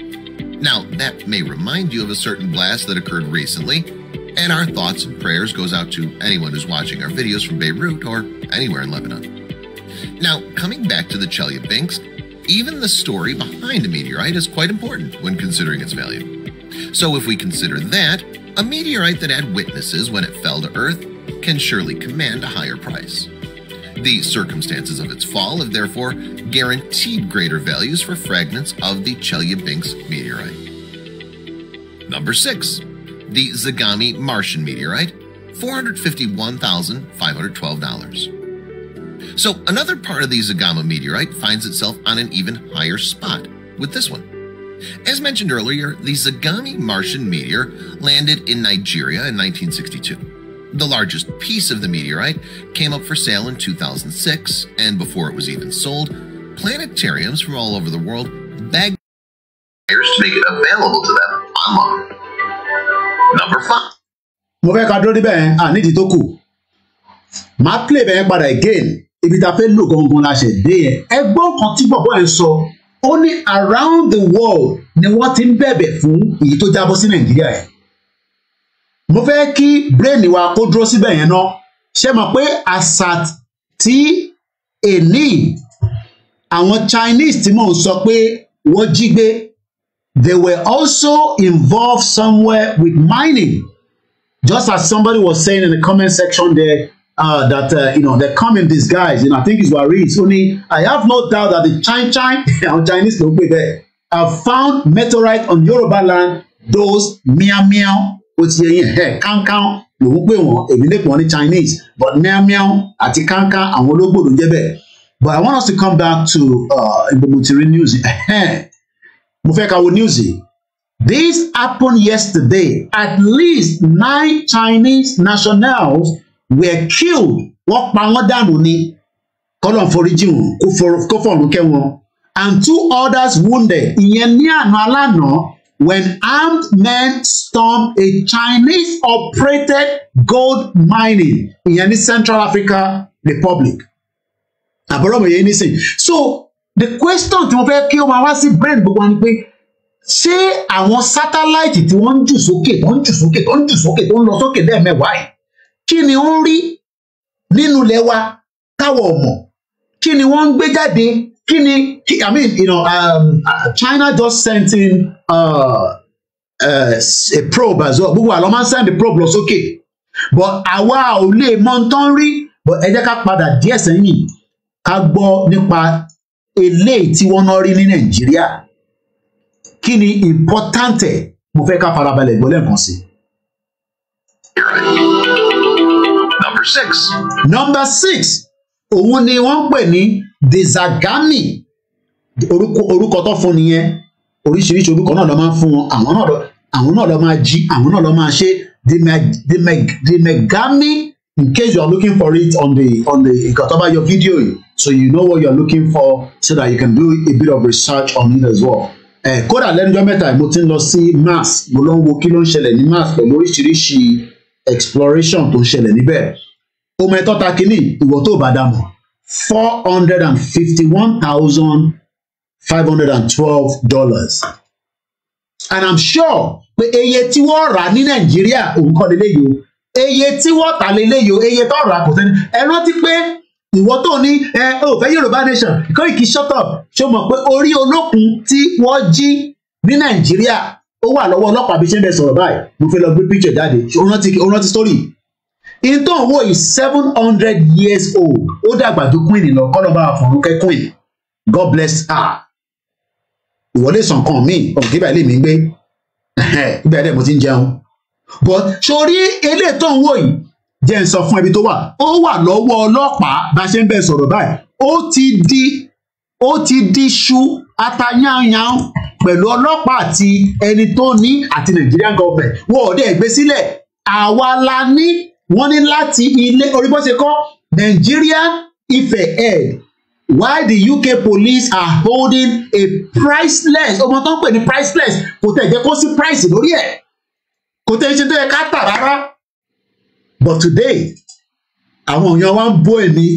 Now, that may remind you of a certain blast that occurred recently, and our thoughts and prayers goes out to anyone who's watching our videos from Beirut or anywhere in Lebanon. Now, coming back to the Chelyabinsk, even the story behind a meteorite is quite important when considering its value. So if we consider that, a meteorite that had witnesses when it fell to Earth can surely command a higher price. The circumstances of its fall have therefore guaranteed greater values for fragments of the Chelyabinsk meteorite. Number 6. The Zagami Martian meteorite, $451,512. So another part of the Zagama meteorite finds itself on an even higher spot with this one. As mentioned earlier, the Zagami Martian meteor landed in Nigeria in 1962. The largest piece of the meteorite came up for sale in 2006, and before it was even sold, planetariums from all over the world begged buyers to make it available to them online. Number 5. mo fẹ́ ka dúró níbẹ̀ yẹn ànídìí ah, tó kù máa play bẹ́ẹ̀ padà again ibi tá a fẹ́ lò gangan la ṣẹ̀ dé yẹn ẹgbọ́n kan tí bọ̀bọ́ yẹn sọ ó ní around the world ni wọ́n ti ń bẹ̀bẹ̀ fún èyí tó jábọ́ sí nàìjíríà yẹn mo fẹ́ kí brain wa kó dúró síbẹ̀ yẹn ná ṣe mọ̀ pé àṣà tí èní àwọn Chinese tí mò ń sọ pé wọ́n jí gbé they were also involved somewhere with mining just as somebody was saying in the comment section there uh, that uh, you know they come in disguise. You know, I think it's Waris. Only I have no doubt that the Chinese, Chine, our Chinese ló pè bẹ́ẹ̀, have found meteorite on Yoruba land. Those meow meow, ó ti yẹ yẹn ẹ kánkán lòún pè wọn èmi lè pè wọn ní Chinese but meow meow àti and àwọn olóògbòdo jẹ́ bẹ́ẹ̀. But I want us to come back to uh, Ibomotiri news. Mo fẹ́ news yìí. This happened yesterday. At least nine Chinese nationals were killed wọ́n pa wọ́n dànù ni kọ́lọ̀ foríjì wọn kó fọ̀rùn kẹ́ wọn and two others wounded ìyẹn ní àná alánà when armed men storm a Chinese operated gold mining ìyẹn ní Central Africa Republic àbúrò mi yẹn nísìn so the question tí wọ́n fẹ́ kí ó máa wá sí brain gbogbo wa ni pé ṣé àwọn sátáláìtì tí wọ́n ń jù sókè tó ń jù sókè tó ń jù sókè tó ń lọ sókè lẹ́ẹ̀mẹ́wàá yìí kí ni ó ń rí nínú ilẹ̀ wa táwọn ọmọ kí ni wọ́n ń gbé jáde kí ni i mean you know, um, China just sent in uh, uh, a probe as well gbogbo àlọ́ máa ń send the probe lọ sókè but àwa ò lè mọ ohun tó ń rí but ẹ jẹ́ ká padà díẹ̀ sẹ́yìn ká gbọ́ nípa eléyìí tí wọ́n náà rí ní Nàìjíríà kí ni important ẹ̀ mo fẹ́ ká farabalẹ̀ gbọ́ lẹ́ẹ̀kan sí i six. number six òun ni wọ́n ń pè ní dezagami orúkọ orúkọ tó fún nìyẹn oríṣiríṣi orúkọ náà ló máa ń fún wọn àwọn náà lọ àwọn náà lọ máa jí àwọn náà lọ máa ṣe demegami in case you are looking for it on the on the ìkàtọ́bá your video so you know what you are looking for so that you can do a bit of research on it as well. Eh, kódà lẹ́nujọ́ mẹ́ta mo ti ń lọ sí mass mo lọ ń wo kí ló ń ṣẹlẹ̀ ní mass pẹ̀lú oríṣiríṣi exploration tó ń ṣẹlẹ̀ níbẹ̀ ọmọ ẹtọ́ ta kínní ìwọ tó bá dà four hundred and fifty one thousand five hundred and twelve dollars and i'm sure pé eye tí wọ́n rà ní nàìjíríà òun kọ́ lélẹ́yìí o eye tí wọ́n tà lélẹ́yìí o eye tó rà kò sẹ́ni ẹ rántí pé ìwọ tó ní ẹ ò fẹ́ yorùbá nation Koiki shut up ṣó mọ̀ pé orí olókun tí wọ́n jí ní nàìjíríà ó wà lọ́wọ́ ọlọ́pàá bí ṣe ń bẹ sọ̀rọ̀ báyìí mo fẹ́ lọ gbé picture jáde ó rántí story in tó ń wò yìí seven hundred years old ó dàgbà ju queen lọ kọ́lọ́ba àfọ̀rúnkẹ́ queen god bless her ìwọlé sàn kan míì ọ̀hún kí báyìí lè mí gbé ibẹ̀ dẹ̀ mo ti ń jẹun but sórí eléyìí tó ń wò yìí jẹ́ ń sọ fún ẹbí tó wà ó wà lọ́wọ́ ọlọ́pàá bá a ṣe ń bẹ̀ sọ̀rọ̀ báyìí ó ti di ó ti di ṣu atayanyan pẹ̀lú ọlọ́pàá àti ẹni tó ní àti Nigerian government wọn ò dẹ̀ gbé sílẹ̀ àwa la ní wọ́n ní láti ilé orí bó ṣe kọ́ Nigerian Ife head why the UK police are holding a priceless ọmọ tó ń pè ní priceless kò tẹ̀ jẹ́ kó sí price lórí ẹ̀ kò tẹ̀ ṣe tó yẹ ká tà rárá but today àwọn èèyàn wa ń bó èmi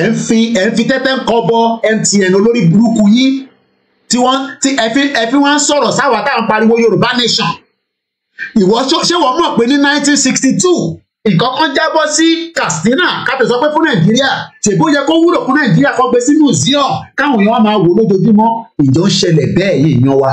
ẹ̀ ń fi ẹ̀ ń fi tẹ́tẹ́ ń kọ́ bọ MTN olórí burúkú yín tí wọ́n ti ẹ̀ fi ẹ̀ fi wọ́n ń sọ̀rọ̀ sáwà táwọn pariwo Yorùbá nation ìwọ ṣé wọ́n mọ̀ pé ní nineteen sixty two nǹkan kan jábọ́ sí Katsina kátó sọ pé fún Nàìjíríà tèbó yẹ kó wúlò fún Nàìjíríà kan gbé sí museum káwọn èèyàn máa wò lójoojúmọ́ ìjọ ń ṣẹlẹ̀ bẹ́ẹ̀ yìí yan wa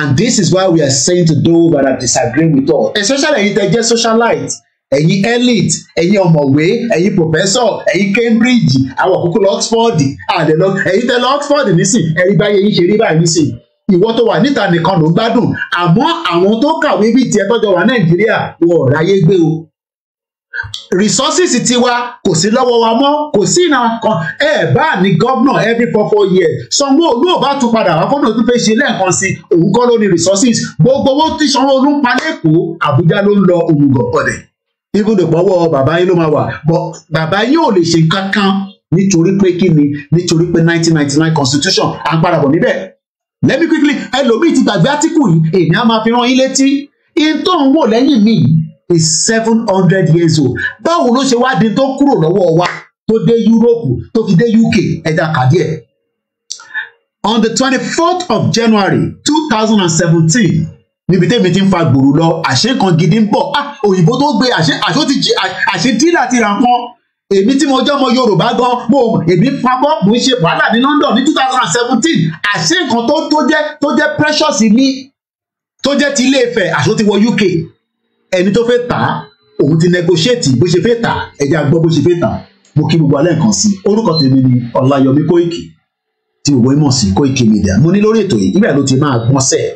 and this is why we are saying to those that are disagreeing with us especially ẹ̀yin tẹ́ jẹ́ socialite ẹ̀yin elite ẹ̀yin ọ̀mọ̀wé ẹ̀yin professor ẹ̀yin Cambridge àwọn òkúkú lọ Oxford àdè lọ ẹ̀yin tẹ́ lọ Oxford nísìn ẹ̀rí báyé yín ṣe rí báyìí nísìn ìwọ tó wà níta nìkan ló gbádùn àmọ́ àwọn tó kàwé bí tiẹ̀ tọ́jọ wà nàìjíríà wọ ọ̀ráyé gbé o resources tiwa kò sí lọ́wọ́ wa mọ́ kò sí ìnà kan ẹ bá ní gómìnà every four four years sanwó-olú ò bá tún padà wá gómìnà tún fẹ́ ṣe lẹ́ẹ̀kan sí òun kọ́ ló ní resources gbogbo owó tí sanwó-olú ń pa lẹ́kọ̀ọ́ àbújá ló ń lọ òun gàn ọ̀dẹ̀ ibùdó pọ̀wọ́ bàbá yín ló máa wà but bàbá yín ò lè ṣe kankan nítorí pé kí ni nítorí pé 1999 constitution à ń padà bọ̀ níbẹ̀ let me quickly ẹlòmíì ti gbàgbé átíkù yìí èmi á máa fi rán yín létí in tó ń wò lẹ́yìn mi is seven hundred years old báwo ló ṣe wá di tó kúrò lọ́wọ́ wa tó dé Europe tó fi dé UK ẹ̀dá kàdí on the twenty-fourth of January two thousand and seventeen níbi tẹ́mi ti ń fa gbòòrò lọ àṣẹ kan gidi ń bọ̀ ah òyìnbó tó gbé àṣẹ àṣọ ti jí àṣẹ dílà ti rà kan èmi tí mo jẹ́ ọmọ yorùbá gan mo èmi papọ̀ mo ń ṣe wàhálà ní london ní two thousand and seventeen àṣé nǹkan tó tó jẹ́ tó jẹ́ precious mi tó jẹ́ ti ilé Ifẹ̀ àṣọ ti wọ uk ẹni tó fẹ́ tà á òun ti negotiate bó ṣe fẹ́ tà á ẹ̀jẹ̀ àgbọ̀ bó ṣe fẹ́ tà á mo kí gbogbo alẹ́ nǹkan sí i orúkọ tèmi ni ọláyọmí kóìkì tí gbogbo ìmọ̀ sí kóìkì media mo ní lórí ètò yìí ibẹ̀ ló ti máa gbọ́n sẹ́ẹ̀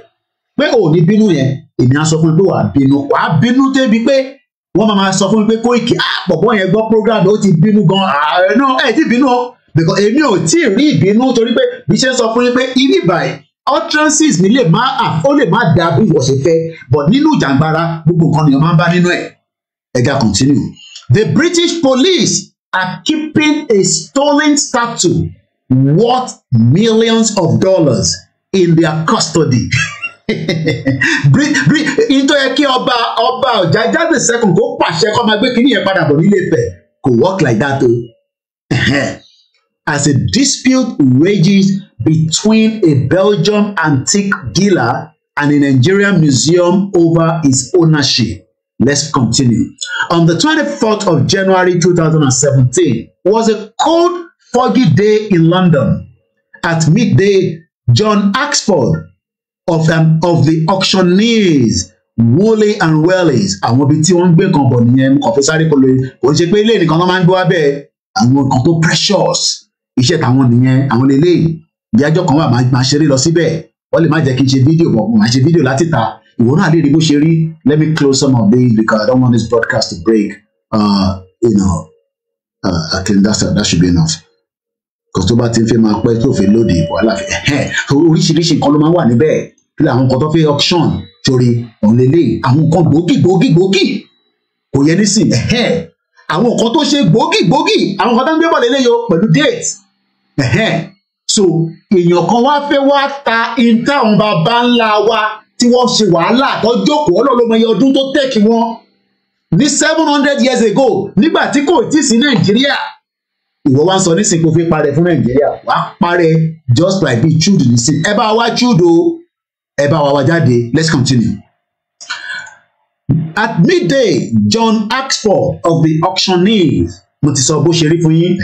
pé òun bínú yẹn èmi á sọ fún un pé wàá bínú wàá bínú débi pé wọ́n máa sọ fún mi pé Kóìkì àpọ̀bọ̀ ah, yẹn gbọ́ program ó ti bínú gan ààrẹ ah, náà ẹ̀ ti bínú o because èmi ò tí ì rí ìbínú torí pé bí ṣe ń sọ fún mi pé ibi ìbàyẹ̀ utterances mi lè má à ó lè má da bí ìwọ̀n fẹ́ but nínú ìjàngbara gbogbo nǹkan nìyẹn máa ń bá nínú ẹ̀ ẹ̀ga continue the British police are keeping a stolen statue worth millions of dollars in their custody ìtò yẹ kí ọba ọba Ọjájá the second kó pàṣẹ kó máa gbé kínní yẹn padà bọ̀ nílé Ifẹ̀ kò work like that o. As a dispute rages between a Belgium antique dealer and a Nigerian museum over its ownership. Let's continue. On the twenty fourth of January two thousand and seventeen was a cold, foggy day in London. At midday, John Axford, of, um, of the auctioneers wólé and wellys àwọn ibi tí wọ́n ń gbé kan bọ̀ nìyẹn kò fi sáré kolo kò ṣe pé ilé nìkan ló máa ń gbé wá bẹ́ẹ̀ àwọn kan tó precious iṣẹ́ tàwọn nìyẹn àwọn lélẹ́yìí ìyájọ́ kan wà máa ṣeré lọ síbẹ̀ wọ́n lè má jẹ́ kí n ṣe fídíò bọ̀ máa ṣe fídíò láti ta ìwọ náà lè rí bó ṣe rí let me close some of these because I don't want this broadcast to break uh, you know uh, I think that's, that should be enough because tó bá ti ń fi máa pẹ́ tó fi lóde wàhálà fi oríṣiríṣi nǹkan ló máa wà níbẹ̀ àwọn nǹkan tó fẹ́ auction torí òǹlẹ̀lẹ̀ àwọn nǹkan gbòógì gbòógì gbòógì kò yẹ nísìn ẹ̀hẹ́ àwọn nǹkan tó ṣe gbòógì gbòógì àwọn nǹkan tó ń gbé bọ̀ lélẹ́yọ pẹ̀lú date ẹ̀hẹ́ so èèyàn kan wá fẹ́ wá ta ìta àwọn bàbá ńlá wa tí wọ́n ṣe wàhálà àtọ́jọ́kọ̀ ọlọ́lọ́mọye ọdún tó tẹ̀kí wọn ní seven hundred years ago nígbà tí kò tí sí nàìjíríà ìwọ wá ń sọ nísìnyí kó fi parẹ́ fún nàìjíríà wàá parẹ́ just like be chewed nísìnyí ẹ bá wá chewed o ẹ bá wa wá jáde let's continue. at midday John Axford of the auctioneer, mo ti sọ bó ṣe rí fún yín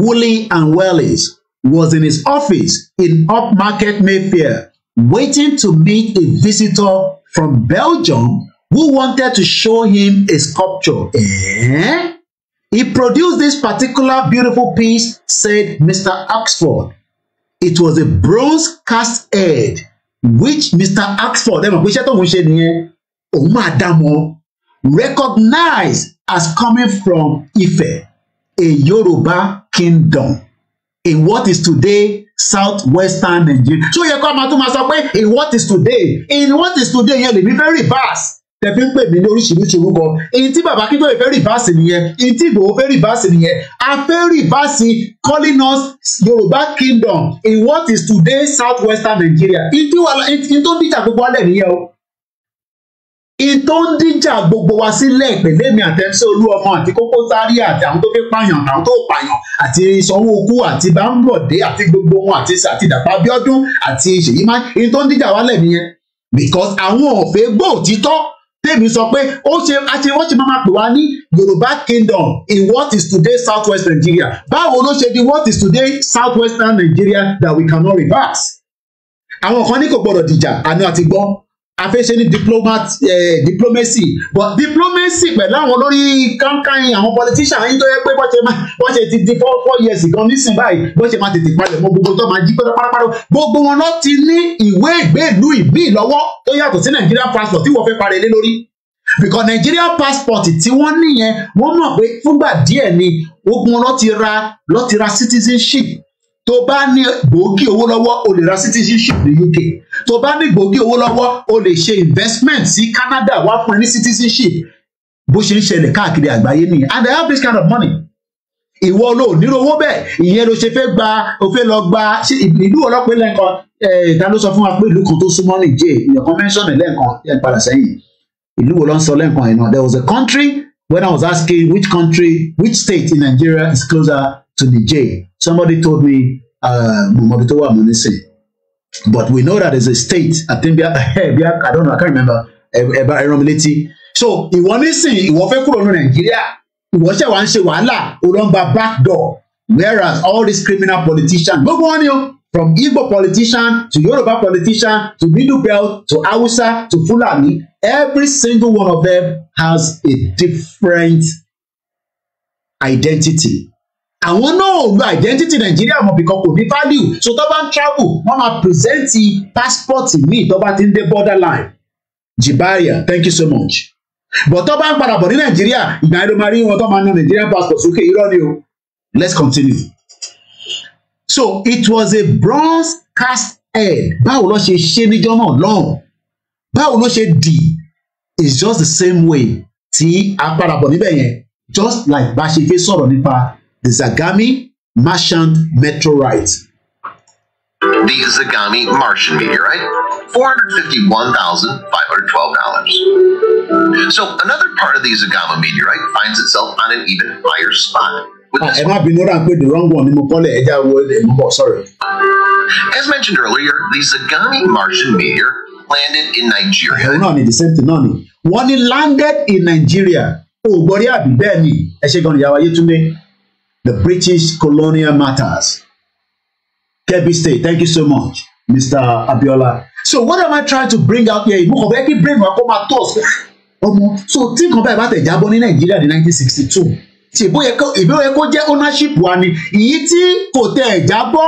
Woolley and Wellies was in his office in upmarket Mayfair waiting to meet a visitor from Belgium who wanted to show him a sculpture. Eh? He produced this particular beautiful piece, said Mr. Axford, it was a bronze cast head which Mr. Axford ẹ mọ̀ pé iṣẹ́ tóun ṣe nìyẹn òun máa dá mọ́ recognized as coming from Ife, a Yoruba kingdom in what is today southwestern Nigeria. So yẹ kó a máa tún máa sọ pé in what is today in what is today yẹn lèmi very reverse tẹ̀fí ń pè mí ní oríṣiríṣi orúkọ èyí tí bàbá Akíntóyè fẹ́ rìbáàsì nìyẹn èyí tí Ìgbòho fẹ́ rìbáàsì nìyẹn a fẹ́ rìbáàsì calling us Yorùbá kingdom in what is today southwestern Nigeria èyí tó ń díjà gbogbo alẹ́ nìyẹn o èyí tó ń díjà gbogbo wa sílẹ̀ pẹ̀lẹ́ mi àtẹ́sẹ́ olú ọmọ àti Koko Zaria àti àwọn tó fi pààyàn àtàwọn tó pààyàn àti Sanwó-Olú àti Bámbọ̀dé àti gbogbo wọn àti Dàpọ̀ Abíọ́dún àti Ṣèyí Mákindé èyí tó ń díjà wálẹ̀ nìyẹn because àwọn ò fẹ́ gbọ́ òtítọ́ tèmi sọ pé ó ṣe àti wọ́n ṣe máa pè wá ní Yorùbá kingdom in what is today southwest Nigeria báwo ló ṣe di what is today southwestern Nigeria that we cannot reverse àwọn kan ní kò gbọdọ̀ dìjà àná àti gbọ́ a fẹ́ ní eh, diplomacy but diplomacy pẹ̀lú àwọn olórí kánkán àwọn politician yín tó yẹ pé bọ́ṣe bọ́ṣe ti di four four years gan nísìn báyìí bọ́ṣe máa tètè palẹ̀ mọ́ gbogbo tó máa jí pẹ́ẹ́rẹ́ pátápátá gbogbo wọn lọ ti ní ìwé ìgbélú ìbí lọ́wọ́ tó yàtọ̀ sí Nigerian passport tí wọ́n fẹ́ parẹ́ lé lórí because Nigerian passport tí wọ́n níyẹn wọ́n mọ̀ pé fúngbà díẹ̀ ni ogun wọn lọ ti ra lọ ti ra citizenship tó bá ní gbòógì owó lọ́wọ́ o lè ra citizenship ní UK tó bá ní gbòógì owó lọ́wọ́ o lè ṣe investment sí Canada wá fún ẹ ní citizenship bó ṣe ń ṣẹlẹ̀ káàkiri àgbáyé nìyẹn and they have this kind of money ìwọ ló nírò owó bẹ́ẹ̀ ìyẹn ló ṣe fẹ́ gba o fẹ́ lọ gba ṣe ìlú ọlọ́pẹ́ lẹ́ǹkan ta ló sọ fún wa pé ìlú kan tó súnmọ́ nìjẹ́ e, ìyẹn kan mẹ́ńsọ̀nù lẹ́ǹkan ẹ̀ ń padà sẹ́yìn ìlú wo ló ń sọ lẹ́ǹkan ẹ̀ náà there was a country when I was asking which country which state in Nigeria is closer to the jail. Somebody told me, uh, but we know that there's a state, I think, I don't know, I can't remember, ẹ̀bá So mi létí. So ìwọ nísìnyí, ìwọ fẹ́ kúrò ní Nàìjíríà, ìwọ ṣẹ̀ wá ń ṣe wàhálà, o lọ ń gba back door, whereas all these criminal politicians, go wọn ni o, from Igbo politician to Yoruba politician to Middle Belt to Hausa to Fulani, every single one of them has a different identity àwọn náà lu identity Nigeria mọ̀ bìkan kò ní value so tó bá ń travel wọ́n máa present passport míì tó bá ti ń dé borderline jibaria thank you so much but tó bá ń padà bọ̀ ní nàìjíríà ìgbà yẹn ló máa rí wọn tó máa na nigerian passport sókè irọ́ ni o let's continue so it was a bronze cast head báwo ló ṣe ṣe níjọ́ náà lọ́hùn báwo ló ṣe dì it's just the same way tí a padà bọ̀ níbẹ̀ yẹn just like bá ṣe fi sọ̀rọ̀ nípa the Zagami Martian meteorite. The Zagami Martian meteorite, $451,512. So another part of the Zagami meteorite finds itself on an even higher spot. Ah, As mentioned earlier, the Zagami Martian meteor landed in Nigeria. Ẹ̀rọ náà the same thing náà ni. Wọ́n landed in Nigeria. oh, but Ògbọ́rí àbí bẹ́ẹ̀ ni ẹ ṣe gan-an ìyàwó Ayétúndé the British colonial matters. Kebbi State, thank you so much, Mr. Abiola. So what am I trying to bring out here? Mo kàn fẹ́ kí brain wa kó máa tọ̀ sí ọmọ. So tí nǹkan báyìí bá tẹ̀ in ní Nàìjíríà ní 1962, tí ìbò you kó jẹ́ ownership iti kote ìyí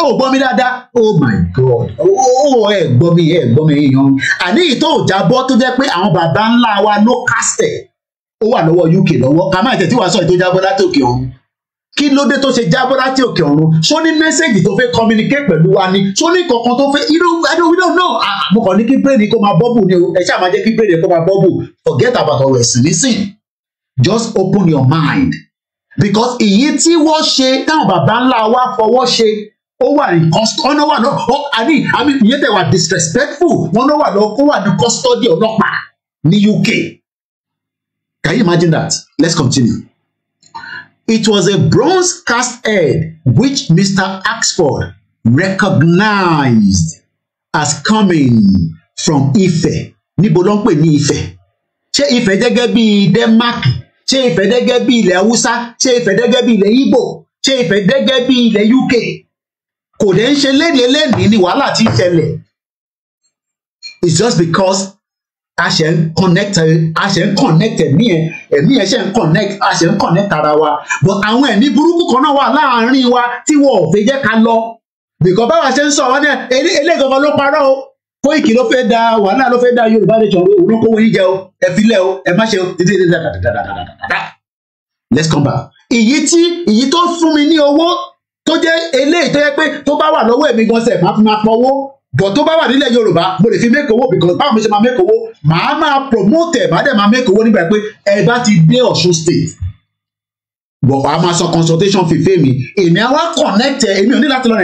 Oh, kò Dada! Oh my God! Oh, dáadáa oh my god ó ẹ gbọ́ mi ẹ gbọ́ mi èèyàn àní ìtọ́ ò jábọ́ tó jẹ́ pé àwọn baba ńlá you can. kásẹ̀ ó wà lọ́wọ́ UK lọ́wọ́ ká má tẹ̀síwá sọ ìtọ́jábọ́ látòkè ọ̀hún kí ló dé tó ṣe jábọ́ láti òkè ọ̀run ṣó ní mẹ́sẹ̀gì tó fẹ́ communicate pẹ̀lú wa ni ṣó ní kankan tó fẹ́ irú adéwìdó náà mo kàn ní kí brain kó máa bọ́bù ni ẹ ṣáà máa jẹ́ kí brain kó máa bọ́bù forget about ọ̀rọ̀ ẹ̀sìn nísìn just open your mind because èyí tí wọ́n ṣe táwọn bàbá ńlá wa fọwọ́ ṣe ó wà ní ọ̀nà wà lọ ọ àní àmì ìyẹn tẹ̀ wà disrespectful wọn lọ wà lọ ó wà ní custody ọlọ́pàá ní UK can you imagine that let's continue. It was a bronze cast head which Mr. Axford recognized as coming from Ife. Níbo ló ń pè ní Ife? Ṣé Ife gẹ́gẹ́ bí Denmark? Ṣé Ife gẹ́gẹ́ bí ilẹ̀ Haúsá? Ṣé Ife gẹ́gẹ́ bí ilẹ̀ Igbo? Ṣé Ife gẹ́gẹ́ bí ilẹ̀ UK? Kò dẹ̀ ń ṣe léde léde ní wàhálà tí ń It's just because a ṣe ń connect a ṣe ń connect ẹ̀mí ẹ̀ ẹ̀mí ẹ̀ ṣe ń connect a ṣe ń connect ara wa but àwọn ẹ̀mí burúkú kan náà wà láàárín wa tí wọn ò fẹ́ jẹ́ ká lọ bìkọ́ báwa ṣe ń sọ wọn náà eléyìí gangan ló parọ́ o Koiki ló fẹ́ da wàhálà ló fẹ́ da Yorùbá nation òun ló kówó yín jẹ o ẹ fi lẹ̀ o ẹ má ṣe o dídí dídí dáadáa let's come back. ìyí tí ìyí tó fún mi ní owó tó jẹ́ eléyìí tó yẹ pé tó bá wà lọ́wọ́ èmi gan bọ̀ tó bá wà nílẹ̀ yorùbá mo lè fi make owó because báwo mi ṣe máa make owó màá máa promote ẹ̀ màá dẹ̀ máa make owó nígbà pé ẹ bá ti dé ọ̀ṣun state bọ̀ a máa san consultation fee fèmí èmi àwa connect ẹ èmi ò ní láti lọ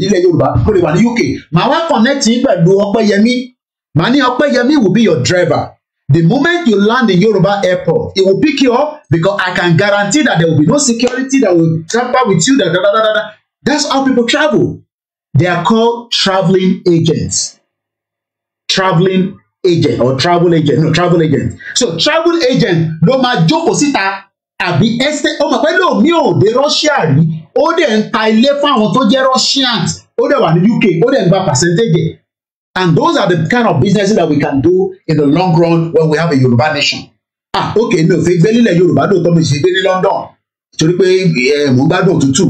nílẹ̀ yorùbá mo lè wà ní uk màá wá connect yín pẹ̀lú ọpẹ́yẹmí màá ní ọpẹ́yẹmí will be your driver the moment you land in yoruba airport it will pick you up because i can guarantee that there will be no security that will tamper with you da da da da da that's how people travel They are called traveling agents. Traveling agent or travel agent no travel agent. So travel agent ló máa jókòó síta àbí estate ọmọ pẹ̀lú omi ò dé Russia rí ó dẹ̀ ń ta ilé fáwọn tó jẹ́ Russians ó dẹ̀ wà ní UK ó dẹ̀ ń gba percentage and those are the kind of businesses that we can do in the long run when we have a Yoruba nation. ah okay, mi ò fẹ́ gbé nílẹ̀ Yorùbá lóòótọ́ mi ò sì gbé ní London torí pé eh, mò ń gbádùn òtútù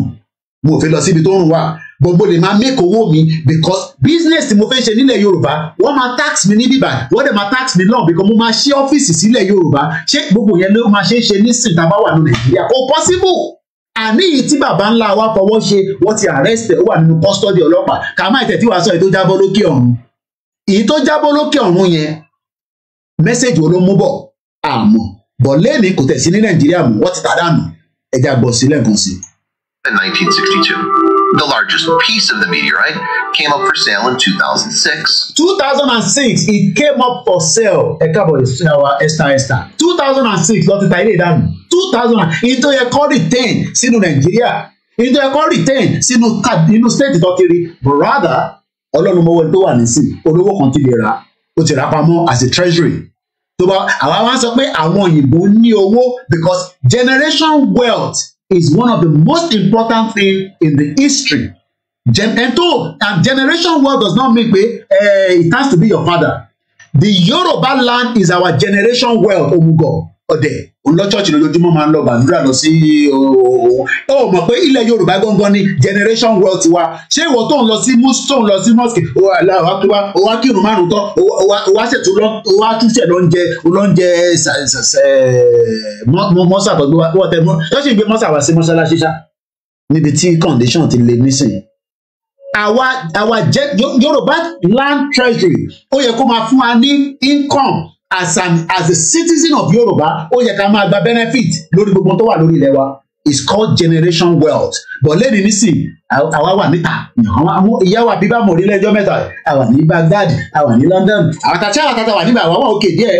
mo ò fẹ́ lọ síbi tó ń wà but mo lè máa make owó mi because business tí mo fẹ́ ṣe nílẹ̀ yorùbá wọ́n máa tax mi ní bíbá wọ́n dẹ̀ máa tax mi náà because mo máa ṣe ọ́fíìsì sílẹ̀ yorùbá ṣé gbogbo yẹn ló máa ṣe é ṣe nísìn tá a bá wà ní nàìjíríà kò possible àní yìí tí bàbá ńlá wa fọwọ́ ṣe wọ́n ti arrest ẹ̀ ó wà nínú custody ọlọ́pàá kà má ìtẹ̀tí wàá sọ èyí tó jábọ́ lókè ọ̀run èyí tó jábọ́ lókè ọ̀run yẹn mẹ́sẹ̀gì olómú bọ̀ àmọ́ bọ̀ lẹ́ẹ̀ni kò tẹ̀sí ní nàìjíríà mọ́ wọ́n ti tà dànù ẹ̀já gbọ̀ sílẹ̀ sí. in 1962 the largest largest piece of the meteorite came up for sale in 2006. 2006 it came up for sale ẹ káàbọ̀ ẹ̀sán ẹ̀sán 2006 lọ́ọ́ ti ta ilé ìdánù 2000 ìtò ẹ̀kọ́ retain sínú Nàìjíríà ìtò ten, retain sínú inú state tó kiri but rather ọlọ́run mọ́wọ́ tó wà nísìn olówó kan ti lè ra ó ti as a treasury So bá àwa wá sọ pé àwọn òyìnbó ní because generation wealth is one of the most important thing in the history Gen and two and generation war does not mean pé eh. it has to be your father the Yoruba land is our generation well omugo ọdẹ olọ́chọ́ọ̀chì lójoojúmọ́ máa ń lọ gbàdúrà lọ sí òun ó mọ̀ pé ilẹ̀ Yorùbá gangan ni generation well tiwa ṣé ìwọ tó ń lọ sí mosque tó ń lọ sí mosque ó wà láwọn akíwá ó wá kírun márùn tán ó wá ṣètò ó wá túṣẹ̀ lóúnjẹ olóúnjẹ mọ́sà tó gbé wá wọ́n tẹ mọ́ ṣọ́ọ̀ṣì gbé mọ́sà wá sí mọ́ṣáláṣí ṣá níbi tí condition ti le nísìnyí Our our jẹ Yorùbá land treasury ó yẹ kó máa fún wa ní income as an as a citizen of Yorùbá ó yẹ ká máa gba benefit lórí gbogbo tó wà lórí ilẹ̀ wa is called generation wealth but lẹ́ni nísìn àwa wà níta àwọn ìyá wa bíbá mọ̀ orílẹ̀ ẹjọ́ mẹ́ta àwa ní Baghdad àwa ní London àwọn àtàtà àtàtà wà níbẹ̀ àwa wà òkè díẹ̀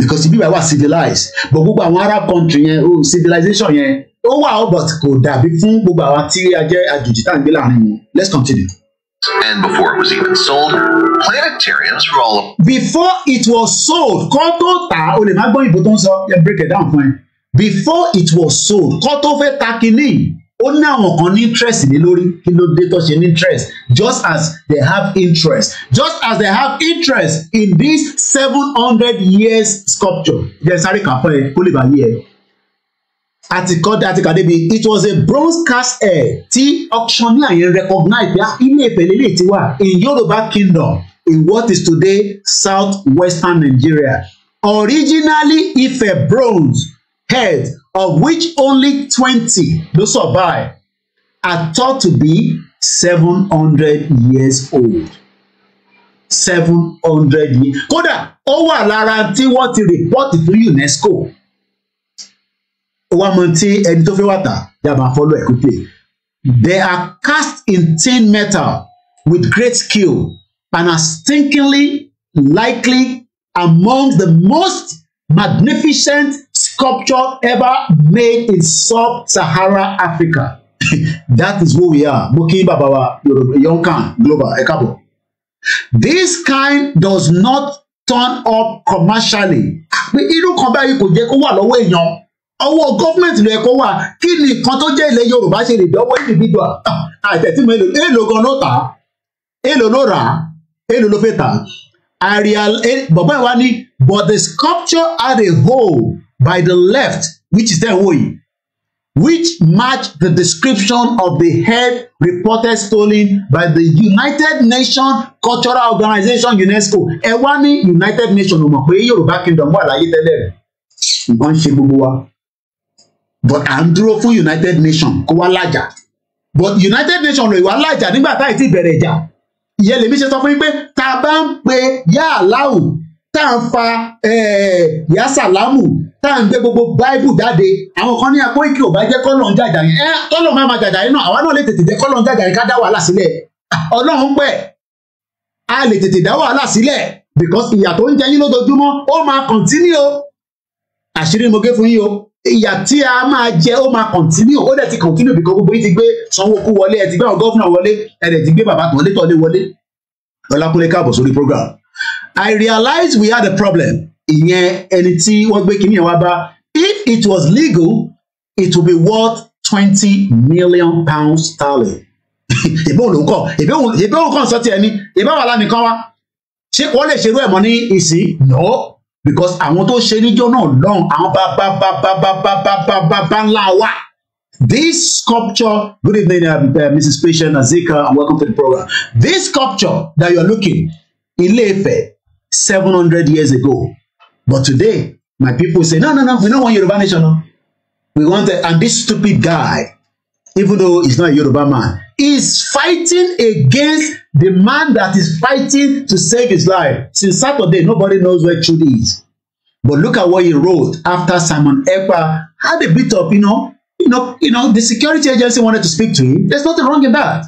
because ibi wa wà civilized but gbogbo àwọn Arab country yẹn oh, civilization yẹn ó wà ó but kò dàbí fún gbogbo àwọn tí a jẹ́ àjòjì tá à ń gbé láàrin wọn let's continue. And before it was even sold, planetarians from all Before it was sold, kọ́ tó tà ó lè má gbọ́ ìbò tó ń sọ ẹ break it down fún ẹ. Before it was sold, kọ́ tó fẹ́ ta kínní ó ní àwọn kan ní interest ní lórí kí ló dé tó ṣe ní interest just as they have interest just as they have interest in this seven hundred years sculpture. Jẹ́ sáré kàpọ̀ ẹ kó lè bá yé ẹ àti kọ́dà àti kàdébi it was a bronze cast air tí auctioneer yẹn recognize pé ah, ilé Ifẹ̀ lélẹ̀ ti wà in Yoruba kingdom in what is today south western Nigeria originally Ifẹ̀ bronze head of which only twenty ló survive are thought to be seven hundred years old seven hundred years kódà ó wà lára tí wọ́n ti rìpọ́tì fún UNESCO ó wá mọ ẹni tó fẹ́ wà tà yàrá fọlọ́ ẹ̀ kúkẹ́ they are cast in tin metal with great skill and are stinkingly likely among the most magnificent sculpture ever made in sub saharan Africa that is who we are mo kí bàbá yonkan global ẹ káàbọ̀ this kind does not turn up commercially pé irú kan báyìí kò jẹ́ kó wà lọ́wọ́ èèyàn ọwọ́ gọ́ọ̀mẹ̀ntì ló yẹ kó wà kí ni nǹkan tó jẹ́ ilẹ̀ Yorùbá ṣe lè dọ́wọ́ individual ah, àtẹ̀tìmọ̀ èlò èlò gan ló tà èlò ló rà èlò ló fẹ́ tà á eh, bàbá ìwà ni but the sculpture had a hole by the left which is ten woyi which matched the description of the head reported stolen by the United Nations Cultural Organization UNESCO ẹ wá ní United Nations ò mọ̀ pé Yorùbá Kingdom wà láyé tẹ́lẹ̀ rẹ̀ ṣe gbogbo wa but à ń dúró fún United Nations kó wá lájà but United Nations lè wá lájà nígbà táyì ti bẹ̀rẹ̀ ìjà ìyẹn lèmi ṣe sọ fún yín pé tá a bá ń pe yá aláwù tá à ń fa yá sàlámù tá à ń gbé gbogbo báíbù jáde àwọn kan ní àpò ìkí ò bá jẹ́ kọ́ lọ́n jàjà yẹn ẹ tọ́lọ̀ máa ma jàjà yẹn náà àwa náà lè tètè jẹ́ kọ́ lọ́n jàjà yẹn ká dá wàhálà sílẹ̀ ọlọ́run pẹ̀ a lè tètè dá wàhálà sílẹ̀ because ìyà tó ń jẹ yín lójoojúmọ́ ó máa continue o àṣírí mo gé fún yín o ìyà tí a máa jẹ ó máa kọ̀ntínú ó dẹ̀ ti kọ̀ntínú bìkan gbogbo yìí ti gbé sanwó wọlé ẹ ti gbé àwọn gọ́fúnà wọlé ẹ dẹ̀ ti gbé bàbá tọ̀lé tọ̀lé wọlé ọlákúnlé káàbọ̀ sórí program I realize we had a problem ìyẹn ẹni tí wọ́n gbé kíní ẹ̀ wá bá if it was legal it would be worth twenty million pounds sterling ìbí òun ló ń kọ ìbí òun kàn sọ tiẹ̀ ni ìbí àwọn alánìkan wa ṣé wọ́n lè ṣerú ẹ̀ mọ́ ní ìsìn no because àwọn tó ṣe níjọ́ náà lọ́hùn àwọn bàbá bàbá bàbá bàbá bàbá ńlá wa. This sculpture, good evening, uh, uh, Mrs. Patient Azika, and welcome to the program. This sculpture that you're looking, Ile-Ife, 700 years ago. But today, my people say, no, no, no, we don't want Yoruba nation. No. We want, the, and this stupid guy even though he's not a Yoruba man. He's fighting against the man that is fighting to save his life. Since Saturday, nobody knows where Chudi is. But look at what he wrote after Simon Ekpa had a bit of, you know, you know, you know, the security agency wanted to speak to him. There's nothing wrong in that.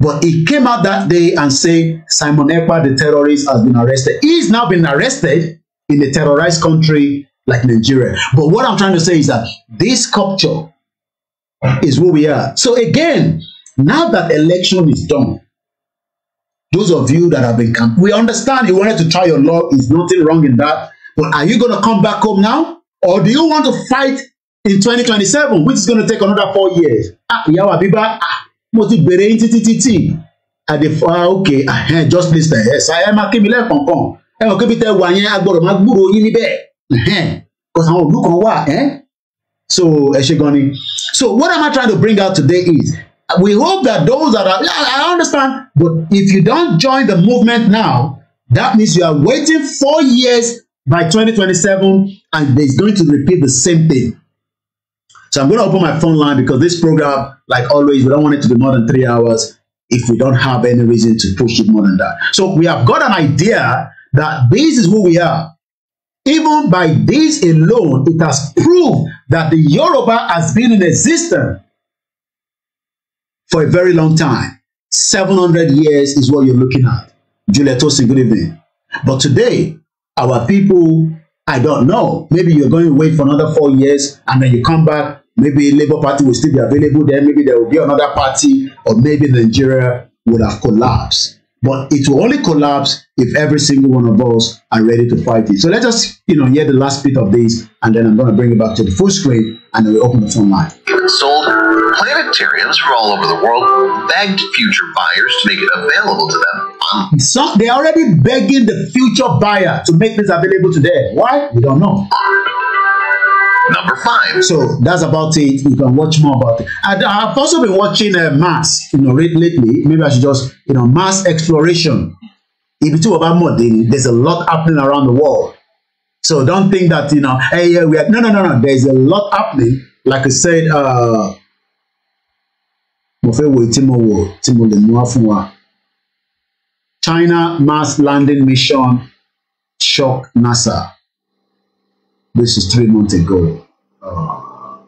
But he came out that day and said, Simon Ekpa, the terrorist, has been arrested. He's now been arrested in a terrorized country like Nigeria. But what I'm trying to say is that this culture is who we are. So again, now that election is done, those of you that have been camped, we understand you wanted to try your law. Is nothing wrong in that. But are you going to come back home now, or do you want to fight in 2027, which is going to take another four years? Ah, yawa biba. ah mo ti gbèrè yín Ah, títí ah òkè eh, ahẹ́n just listen Yes, eh, I ẹ máa kí mi Eh, ẹ mọ̀ kébi tẹ́ wà yini be. máa gbúròó yín níbẹ̀ ẹ̀hẹ́n because àwọn òlú kan eh? so ẹ ṣe So what am I trying to bring out today is we hope that those that are, I understand, but if you don't join the movement now, that means you are waiting four years by 2027 and it's going to repeat the same thing. So I'm going to open my phone line because this program, like always, we don't want it to be more than three hours if we don't have any reason to push it more than that. So we have got an idea that this is who we are. Even by this alone, it has proved that the Yoruba has been in existence for a very long time. 700 years is what you're looking at. Juliet Tosin, good evening. But today, our people, I don't know. Maybe you're going to wait for another four years and then you come back. Maybe Labour Party will still be available there. Maybe there will be another party, or maybe Nigeria would have collapsed. But it will only collapse if every single one of us are ready to fight it. So let us, you know, hear the last bit of this, and then I'm going to bring it back to the full screen, and then we open the phone line. Sold planetariums from all over the world begged future buyers to make it available to them. So they're already begging the future buyer to make this available to them. Why? We don't know. number five. So that's about it. You can watch more about it. I, have also been watching uh, Mars, you know, lately. Maybe I should just, you know, Mars exploration. If you talk about more, dé there's a lot happening around the world. So don't think that, you know, hey, yeah, we are, no, no, no, no. There's a lot happening. Like I said, uh, China mass landing mission shock NASA. This is three months ago. Uh,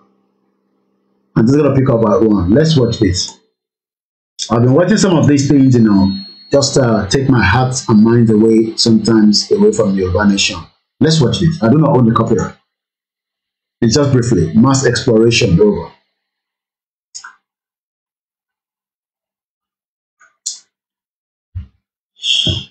I'm just gonna pick up at one. Let's watch this. I've been watching some of these things, you know, just uh, take my heart and mind away sometimes away from the urban Let's watch this. I do not own the copyright. It's just briefly mass exploration over. Shh.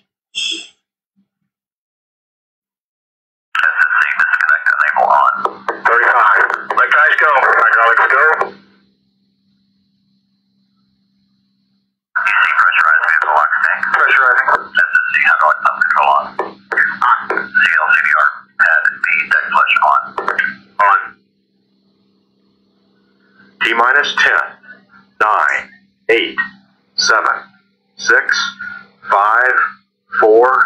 seven, six, five, four,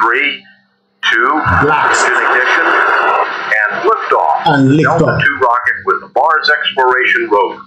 three, two, blast ignition, and liftoff. And liftoff. Delta 2 rocket with the Mars Exploration Rover.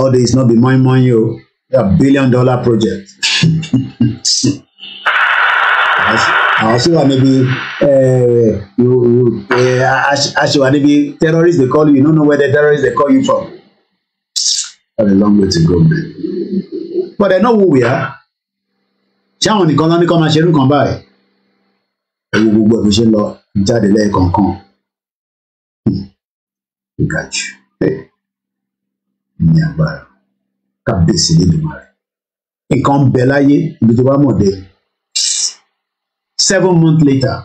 all this not be my money o they billion dollar project. àwọn sì eh, eh, As níbi aṣèwà maybe terrorists they call you you don't know where the terrorists they call you from. Got a long way to go man. but they know who we are. ṣé àwọn come lọ́ní kan máa come by. kan báyìí. ewu gbogbo ẹ̀ bó ṣe ń lọ jáde hmm. Hey ní agbára kábíyèsí lẹ́dùnmáà rẹ̀ nǹkan bẹ láyé ibi tó bá mọ̀ dé seven months later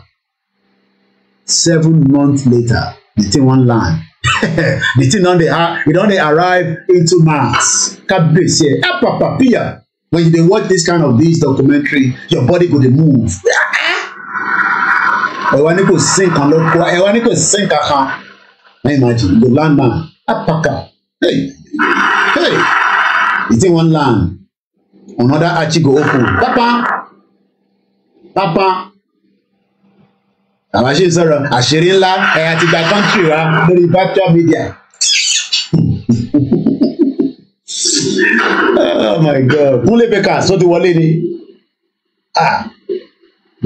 seven months later the thing wan land the thing don dey ah, don dey arrive into mars kábíyèsí ẹ̀ ẹ̀ ah, pàpà píyà when you dey watch this kind of this documentary your body go dey move ẹ wá ní kò sí nǹkan ló kó ẹ wá ní kò sí nǹkan kan ẹ imagine the landman apaka ah, hey Hey, it's in one land. Another archie go open. Papa, papa. I'm actually Àwa ṣe ń sọ̀rọ̀ àṣírí ńlá ẹ̀yà to gba kọ́ńtì wa lórí virtual media. oh my god kúnlé bakers tó ti wọlé ni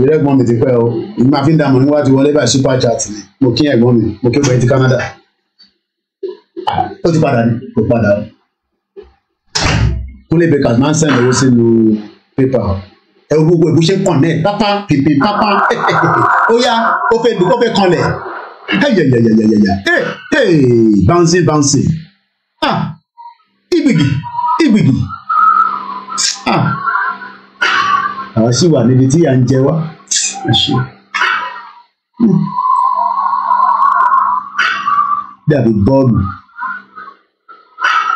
ìrẹ́gbọ́n ah. mi ti pẹ́ o ìgbà fi ń dààmú níwájú wọlé bá super chat ni mo kí ẹ̀gbọ́n mi mo kí ọgbẹ́ ti Canada ó ti padà ní kò padà Kúnlé Bakers máa ń sẹ́ni owó sínú pépà ẹ wo gbogbo ìbúṣe kànnẹ pápá pèpè pápá ó yá ó fẹ́ dùn ó fẹ́ kanlẹ̀ ẹyẹyẹyẹyẹyẹ ee bouncing bouncing ah ìgbìgì ìgbìgì ah àwọn sì wà níbi tí à ń jẹ wá àṣẹ hmm. dàbí bọ́ọ̀lù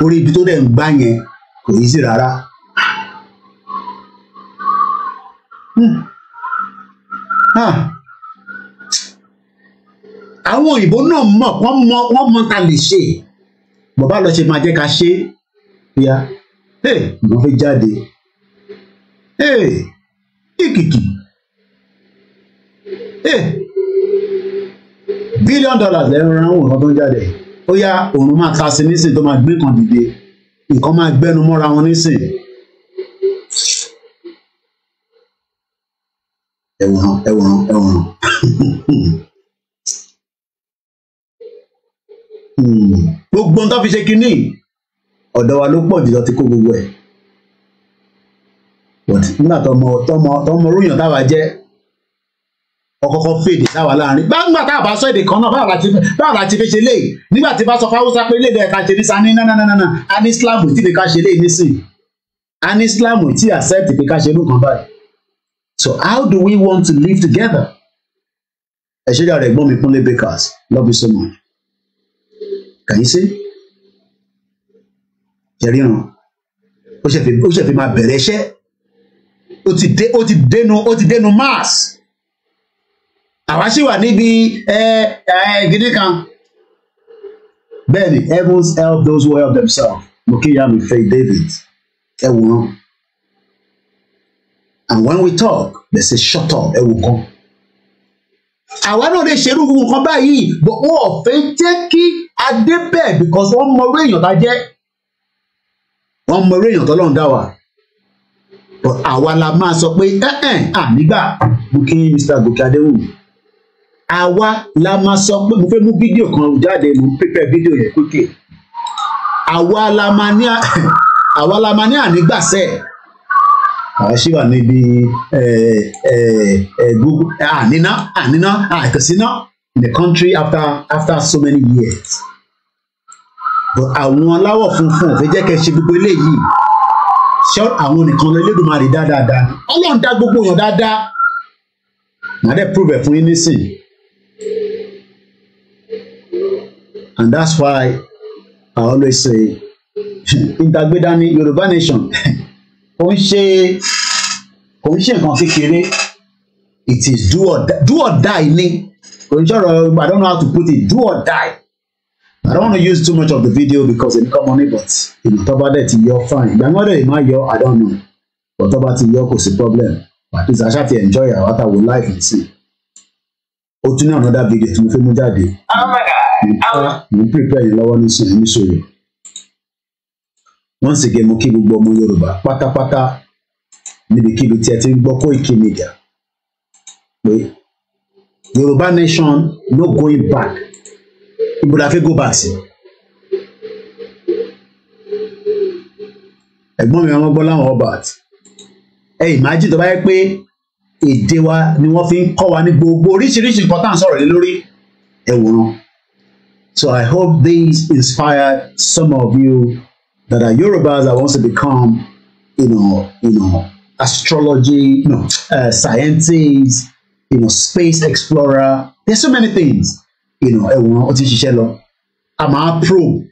orí ibi tó dẹ̀ ń gbá yẹn kò yí sí rárá. Hmm. Ah. àwọn òyìnbó náà mọ̀ wọ́n mọ̀ wọ́n mọ̀ ta lè ṣe bàbá lọ ṣe máa jẹ́ ká ṣe é ya mo fẹ́ jáde ìkìkì bílíọ̀nù dọ́là lẹ́nu ránwó kan jáde yìí ó yá òòrùn máa ta sí nísìn tó máa gbé kan dìde nǹkan máa gbẹnu mọ́ra wọn nísìn. ẹwòrán ẹwòrán ẹwòrán. Hmm. gbogbo ohun tó fi ṣe kínní ọ̀dọ̀ wa ló pọ̀ jùlọ ti kó gbogbo ẹ̀. nígbà tọmọ tọmọ tọmọ ròyìn táwa jẹ́ ọkọ̀ọ̀kọ̀ fèdè sáwà láàrin gbangba tá a bá sọ èdè kan náà báwo la ti báwo la ti fi ṣe léyìí nígbà tí bá sọ fún haúsá pé léde ẹ̀ka ṣe ní sani nánánánà a islam tí lè ká ṣe léyìí nísìn a islam tí accept pé ká ṣe ló kan báyìí so how do we want to live together ẹ ṣe dára ẹ̀gbọ́n mi Kúnlé Bakers love you so much can you see ẹríran ó ṣẹ̀fẹ̀ máa bẹ̀rẹ̀ iṣẹ́ ó ti dénú ó ti dénú mass àwa sì wà níbi gidi kan bẹ́ẹ̀ ni heavens help those who help themselves mo kí ìyá mi Faith David ẹ wòran and when we talk they say shut up ẹ wò kan àwa náà lè ṣerú gbogbo nǹkan báyìí but wọn ò fẹ́ jẹ́ kí a dé bẹ́ẹ̀ because wọ́n mọrú èèyàn tá a jẹ́ wọ́n mọrú èèyàn tó lọ́n dá wa but àwa la máa sọ pé ẹ̀ ẹ̀ ànígbà mo kí Mr. Gòkè Adéwùmí àwa la máa sọ pé mo fẹ́ mú fídíò kan jáde mo pépẹ fídíò yẹn kókè àwa la máa ní àwa la máa ní ànígbàsẹ́ àwọn ṣì wà níbi gbogbo àníná àníná àìtẹ̀síná in the country after after so many years but àwọn aláwọ̀ funfun ò fẹ́ jẹ́ kẹ́ ṣe gbogbo eléyìí ṣé àwọn nìkan lẹ́lẹ́dùnmarè dáadáa ọlọ́run dá gbogbo èèyàn dáadáa màá dẹ́ prove ẹ̀ fún yín nísìnyí. and that's why I always say ìtàgbéda ni Yorùbá nation kò ń ṣe kò ń ṣe nǹkan kékeré it is do or die do or die ni kò ń I don't know how to put it do or die I don't want to use too much of the video because it come money but ìlú tọ́ba dẹ̀ ti yọ fine ìgbà wọn dẹ̀ má yọ I don't know but tọ́ba ti yọ kò sí problem at least aṣá ti enjoy our wata wo life nsìn o tún ní another video tí mo fẹ́ mú jáde. ọmọ ẹ̀ka mo ń prepare yẹn lọ́wọ́ nísìnyí nísòyò once again mo kí gbogbo ọmọ Yorùbá pátápátá níbikíbi tí ẹ ti ń gbọ́ Koiki Media pé Yorùbá nation no going back ibo la fẹ́ go back sí. ẹ̀gbọ́n mi ọmọ gbọ́n láwọn ọba àti ẹ imagine tó bá yẹ pé èdè wa ni wọ́n fi ń kọ́ wa ní gbogbo oríṣiríṣi nǹkan tá à ń sọ̀rọ̀ lé lórí ẹ̀wòrán. So I hope these inspire some of you that are Yorubas that wants to become, you know, you know, astrology, you know, uh, scientists, you know, space explorer. There's so many things, you know. I'm a pro.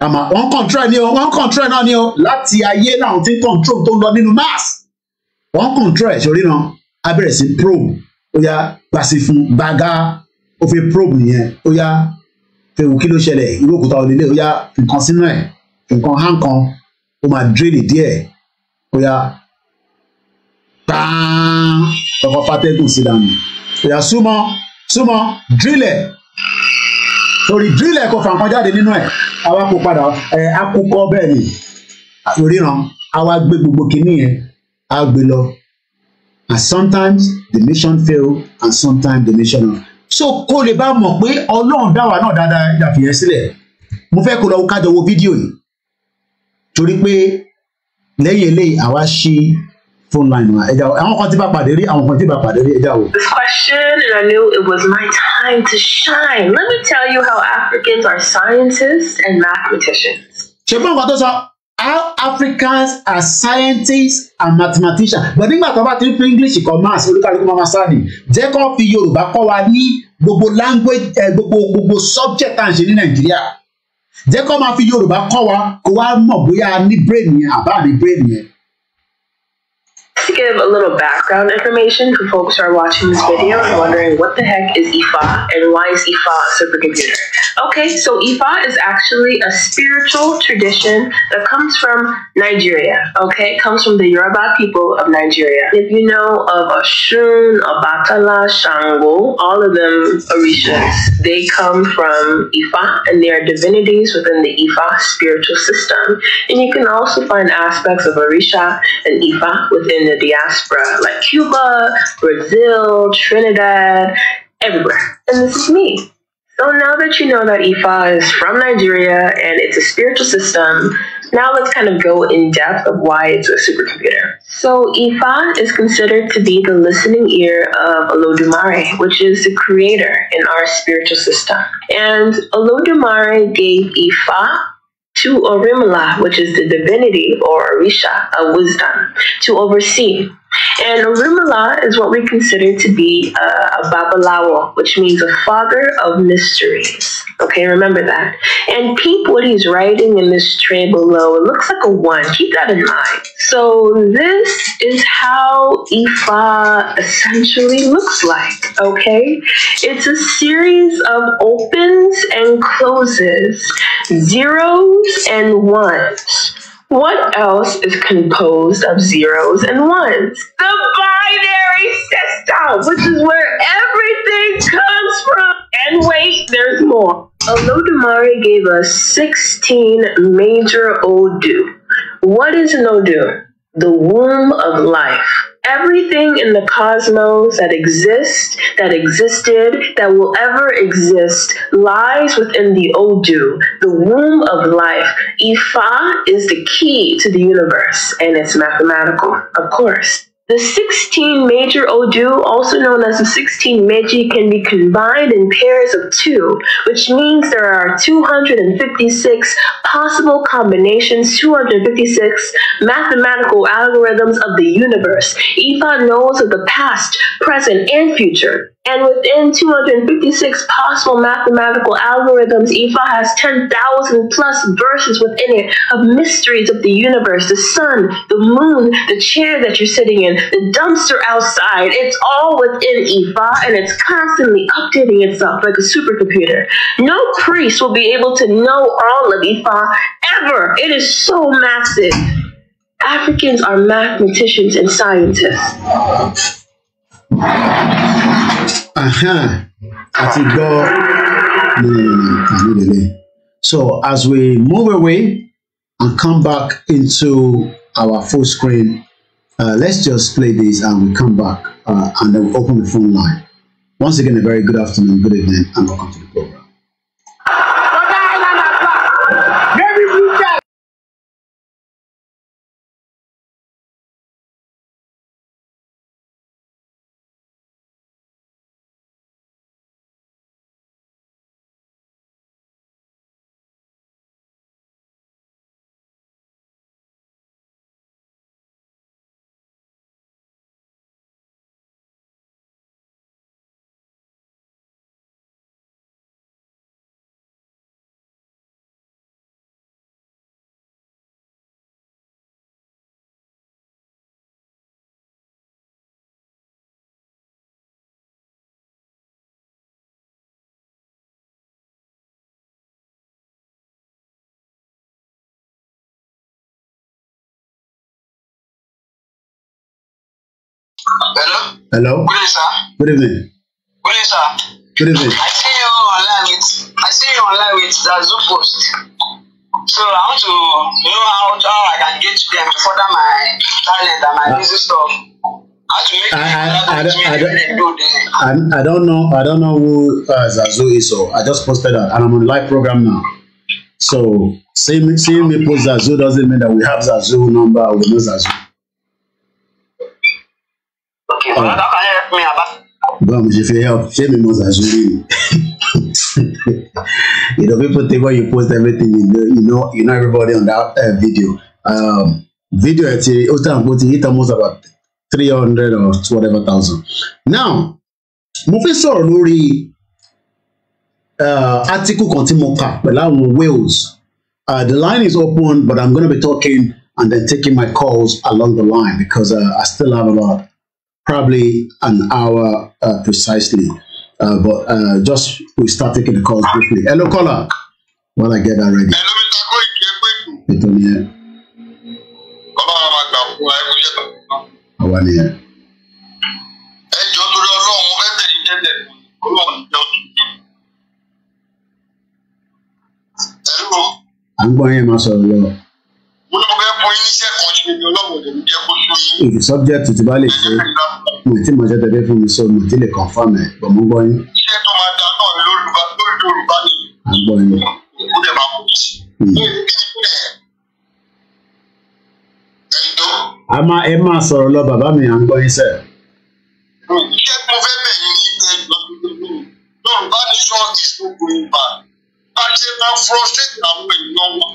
I'm a one control ni one control náà ni o. Láti ayé náà wọ́n ti control tó ń lọ nínú Mars. One control ẹ̀ sórí náà, a bẹ̀rẹ̀ sí probe. Ó yá gbàsí fún gbàgá, ó probe nìyẹn. Ó yá ewu kí ló ṣẹlẹ̀ irú òkúta onílé ó yá nǹkan sínú ẹ̀ nǹkan hàn kan ó máa dírèlì e díẹ̀ ó yá tààán fàtẹ́gùn sí dànù ó súnmọ́ súnmọ́ dírìlẹ̀ torí dírìlẹ̀ kò fà nǹkan jáde nínú ẹ̀ àwa kò padà ẹ̀ akókò bẹ́ẹ̀ ni ríran àwa gbé gbogbo kìíní yẹn á and sometimes the mission fail and sometimes the mission so kó lè bá mọ̀ pé ọlọ́run dá wa náà dáadáa yàtọ̀ yẹn sílẹ̀ mo fẹ́ kó lọ kájọ wo fídíò yìí torí pé lẹ́yìn eléyìí àwa ṣe phone line wa ẹja àwọn kan tí bá pàdé rí àwọn kan tí bá pàdé rí ẹja o. This question and I knew it was my time to shine. Let me tell you how Africans are scientists and mathematicians. ṣe fún ọkọ tó sọ how Africans are scientists and mathematicians but nígbà tó bá ti ń pín English kọ maths olúkàlùkù máa jẹ́ kó fi Yorùbá kọ́ wa ní gbogbo language eh, gbogbo gbogbo subject tá à ń ṣe ní Nàìjíríà jẹ́ kó máa fi Yorùbá kọ́ wa kó wa mọ̀ bóyá ní brain yẹn àbá ní brain yẹn. To give a little background information for folks who are watching this video and wondering what the heck is IFA e and why is IFA e a supercomputer? Okay, so Ifa is actually a spiritual tradition that comes from Nigeria. Okay, it comes from the Yoruba people of Nigeria. If you know of Ashun, Abatala, Shango, all of them Orishas, they come from Ifa and they are divinities within the Ifa spiritual system. And you can also find aspects of Orisha and Ifa within the diaspora, like Cuba, Brazil, Trinidad, everywhere. And this is me. So now that you know that Ifa is from Nigeria and it's a spiritual system, now let's kind of go in depth of why it's a supercomputer. So Ifa is considered to be the listening ear of Olodumare, which is the creator in our spiritual system. And Olodumare gave Ifa to Orimala, which is the divinity or Orisha of wisdom, to oversee and Orumala is what we consider to be a, uh, a babalawo, which means a father of mysteries. Okay, remember that. And peep what he's writing in this tray below. It looks like a one. Keep that in mind. So this is how Ifa essentially looks like. Okay, it's a series of opens and closes, zeros and ones. What else is composed of zeros and ones? The binary system, which is where everything comes from. And wait, there's more. Although Damari gave us 16 major Odu, what is an Odu? The womb of life everything in the cosmos that exists, that existed, that will ever exist lies within the Odu, the womb of life. Ifa is the key to the universe, and it's mathematical, of course. The 16 major Odu, also known as the 16 Meiji, can be combined in pairs of two, which means there are 256 possible combinations, 256 mathematical algorithms of the universe. Ifa knows of the past, present, and future. And within 256 possible mathematical algorithms, IFA has 10,000 plus verses within it of mysteries of the universe, the sun, the moon, the chair that you're sitting in, the dumpster outside. It's all within IFA and it's constantly updating itself like a supercomputer. No priest will be able to know all of IFA ever. It is so massive. Africans are mathematicians and scientists àti gbọ́ ní ìlú So as we move away and come back into our full screen, uh, let's just play this and we come back uh, and then we open the phone line. Once again, a very good afternoon, good evening, and welcome to the program. Hello? Hello? Good evening, sir. Good evening. Good evening, sir. Good evening. I see you online with I see you online with the Zoo Post. So I want to know how, how I can get to them to further my talent and my uh, music stuff. How to make I, I, I, don't, I, don't, know I don't know who uh, Zazu is so I just posted that and I'm on live program now. So seeing me seeing me post Zazu doesn't mean that we have Zazu number, we know Zazu. Bro, if you help, share me most actually. you know, people think when you post everything, you know, you know, you know everybody on that uh, video. Um, video actually, Otan Boti hit almost about 300 or whatever thousand. Now, mo fẹ́ sọ̀rọ̀ uh, article kan But mo kà pẹ̀lú Wales. Uh, the line is open, but I'm going to be talking and then taking my calls along the line because uh, I still have a lot. probably an hour uh, precisely. Uh, but uh, just we start taking the calls quickly. Hello, caller. When I get that ready. Hello, Mr. Koiki. Ètò ni ẹ. Bàbá wa máa gbà fún wa ẹkú iṣẹ́ tàbí mo lọ fẹ́ fún yín níṣẹ́ kan ṣe ni if the subject ti bá lè ṣe mo ti mọ̀ ṣe tẹ̀lé fún mi so mo ti lè confirm ẹ̀ bọ̀ mo gbọ́ yín. iṣẹ́ tó máa da náà lórúkọ lórúkọ ni. a gbọ́ yín. ó dẹ̀ máa kú sí. Hmm. a máa ẹ máa sọ̀rọ̀ lọ bàbá mi à ń gbọ́ yín sẹ́. iṣẹ́ tó fẹ́ bẹ̀ yín ní ilé Yorùbá nation is no going back. bá a ṣe frustrate àwọn èèyàn wọn.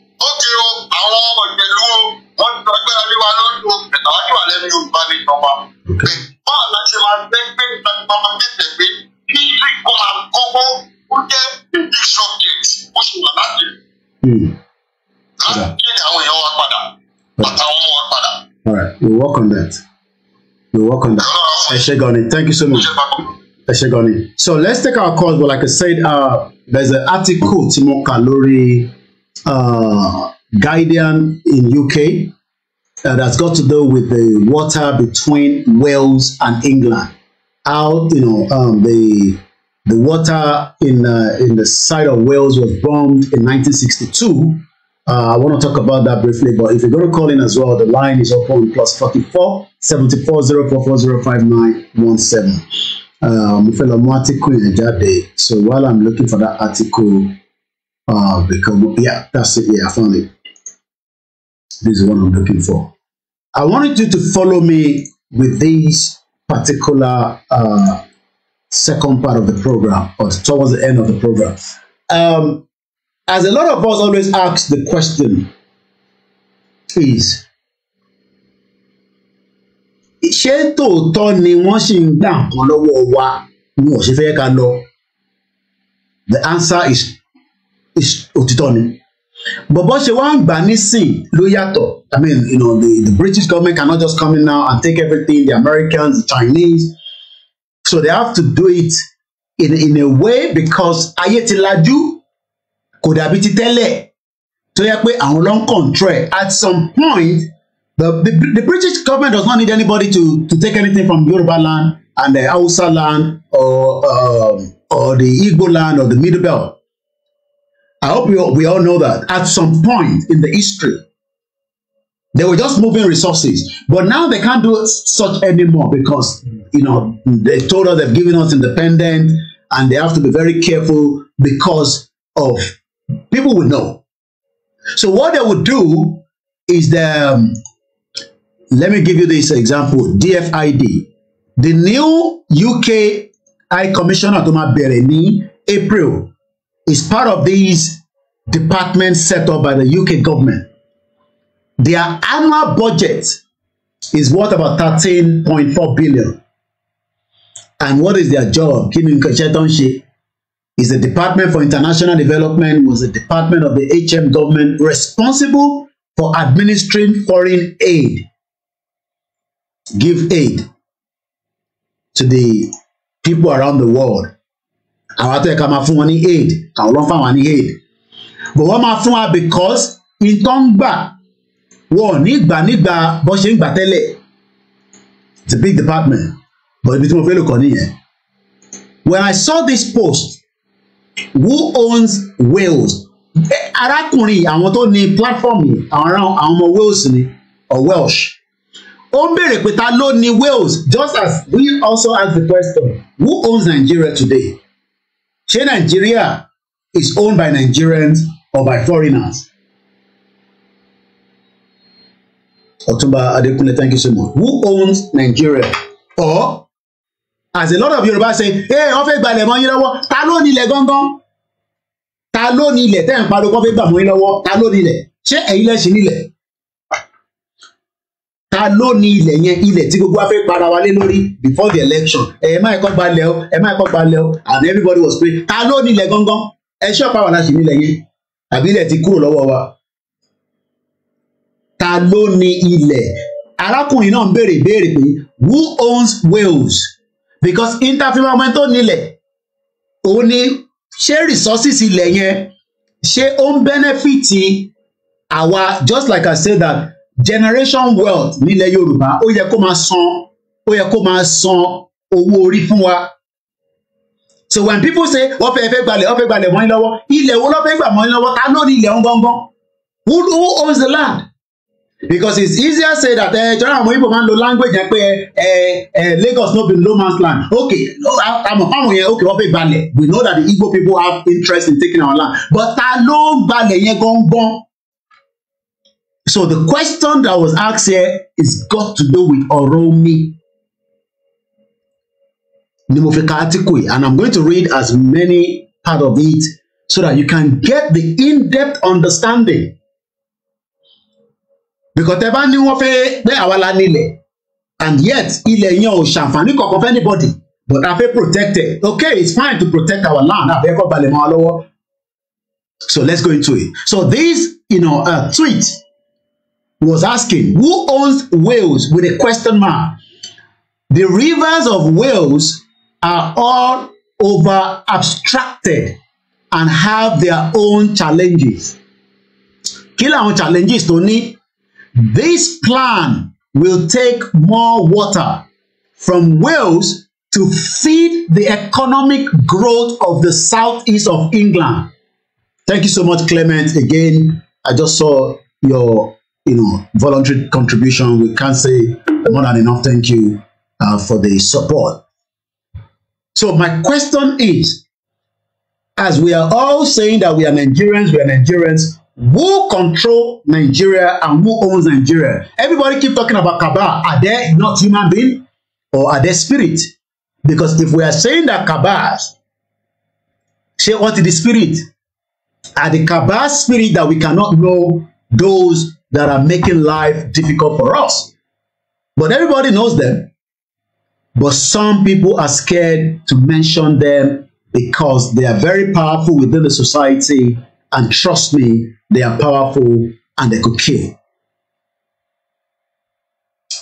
ó ti o àwọn ọmọ ìpẹ̀lú o wọ́n ti agbára lé wa lórí o ẹ̀tàwájú àlẹ́ mi ò bá ní ìjọba. báà la ṣe máa gbé gbé gbàgbọ́n tẹ̀sẹ̀ pé kí ìkọ́ àkọ́kọ́ ó jẹ́ èyí subject ó ṣe wà láti. Hmm. láti kéde àwọn èèyàn wa padà àtàwọn ọmọ wa padà. All right, we work on that. We work on that. Ẹ ṣé gan ni, thank you so much. Ẹ ṣé gan ni. So let's take our calls, but like I said, uh, there's an article tí mo kà lórí. uh, Guardian in UK uh, that's got to do with the water between Wales and England. How you know um, the the water in uh, in the side of Wales was bombed in 1962. Uh, I want to talk about that briefly, but if you're going to call in as well, the line is open plus 44 740440517. Um, uh, so while I'm looking for that article, uh, ah, become, yeah, that's it. Yeah, I found it. This is what I'm looking for. I wanted you to follow me with this particular uh, second part of the program or towards the end of the program. Um, as a lot of us always ask the question please. wa The answer is òtítọ́ ni bọ̀bọ́ ṣe wá ń gbà nísìn ló yàtọ̀ i mean you know the the british government cannot just come in now and take everything the americans the chinese so they have to do it in in a way because ayé ti lajú kò dàbí ti tẹ́lẹ̀ tó yẹ pé àwọn ló ń control at some point the, the the british government does not need anybody to to take anything from yoruba land and the hausa land or um, or the igbo land or the middle belt I hope we all, we all know that at some point in the history, they were just moving resources. But now they can't do such anymore because, you know, they told us they've given us independent and they have to be very careful because of people would know. So what they would do is the, um, let me give you this example, DFID. The new UK High Commissioner Thomas Bereni, April is part of these departments set up by the UK government. Their annual budget is worth about 13.4 billion. And what is their job? Kí ni Is the Department for International Development was the department of the HM government responsible for administering foreign aid. Give aid to the people around the world àwọn àtọ́ ẹ̀ka máa fún wọn ní aid àwọn ló ń fáwọn ní aid but wọ́n máa fún wa because nǹkan ń gbà wọn ò ní gbà nígbà bó ṣe ń gbà tẹ́lẹ̀ it's a big department but ibi tí mo fẹ́ lò kọ́ nìyẹn when I saw this post who owns Wales arákùnrin àwọn tó ní platform àwọn ọmọ Wales ni or Welsh ó ń béèrè pé ta ló ní Wales just as we also ask the question who owns Nigeria today ṣé Nigeria is owned by Nigerians or by foreigners? Otumba Adekunle, thank you so much. Who owns Nigeria? Or, as a lot of Yorùbá say, hey, wọ́n fẹ́ gbalẹ̀ mọ́ yín lọ́wọ́, ta ló nílẹ̀ gangan? Ta ló nílẹ̀? Tẹ́ ń pariwo kọ́ fẹ́ gbà mọ́ yín lọ́wọ́, ta ló nílẹ̀? Ṣé ẹ̀yin lẹ́sìn nílẹ̀? ta ló ní ilẹ̀ yẹn ilẹ̀ tí gbogbo wa fẹ́ para wa lé lórí before the election ẹ má ẹ̀kọ́ gbalẹ̀ o ẹ má ẹ̀kọ́ gbalẹ̀ o and everybody was praying ta ló ní ilẹ̀ gangan ẹ ṣé ọ̀pá wà láṣìí nílẹ̀ yẹn àbí ilẹ̀ ti kúrò lọ́wọ́ wa ta ló ní ilẹ̀ arákùnrin náà ń béèrè ìbéèrè pé who owns Wales because interfirmament tó nílẹ̀ òun ni ṣé resources ilẹ̀ yẹn ṣé ó ń benefit àwa just like I said that generation wealth nílẹ̀ yorùbá ó yẹ kó máa san ó yẹ kó máa san owó orí fún wa so when people say wọ́n fẹ́ fẹ́ gbalẹ̀ wọ́n fẹ́ gbalẹ̀ mọ́ ní lọ́wọ́ ilẹ̀ wo lọ́fẹ́ gbà mọ́ lọ́wọ́ ta ló ní ilẹ̀ ń gángan who who owns the land because it's easier say that ẹ eh, jọ̀rọ̀ àwọn ibo máa ń lo language yẹn pé ẹ eh, ẹ eh, Lagos no be no man's land okay àmọ́ àwọn yẹn okay wọ́n fẹ́ gbalẹ̀ we know that the Igbo people have interest in taking our land but ta ló gbalẹ̀ yẹn gángan So the question that was asked here is got to do with Oromi. Nimofika and I'm going to read as many part of it so that you can get the in-depth understanding. Because tẹ́ bá ní wọ́n fẹ́ and yet ilẹ̀ yẹn ò ṣàǹfààní kankan anybody but a fẹ́ protect it. Okay, it's fine to protect our land àbẹ́kọ̀ balẹ̀ mọ́ wa lọ́wọ́. So let's go into it. So these, you know, uh, tweet was asking, who owns Wales with a question mark? The rivers of Wales are all over abstracted and have their own challenges. Kí làwọn challenges Tony. This plan will take more water from Wales to feed the economic growth of the southeast of England. Thank you so much, Clement. Again, I just saw your you know, voluntary contribution. We can't say more than enough thank you uh, for the support. So my question is, as we are all saying that we are Nigerians, we are Nigerians, who control Nigeria and who owns Nigeria? Everybody keep talking about Kaaba. Are they not human beings or are they spirit? Because if we are saying that Kaaba, say what is the spirit? Are the Kaaba spirit that we cannot know those that are making life difficult for us. But everybody knows them. But some people are scared to mention them because they are very powerful within the society. And trust me, they are powerful and they could kill.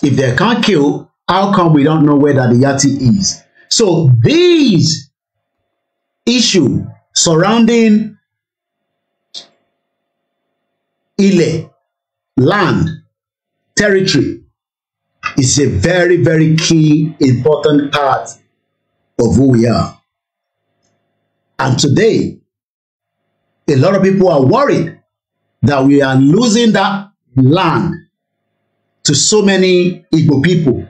If they can't kill, how come we don't know where that the Yati is? So these issues surrounding Ile land, territory is a very, very key, important part of who we are. And today, a lot of people are worried that we are losing that land to so many Igbo people.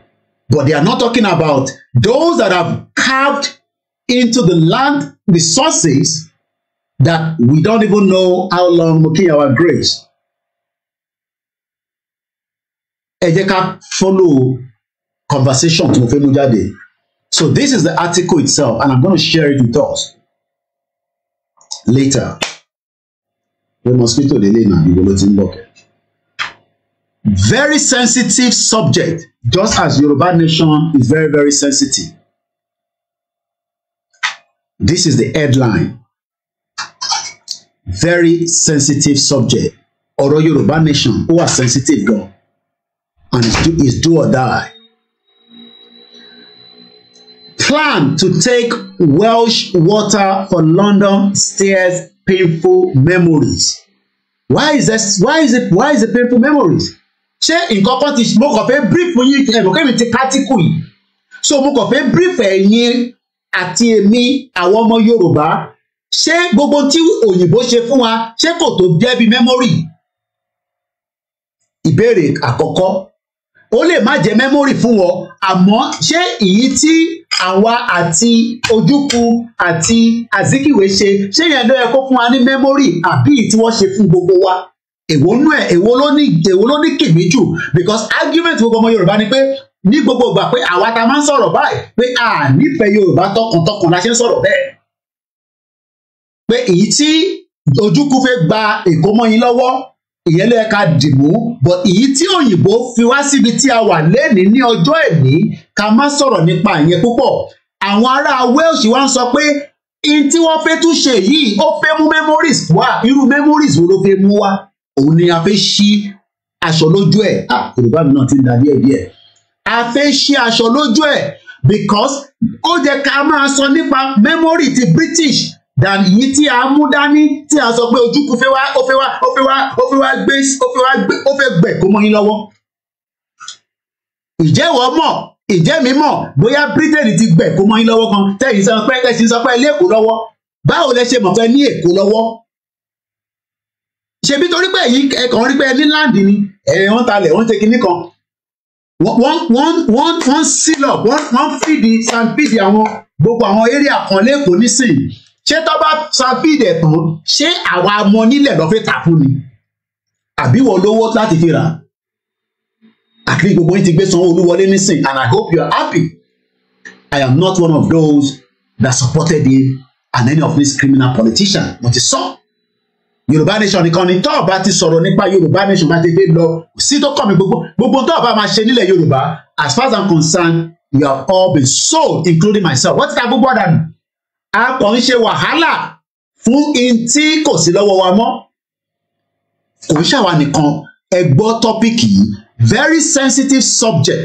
But they are not talking about those that have carved into the land resources that we don't even know how long Mokiyawa grace ẹ jẹ́ ká follow conversation tí mo fẹ́ mú jáde so this is the article itself and I'm gonna share it with us later pé mosquito lélẹ̀ náà ìwọ ló ti ń Very sensitive subject just as Yoruba nation is very very sensitive. This is the headline. Very sensitive subject. Ọ̀rọ̀ Yorùbá nation who are sensitive gan and it's do, it's do or die. Plan to take Welsh water for London stairs painful memories. Why is this? Why is it? Why is it painful memories? Ṣé nǹkan kan ti mo kàn fẹ́ brief yín ẹ̀rọ̀kẹ́mi ti kátìkù yìí. So mo kàn fẹ́ brief ẹ̀yin àti èmi àwọn ọmọ Yorùbá ṣé gbogbo tí òyìnbó ṣe fún wa ṣé kò tó jẹ́ bí mẹ́mórì ìbéèrè àkọ́kọ́ ó lè má jẹ́ mẹ́mórì fún wọn àmọ́ ṣé èyí tí àwa àti ojúkun àti azikiwe ṣe ṣé yẹn ló yẹ kó fún wa ní mẹ́mórì àbí tí wọ́n ṣe fún gbogbo wa èwo nú ẹ èwo ló ní èwo ló ní kìmí jù because argument gbogbo ọmọ Yorùbá ni pé ní gbogbo ìgbà pé àwa ta máa ń sọ̀rọ̀ báyìí pé a nífẹ̀ẹ́ Yorùbá tọkàntọkàn la ṣe ń sọ̀rọ̀ bẹ́ẹ̀ pé èyí tí ojúkun fẹ́ gba èkó mọ́ yín lọ́wọ́ ìyẹn ló yẹ ká dìmú but èyí tí òyìnbó fi wá síbi tí a wà lẹ́ni ní ọjọ́ ẹ̀ní ká má sọ̀rọ̀ nípa ìyẹn púpọ̀ àwọn ará Welsh wá ń sọ pé in tí wọ́n fẹ́ tún ṣe yìí ó fẹ́ mú memories wá irú memories wo ló fẹ́ mú wá òun ni a fẹ́ ṣí aṣọ lójú ẹ̀ ah yorùbá mi náà ti ń da díẹ̀ díẹ̀ a fẹ́ ṣí aṣọ lójú ẹ̀ because ó jẹ́ ká máa sọ nípa memory ti British dàní yìí tí a mú dání tí a sọ pé ojúkú fẹ́ wá ó fẹ́ wá ó fẹ́ wá ó fẹ́ wá gbé ó fẹ́ wá gbé ó fẹ́ gbẹ̀ kó mọ́ yín lọ́wọ́. ìjẹ́wọ́ mọ̀ ìjẹ́ mi mọ̀ bóyá Britain ti gbẹ̀ kó mọ́ yín lọ́wọ́ kan tẹ̀yìn sọ pé tẹ̀yìn sọ pé ilé èkó lọ́wọ́ báwo lẹ ṣe mọ̀ pé ní èkó lọ́wọ́ ṣebí torí pé èyí ẹ̀kan rí pé ní láǹdì ni ẹ̀rẹ̀ wọn talẹ̀ wọn ṣe kinní kan wọ́n wọ́n wọ́n wọ́n sílọ̀ wọ́n wọ́n fìdí sanfìdí àwọn gbogbo àwọn eré àkànlé èkó nísìnyí ṣé tó bá san bíìdì ẹ̀ tán ṣé àwa ọmọ nílẹ̀ lọ́ fẹ́ tà fún ni àbí wọ́n lówó láti fi rà at least gbogbo yín ti gbé Sanwó-Olú wọlé and I hope you are happy I am not one of those that supported him and any of these criminal politicians mo ti sọ Yorùbá nation nìkan ni tó bá ti sọ̀rọ̀ nípa Yorùbá nation bá ti gbé lọ sí tó kàn mí gbogbo gbogbo tó bá máa ṣe nílẹ̀ Yorùbá as far as I'm concerned you have all been sold including myself wọ́n ti ta gbogbo ọ̀dà nù a kàn ń ṣe wàhálà fún in tí kò sí lọ́wọ́ wa mọ́ kò ń ṣàwa nìkan ẹ gbọ́ tọ́píìkì yìí very sensitive subject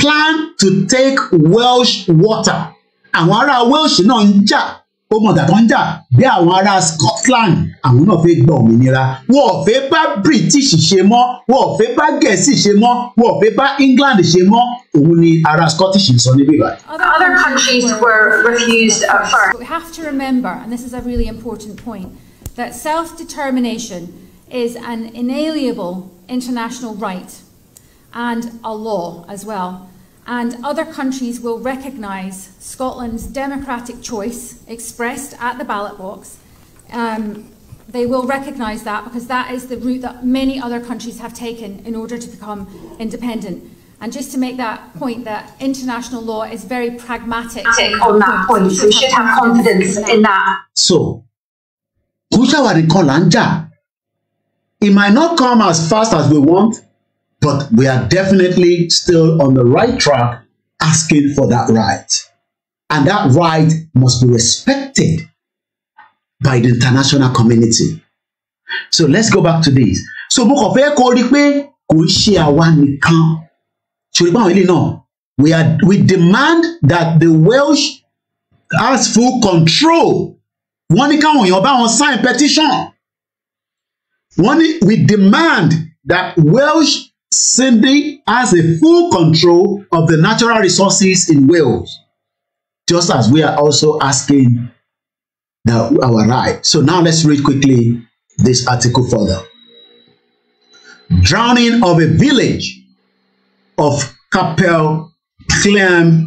plan to take Welsh water àwọn ará Welsh náà ń jà ó mọ̀ tàtọ́ ń jà bí àwọn ará Scotland àwọn náà fẹ́ gba òmìnira wọn ò fẹ́ bá British ṣe mọ́ wọn ò fẹ́ bá Gẹ̀ẹ́sì ṣe mọ́ wọn ò fẹ́ bá England ṣe mọ́ òun ni ará Scottish sọ níbí báyìí. Other countries were refused at first. We have to remember, and this is a really important point, that self-determination is an inalienable international right and a law as well and other countries will recognise Scotland's democratic choice expressed at the ballot box. Um, they will recognise that because that is the route that many other countries have taken in order to become independent. And just to make that point, that international law is very pragmatic on that point. So we should have confidence in that. So, Kushawarikola Nja, it might not come as fast as we want, but we are definitely still on the right track asking for that right. And that right must be respected by the international community. So let's go back to this. So mo kàn fẹ́ kó rí pé kò ń ṣe àwa nìkan. Ṣòrí báwọn ilé náà, we are we demand that the Welsh has full control. Wọ́n ní káwọn èèyàn bá wọn sign petition. Wọ́n we demand that Welsh Cindy has a full control of the natural resources in Wales, just as we are also asking that our right. So now let's read quickly this article further. Drowning of a village of Capel Clem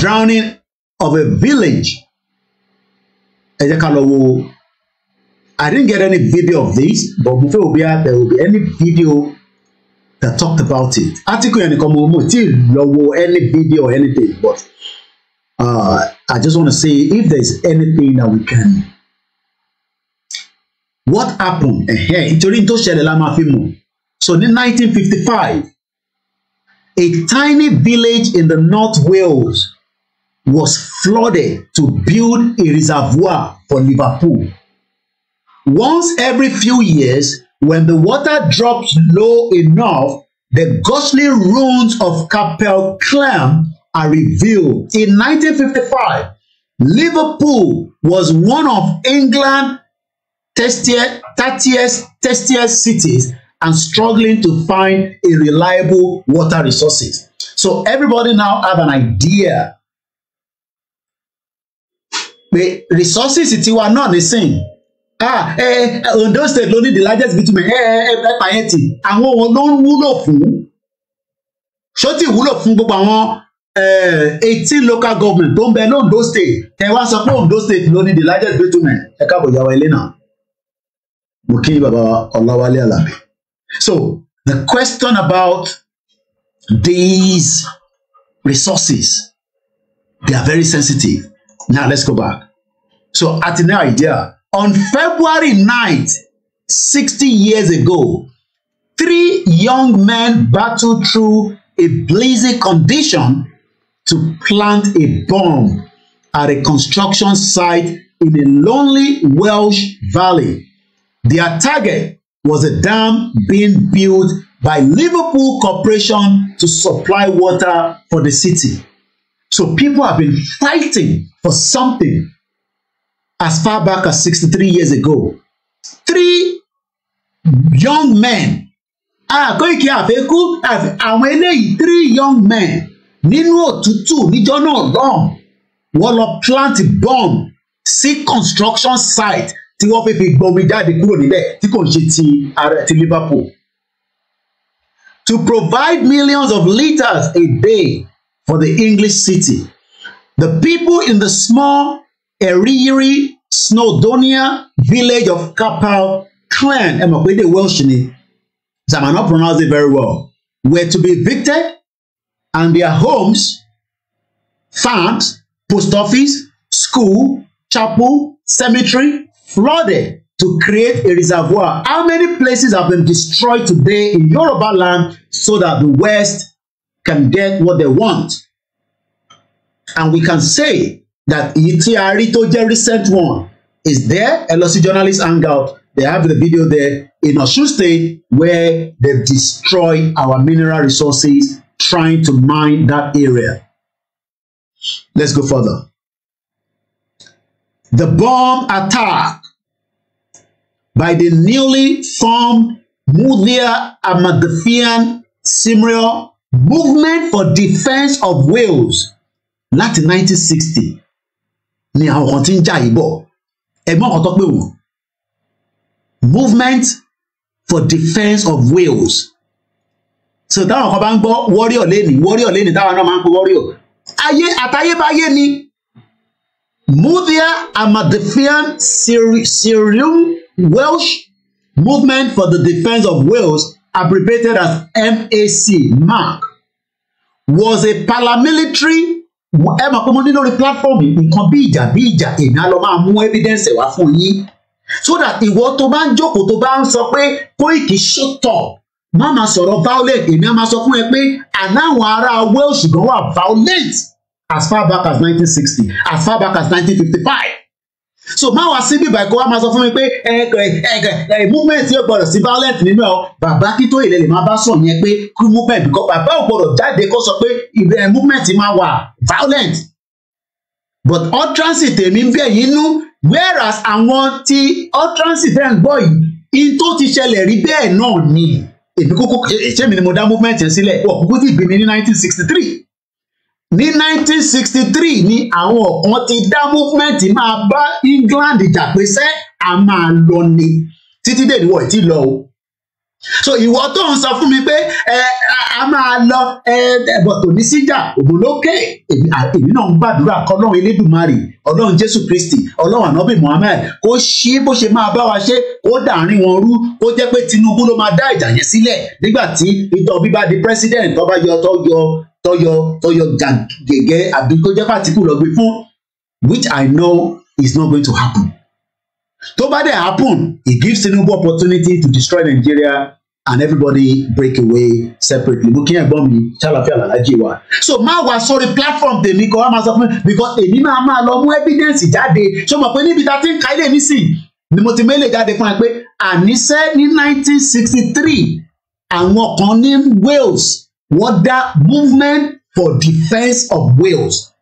drowning of a village I didn't get any video of this, but Mufe Obia, there will be any video that talked about it. Article and Komomo, still any video or anything, but uh, I just want to say if there's anything that we can. What happened? Eh, nítorí tó ṣẹlẹ̀ la máa fi mọ̀. So ní 1955, a tiny village in the North Wales was flooded to build a reservoir for Liverpool. Once every few years, when the water drops low enough, the ghostly ruins of Capel Clam are revealed. In 1955, Liverpool was one of England's testiest cities and struggling to find a reliable water resources. So everybody now have an idea. The resources not the same ah eh, eh, Ondo state ló ní the largest bitumen ẹ ẹ ẹ pààyàn tì àwọn wọn ló ń wúlò fún ṣó ti wúlò fún gbogbo àwọn eh, eighteen local government tó ń bẹ ní Ondo state ẹ wá sọ pé Ondo state ló ní the largest bitumen ẹ káàbọ̀ yàwó ilé náà mo kí baba Ọláwálé Àlàbí so the question about these resources they are very sensitive now let's go back so àti ní idea. On February 9th, 60 years ago, three young men battled through a blizzard condition to plant a bomb at a construction site in a lonely Welsh valley. Their target was a dam being built by Liverpool Corporation to supply water for the city. So people have been fighting for something as far back as 63 years ago. Three young men Koiki àfẹ́kú àwọn eléyìí three young men Ninu òtútù níjọ́ náà lọ́hùn wọ́n lọ plant bomb sí construction site tí wọ́n fi fi gbọmi jáde kúrò níbẹ̀ tí kò ń ṣe ti ààrẹ ti Liverpool. To provide millions of litres a day for the English city, the people in the small Eriri Snowdonia village of Kapal clan ẹ mọ̀ pé èdè Welsh ni so I not pronounce it very well were to be evicted and their homes farms post office school chapel cemetery flooded to create a reservoir how many places have been destroyed today in Yoruba land so that the West can get what they want and we can say that èyí tí a recent one is there ẹ lọ sí journalist they have the video there in Osun State where they destroy our mineral resources trying to mine that area. Let's go further. The bomb attack by the newly formed Mudia Amadefian Simrio Movement for Defence of Wales láti 1960 ni àwọn kan ti ń jà yìí bọ̀ ẹ̀gbọ́n kan tó pè wọ́n movement for defence of Wales so táwọn kan bá ń gbọ́ warrior lẹ́ni warrior lẹ́ni táwọn náà máa ń pè warrior ayé àtayébáyé ni Mudia Ahmadiyyan Syrian Welsh Movement for the Defence of Wales abbreviated as MAC MAC was a paramilitary ẹ mọ̀ pé mo ní lórí platform nǹkan bí ìjà bí ìjà èmi á lọ máa mú evidence wá fún yín so that ìwọ tó bá ń jókòó tó bá ń sọ pé Koiki shut up má máa sọ̀rọ̀ violent èmi á máa sọ fún ẹ pé àná àwọn ará Wales gan wà violent as far back as nineteen sixty as far back as nineteen fifty five so má wá síbí ìbàkọ́ wa máa sọ fún mi pé movement yóò gbọdọ̀ sí violent nínú ẹ̀ bàbá kí tó ìlẹ̀ lè máa bá sùn yẹn pé kí movement kọ́ bàbá ò gbọdọ̀ jáde kó sọ pé movement máa wà violent but utterance tèmi ń bẹ̀ yín nú whereas àwọn ti utterance tẹ̀ ń gbọ́ yìí in tó ti ṣẹlẹ̀ rí bẹ́ẹ̀ náà ni èmi kúkú ṣé mi ni mo dá movement yẹn sílẹ̀ wọ́n kúkú ti gbé mi ní nineteen sixty three ní 1963 ni àwọn ọ̀kan ti dá movement máa bá England jà pé sẹ́ a máa lọ ni títí dé ìwọ̀ ìtì lọ o so ìwọ tó ń sọ fún mi pé ẹ a máa lọ ẹ ẹbọ tó ní síjà ògbólókè èmi náà ń gbàdúrà kọlọ́run elédùnmarè ọlọ́run jésù kristi ọlọ́run ànábì muhammed kó ṣe bó ṣe máa bá wa ṣe kó dàárín wọn rú kó jẹ́ pé tinubu ló máa dá ìjà yẹn sílẹ̀ nígbà tí ìtọ bíbá di president tó bá yọ tó yọ tọyọ tọyọ gẹgẹ àbí tó jẹ́ pàtíkù lọ gbé fún which I know is not going to happen tó bá dẹ̀ happen it gives Tinubu opportunity to destroy Nigeria and everybody break away separately mo kí ẹ̀gbọ́n mi ṣàlàfíà làlájì wa so má wá sórí platform tèmi kan wá máa sọ fún mi because èmi máa máa lọ mú evidence jáde ṣé o mọ̀ pé níbi tá a ti ń ka ilé mi sí ni mo ti mélè jáde fún ẹ pé àníṣe ní nineteen sixty three àwọn kan ní Wales wọ́n dá movement for defence of Wales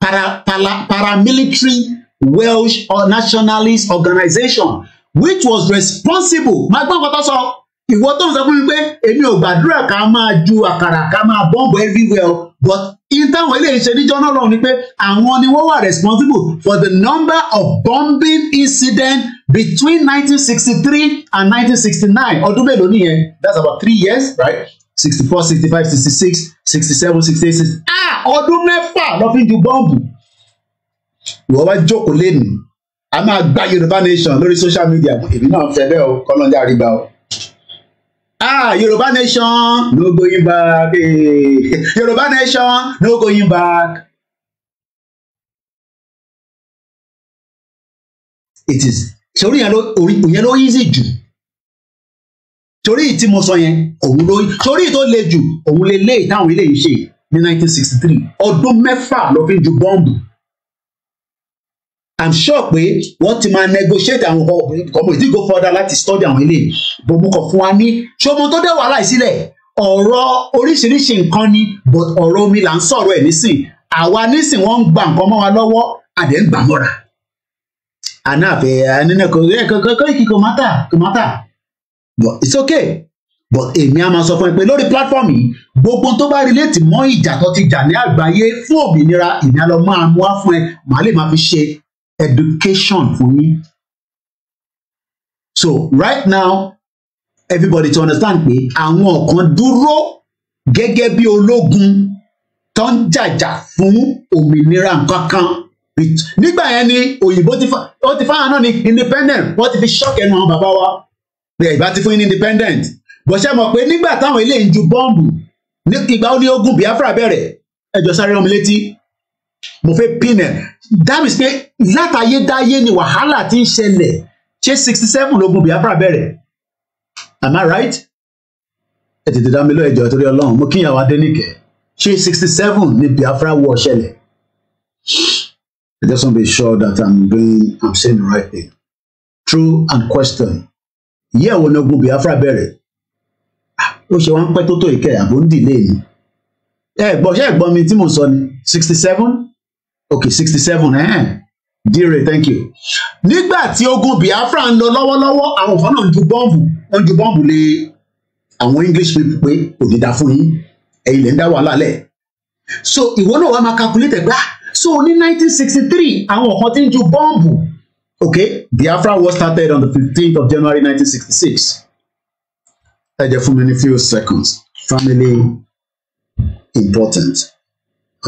para, para, paramilitary Welsh or nationalist organisation which was responsible máa gbọ́n nǹkan tó sọ ìwọ tó ń sọ fún mi pé èmi ò gbàdúrà ká máa ju àkàrà ká máa bọ́ǹbù everywhere but ìtàwọn eléyìí ṣe níjọ́ náà lọ́wọ́ ni pé àwọn ni wọ́n wà responsible for the number of bombing incidents between 1963 and 1969 ọdún mélòó nìyẹn that's about three years right sixty four sixty five sixty six sixty seven sixty eight sixty ah ọdún mẹ́fà lọ fi ju bọ́ǹbù ìwọ wá jókòó lẹ́nu a máa gba yorùbá nation lórí social media èmi náà fẹ́ bẹ́ẹ̀ o kọ́lọ́njà rí gbà o ah yorùbá nation no going back eh. yorùbá nation no going back it is ṣe orí yẹn ló easy jù torí ìtí mo sọ yẹn òun ló torí ìtó le jù òun lè lé ìtàwọn eléyìí ṣe ní 1963 ọdún mẹ́fà ló fi ju bọ́ǹbù i'm sure pé wọ́n ti máa negotiate àwọn ọmọ ìdí go further láti study àwọn eléyìí bòmú kan fún wa ní ṣọmọ tó dẹ̀ wàhálà ìsílẹ̀ ọ̀rọ̀ oríṣiríṣi nǹkan ni but ọ̀rọ̀ omi là ń sọ̀rọ̀ ẹ̀ nísìn àwa nísìn wọ́n ń gba nǹkan mọ́ wa lọ́wọ́ àdẹ̀ ń gbà mọ́ra àná àfẹ́ ànínà kò kò kò kò kò mátà kò mátà but it's okay but èmi á máa sọ fún ẹ pé lórí platform yìí gbogbo tó bá relate mọ́ ìjà tó ti jà ní àgbáyé fún òmìnira èmi á lọ máa mú wá fún ẹ màá lè máa fi ṣe education fún yín so right now everybody to understand pé àwọn kan dúró gẹ́gẹ́ bí ológun tó ń jàjà fún òmìnira nǹkan kan nígbà yẹn ni òyìnbó ti fa ó ti fa àná ni independent wọ́n ti fi ṣọ́ọ̀kì ẹnu àwọn bàbá wa ìgbà ti fún yín ní independent bọ̀ṣẹ́ mọ̀ pé nígbà táwọn eléyìí ń ju bọ́ǹbù ìgbà ó ní ogun Biafra bẹ̀rẹ̀ ẹjọ́ sáré ọmọ létí mo fẹ́ pin ẹ̀ that means pé látayédáyé ni wàhálà ti ń ṣẹlẹ̀ ṣé sixty seven lógun Biafra bẹ̀rẹ̀ am I right? ẹ tètè dá mi lọ ẹjọ́ torí Ọlọ́run mo kíyàwó Adéníkẹ ṣé sixty seven ni Biafra wọ ṣẹlẹ̀ I just want to be sure that I'm doing I'm saying the right thing true and question ìyá ẹ̀wọ̀n náà gun Biafra bẹ̀rẹ̀ ah, ó ṣe wá ń pẹ́ tó tó ìkẹ́ àbò ń dìlé ni ẹ gbọ́ ṣé ẹ̀gbọ́n mi tí mo sọ ni sixty seven okay sixty seven ẹ̀ eh, eh. dire thank you nígbà tí ogun Biafra ń lọ lọ́wọ́lọ́wọ́ àwọn kan náà ń ju bọ́ǹbù ń ju bọ́ǹbù lé àwọn English people pé kò ní da fún yín ẹ̀yin lè ń dá wàhálà lẹ̀ so ìwọ náà wàá máa calculate ẹ̀ ah, so ní nineteen sixty three àwọn kan ti ń ju bọ́ǹbù okay Biafra was started on the 15th of January 1966 ẹ jẹ́ fún mi ní few seconds family important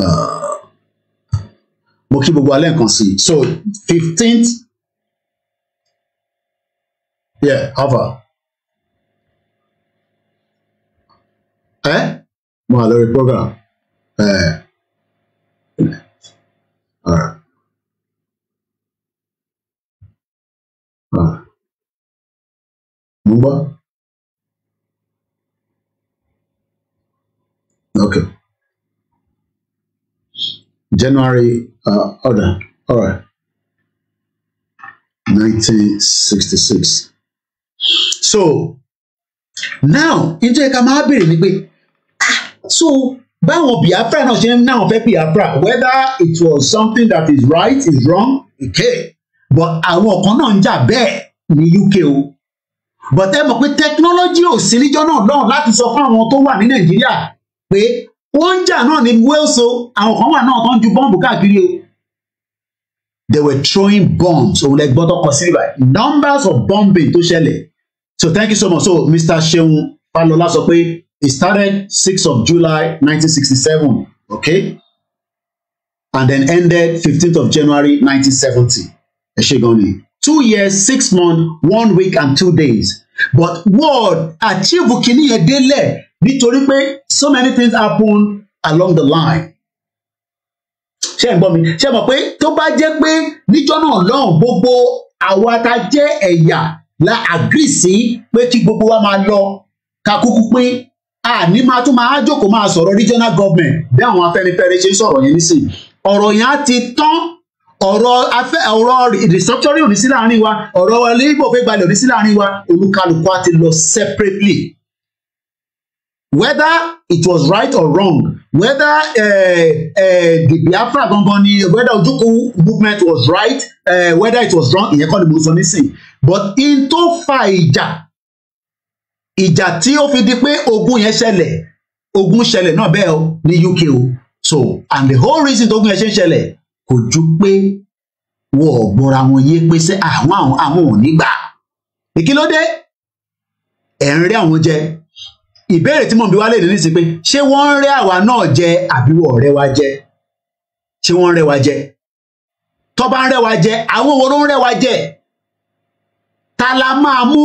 uh, mo kí gbogbo so 15th yeah alpha Eh, mo wà lórí program. Uh, mo Okay. January uh, order. All right. 1966. So now ǹjẹ́ ká máa béèrè ni pé ah, so báwọn Biafra Now ṣe ń náà whether it was something that is right is wrong okay but I kan náà ń UK but ẹ mọ̀ pé technology ò sí níjọ́ náà lọ́hùn láti sọ fún àwọn tó wà ní nàìjíríà pé wọ́n ń jà náà ní wẹ́ẹ̀sọ àwọn kan wà náà tó ń ju bọ́ǹbù káàkiri o. they were throwing bombs òun lẹ gbọ́ tó kọ sí ibà numbers of bombing tó ṣẹlẹ̀ so thank you so much so mr seun falola sọ pé it started six of july nineteen sixty seven okay and then ended fifteenth of january nineteen seventy ẹ ṣe gan ni two years six months one week and two days but word achieve kìíní yẹn délẹ̀ nítorí pé so many things happen along the line ṣé ẹ̀ ń gbọ́ mi ṣé ẹ̀ mọ̀ pé tó bá jẹ́ pé níjọ́ náà lọ́hùn gbogbo àwa tá jẹ́ ẹ̀yà la agree sí pé kí gbogbo wa máa lọ ká kúkú pé àní máa tún máa jókòó máa sọ̀rọ̀ regional government bí àwọn Afẹ́nifẹ́re ṣe ń sọ̀rọ̀ yẹn nísìnyí ọ̀rọ̀ yẹn á ti tán ọ̀rọ̀ afẹ́ ọ̀rọ̀ restructuring òní sí láàrin wa ọ̀rọ̀ Igbo fẹ́ gbalẹ̀ òní sí láàrin wa olúkálùkù á ti lọ separately whether it was right or wrong whether uh, uh, the Biafra gangan ni whether Ojukwu movement was right uh, whether it was wrong ìyẹn kọ́ ni mo sọ nísìn but in tó fa ìjà ìjà tí ó fi di pé ogun yẹn ṣẹlẹ̀ ogun ṣẹlẹ̀ náà bẹ́ẹ̀ ní UK o so and the whole reason tó ogun yẹn ṣe ń ṣẹlẹ̀ kò ju pé wọn ò gbọ́ra wọn yé pé ṣé àwọn àwọn àwọn ò ní gbà kí ló dé ẹ̀ ń rí àwọn jẹ ìbéèrè tí mò ń bi wá lè ní sí pé ṣé wọ́n ń rẹ́ àwa náà jẹ àbí wọ́n rẹ́ wa jẹ ṣé wọ́n ń rẹ́ wa jẹ tó ń rẹ́ wa jẹ àwọn wo ń rẹ́ wa jẹ ta la máa mú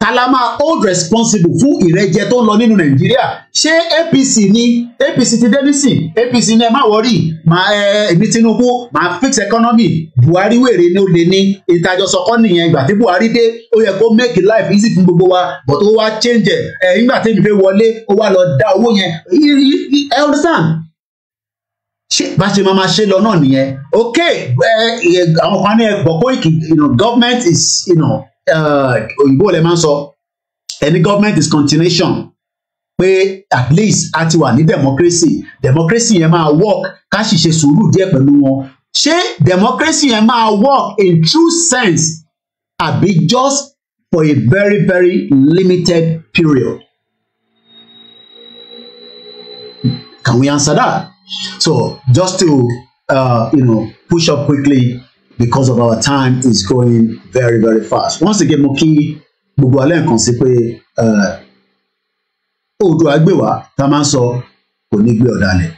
ta old responsible fún ìrẹ́jẹ tó ń lọ nínú nàìjíríà ṣé apc ni apc ti dé nísìn apc ní ẹ má wọrí màá ẹ èmi tinubu ma fix economy buhari wèrè ni ó lè ní ìtajọsọkọ nìyẹn ìgbà tí buhari dé ó yẹ kó make life easy fún gbogbo wa but ó wá change ẹ ẹ nígbà tí èmi fẹ́ wọlé ó wá lọ dá owó yẹn ẹ understand ṣé bá ṣe máa ṣe lọ náà nìyẹn okay àwọn kan ní ẹ gbọ́ pé government is. You know, Uh, lè máa ń sọ any government is continuation pé at least a ti wà ní democracy democracy yẹn máa work ká sì ṣe sùúrù díẹ̀ pẹ̀lú wọn ṣé democracy yẹn máa work in true sense àbí just for a very very limited period. Can we answer that? So just to uh, you know push up quickly because of our time is going very very fast once again mo kí gbogbo alẹ́ nǹkan sí pé eh, oòdùà gbé wá tá a máa ń sọ kò ní gbé ọ̀dàlẹ̀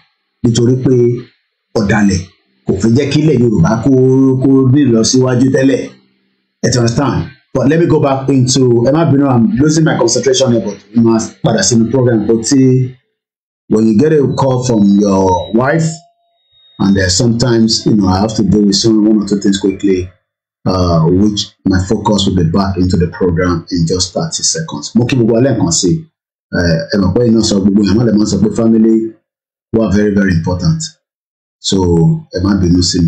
nítorí pé ọ̀dàlẹ̀ kò fẹ́ jẹ́ kí Yorùbá kó kó ní ìlọsíwájú tẹ́lẹ̀ ẹ̀ tí wọ́n but let me go back into ẹ má bínú i'm losing my concentration here but mo máa padà sínú program but tí when you get a call from your wife And uh, sometimes, you know, I have to do with some one or two things quickly, uh, which my focus will be back into the program in just 30 seconds. Moki kí gbogbo alẹ́ kan sí uh, ẹ mọ̀ pé iná sọ gbogbo ẹ̀ very very important. So ẹ má bínú sí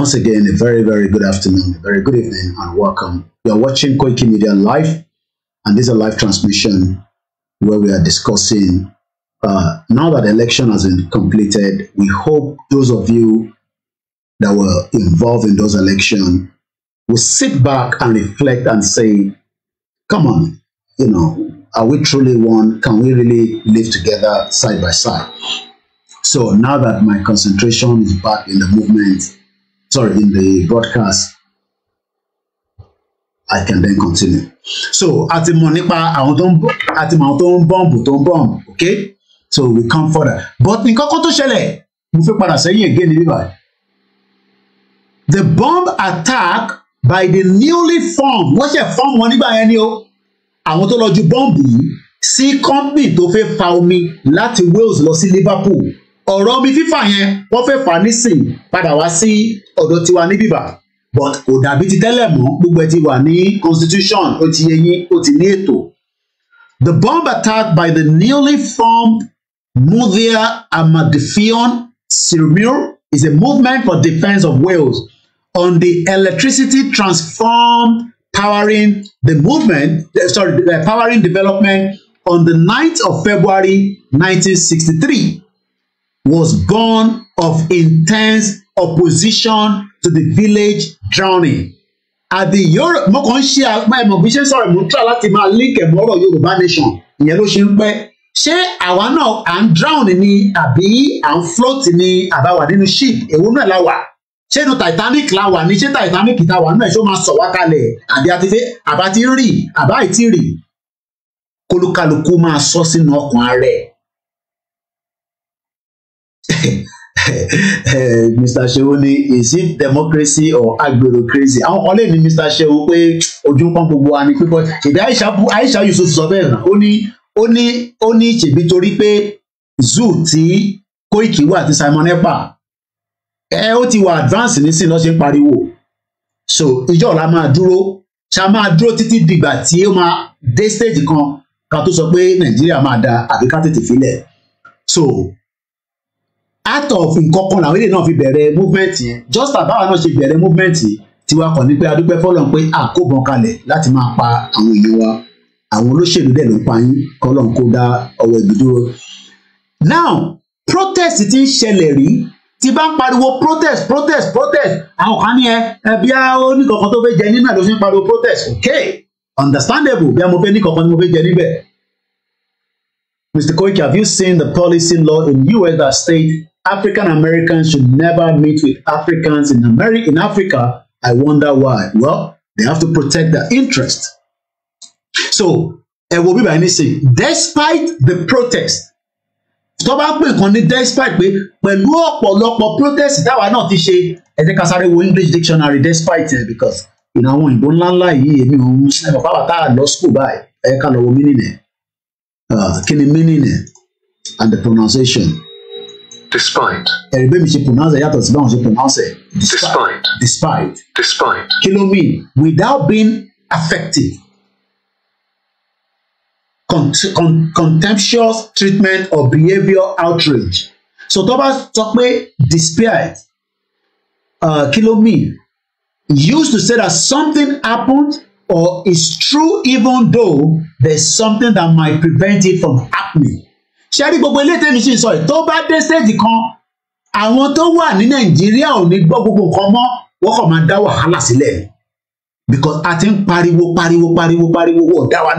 Once again, a very, very good afternoon, a very good evening, and welcome. You are watching Koiki Media Live, and this is a live transmission where we are discussing uh, now that election has been completed, we hope those of you that were involved in those elections will sit back and reflect and say, come on, you know, are we truly one? Can we really live together side by side? So now that my concentration is back in the movement, sorry, in the broadcast, I can then continue. So, àti the nípa I tó not àti mọ̀ àwọn tó okay? so we come further but nǹkan kan tó ṣẹlẹ̀ mo fẹ́ padà sẹ́yìn again ní bíbá the bomb attack by the newly formed wọ́n ṣe form wọn nígbà yẹn ni o àwọn tó lọ ju bọ́ǹbù yìí sí company tó fẹ́ fa omi láti Wales lọ sí Liverpool ọ̀rọ̀ omi fífà yẹn wọ́n fẹ́ fà nísìn padà wá sí ọ̀dọ̀ tiwa ní bíbá but kò dàbí ti tẹ́lẹ̀ mọ́ gbogbo ẹ ti wà ní constitution ó ti yẹ yín ó ti ní ètò. The bomb attack by the newly formed Mudia Amadfion Sirmur is a movement for defense of Wales on the electricity transform powering the movement, eh, sorry, powering development on the 9th of February 1963 was born of intense opposition to the village drowning. At the Europe, mo kàn ń link ẹ̀mọ́ ọ̀rọ̀ Yorùbá nation ìyẹn ló ṣé àwa náà à ń drown ni àbí à ń float ni àbáwà nínú ship èwo náà la wà ṣé inú Titanic la wà ní ṣé Titanic ta wà náà ṣé ó máa sọ wá kalẹ̀ àbí àti fẹ́ àbá ti rì àbá ìtì rì kólúkálukú máa sọ sínú ọkàn rẹ̀. Mr. Seun ni is it democracy or agberocracy àwọn kan lè ní Mr. Seun pé ojú kan gbogbo wa ni pípọ̀ ṣèbí Aisha Aisha Yusuf sọ bẹ́ẹ̀ náà ó ní ó ní ó ní ṣèbí torí pé zoo tí Koiki wà tí Simon Ekpa ẹ ó ti wà advance nísìnyí lọ́ ṣe ń pariwo so ìjọ ọ̀la máa dúró ṣá máa dúró títí dìgbà tí ó máa dé stage kan ká tó sọ pé Nàìjíríà máa da àbí ká tètè filẹ̀ so out of nǹkan kan làwọn èdè náà fi bẹ̀rẹ̀ movement yẹn just àbáwá náà ṣe bẹ̀rẹ̀ movement yìí tiwa kàn ní pé adúpẹ́ fọlọ́n pé àkóbọ̀n kalẹ̀ láti máa pa àwọn èèyàn wa àwọn olóṣèlú dẹ̀ ló pa yín kọ́lọ́n kó dá ọwọ́ ibi dúró. now protest ti ń ṣẹlẹ̀ rí tí bá ń pariwo protest protest protest àwọn kan ní ẹ ẹbí ó ní kankan tó fẹ́ jẹ nínú àdó fi ń pariwo protest okay understandable bí a mo fẹ́ ní kankan tí mo fẹ́ jẹ níbẹ̀. Mr. Koiki, have you seen the policy law in U.S. that state African Americans should never meet with Africans in America in Africa? I wonder why. Well, they have to protect their interest so ẹ wo bíbá ẹni sìn despite the protest tó bá pè kan ní despite pé pẹ̀lú ọ̀pọ̀lọpọ̀ protest táwa náà ti ṣe ẹ jẹ́ ká sáré wo English dictionary despite ẹ because ìnà àwọn òyìnbó ńláńlá yìí èmi ò ń sinmi ọ̀pá bàtà lọ school báyìí ẹ ká lọ wo meaning ẹ kí ni meaning and the pronunciation. despite. ẹ̀rí bẹ́ẹ̀ mi ṣe pronounce ẹ̀ yàtọ̀ sí báwọn ṣe pronounce ẹ̀. despite despite. despite. kí ló mean without being affected con con contemptuous treatment or behaviour outrage so tó bá sọ pé despite uh, kí mean used to say that something happened or is true even though there's something that might prevent it from happening ṣe rí gbogbo ilé tẹ́mi sì sọ yìí tó bá dé stage kan àwọn tó wà ní nàìjíríà ò ní gbọ́ gbogbo nǹkan mọ́ wọ́n kàn máa dá wàhálà sílẹ̀ because a ti ń pariwo pariwo pariwo pariwo wò dá wa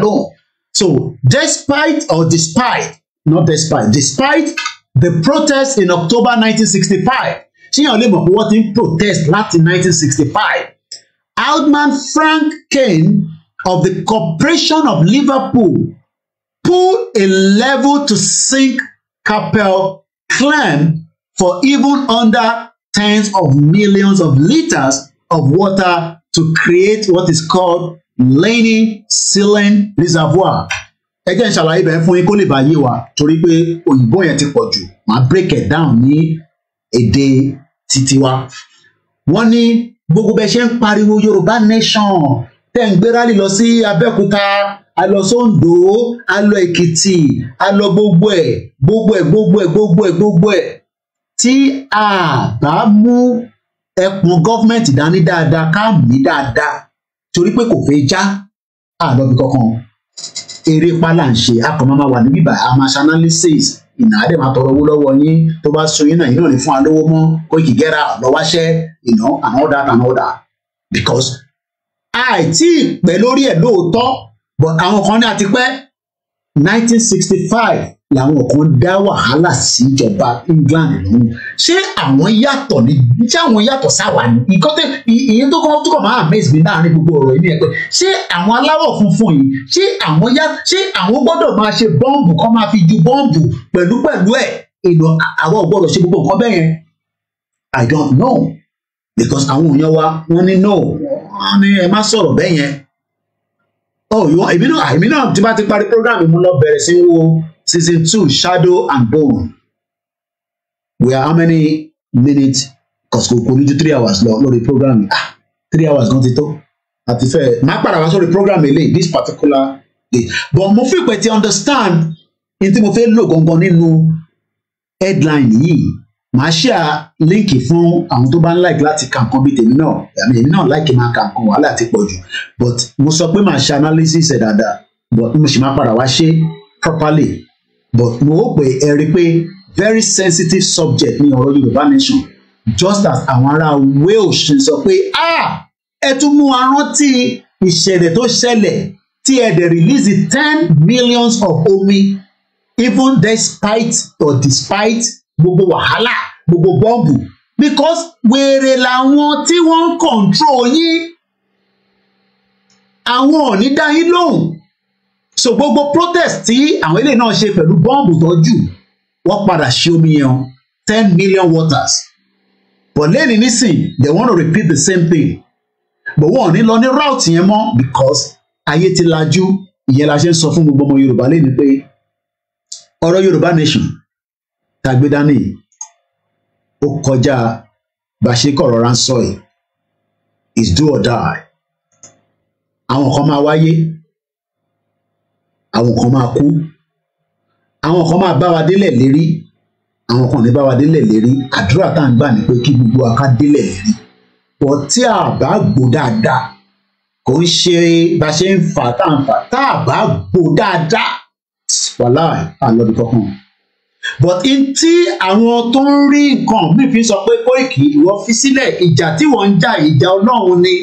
so despite or despite not despite despite the protest in October 1965 ṣíyàn lè mọ̀ pé wọ́n in ń protest láti 1965 Alderman Frank Kane of the Corporation of Liverpool pulled a level to sink Capel claim for even under tens of millions of liters of water to create what is called Leni Sealand Reservoir ẹ jẹ́ n ṣàlàyé bẹ́ẹ̀ fún yín kó lè bá yé wa torí pé òyìnbó yẹn ti pọ̀ jù màá break it down ní èdè títí wa. wọ́n ní gbogbo bẹ́ẹ̀ ṣe ń pariwo Yorùbá nation tẹ́ ń gbé rálì lọ sí Abẹ́òkúta a lọ sóńdó a Èkìtì a lọ gbogbo ẹ̀ gbogbo ẹ̀ gbogbo ẹ̀ gbogbo ẹ̀ gbogbo ẹ̀ tí a bá mú ẹpọn gọ́fìmẹ̀ntì dání dáadáa ká mí dáadáa torí pé kò fẹ́ já àlọ́bí kankan eré pálá ń ṣe akọ̀ máa wà níbí bá a analysis ìnà àdè máa tọrọ owó lọ́wọ́ yín tó bá sun yín náà yín náà lè fún wa lówó mọ́ kó kì í gẹ́ra lọ́wọ́ṣẹ́ ìnà and all that and all that because àìtí ìpẹ́ lórí ẹ̀ lóòótọ́ but àwọn kan ní àti pẹ́ 1965 làwọn kan dá wàhálà síjọba England lọ́rùn ṣé àwọn yàtọ̀ ni ṣé àwọn yàtọ̀ sáwa ni ìkọ́tẹ́ ìyẹn tó kọ́ tó máa amaze mi láàrin gbogbo ọ̀rọ̀ yìí ni ẹ pé ṣé àwọn aláwọ̀ funfun yìí ṣé àwọn yá ṣé àwọn gbọ́dọ̀ máa ṣe bọ́ǹbù kọ́ máa fi ju bọ́ǹbù pẹ̀lú pẹ̀lú ẹ̀ èlò àwọn gbọ́dọ̀ ṣe gbogbo nǹkan bẹ́ẹ̀ I don't know because àwọn èèyàn wa wọ́n ní no wọ́n ní ẹ má sọ̀rọ̀ bẹ́ẹ̀ ọ̀yọ́ oh, èmi náà èmi náà tí bá ti parí program mo lọ bẹ̀rẹ̀ sí wo season two shadow and bone we are how many minutes kọ̀sìkòkò ní ju three hours lọ lórí program ah three hours gan ti tó àti fẹ́ máa padà wá sórí program eléyìí this particular day but mo fi pẹ̀ ti understand ní tí mo fẹ́ lò gangan nínú headline yìí màá ṣíà líǹkì fún àwọn tó bá ń láìkí láti ka nǹkan bíi tèmi náà àmì èmi náà láìkí máa ka nǹkan wàhálà ti pọ̀ jù but mo sọ pé màá ṣe analysis ẹ̀ dáadáa but mo sì máa padà wá ṣe properly but mo rò pé ẹ rí i pé very sensitive subject ní ọ̀rọ̀ Yorùbá nation just as àwọn ará Wales ṣe sọ pé ah ẹ tún mú wa rántí ìṣẹ̀lẹ̀ tó ṣẹlẹ̀ tí ẹ dẹ̀ release ten millions of omi even despite or despite gbogbo wàhálà gbogbo bọ́ǹbù because wèrè làwọn tí wọ́n ń control yín àwọn ò ní dá yín lóhùn so gbogbo protest tí àwọn eléyìí náà ṣe pẹ̀lú bọ́ǹbù tó jù wọ́n padà ṣe omi yẹn ten million waters but lẹ́ni nísìn they want to repeat the same thing but wọn ò ní lọ ní route yẹn mọ́ because ayé ti lajú ìyẹn la ṣe ń sọ fún gbogbo ọmọ Yorùbá lẹ́ni pé ọ̀rọ̀ Yorùbá nation tá a gbé dání ó kọjá bá a ṣe is do or die àwọn kan máa wáyé àwọn kan máa kú àwọn kan máa bá wa délẹ̀ lérí àwọn kan ní bá wa délẹ̀ lérí àdúrà tá à ń gbà ní pé kí gbogbo wa ká lérí bọ̀ tí a bá gbọ́ dáadáa kò ń ṣe bá ṣe ń fà tá à ń fà tá a bá gbọ́ dáadáa wàhálà àlọ́dún kọ̀ọ̀kan but n tí àwọn tó ń rí nǹkan míì fi sọ pé Kóìkì ìwọ fi sílẹ̀ ìjà tí wọ́n ń jà ìjà Ọlọ́run ni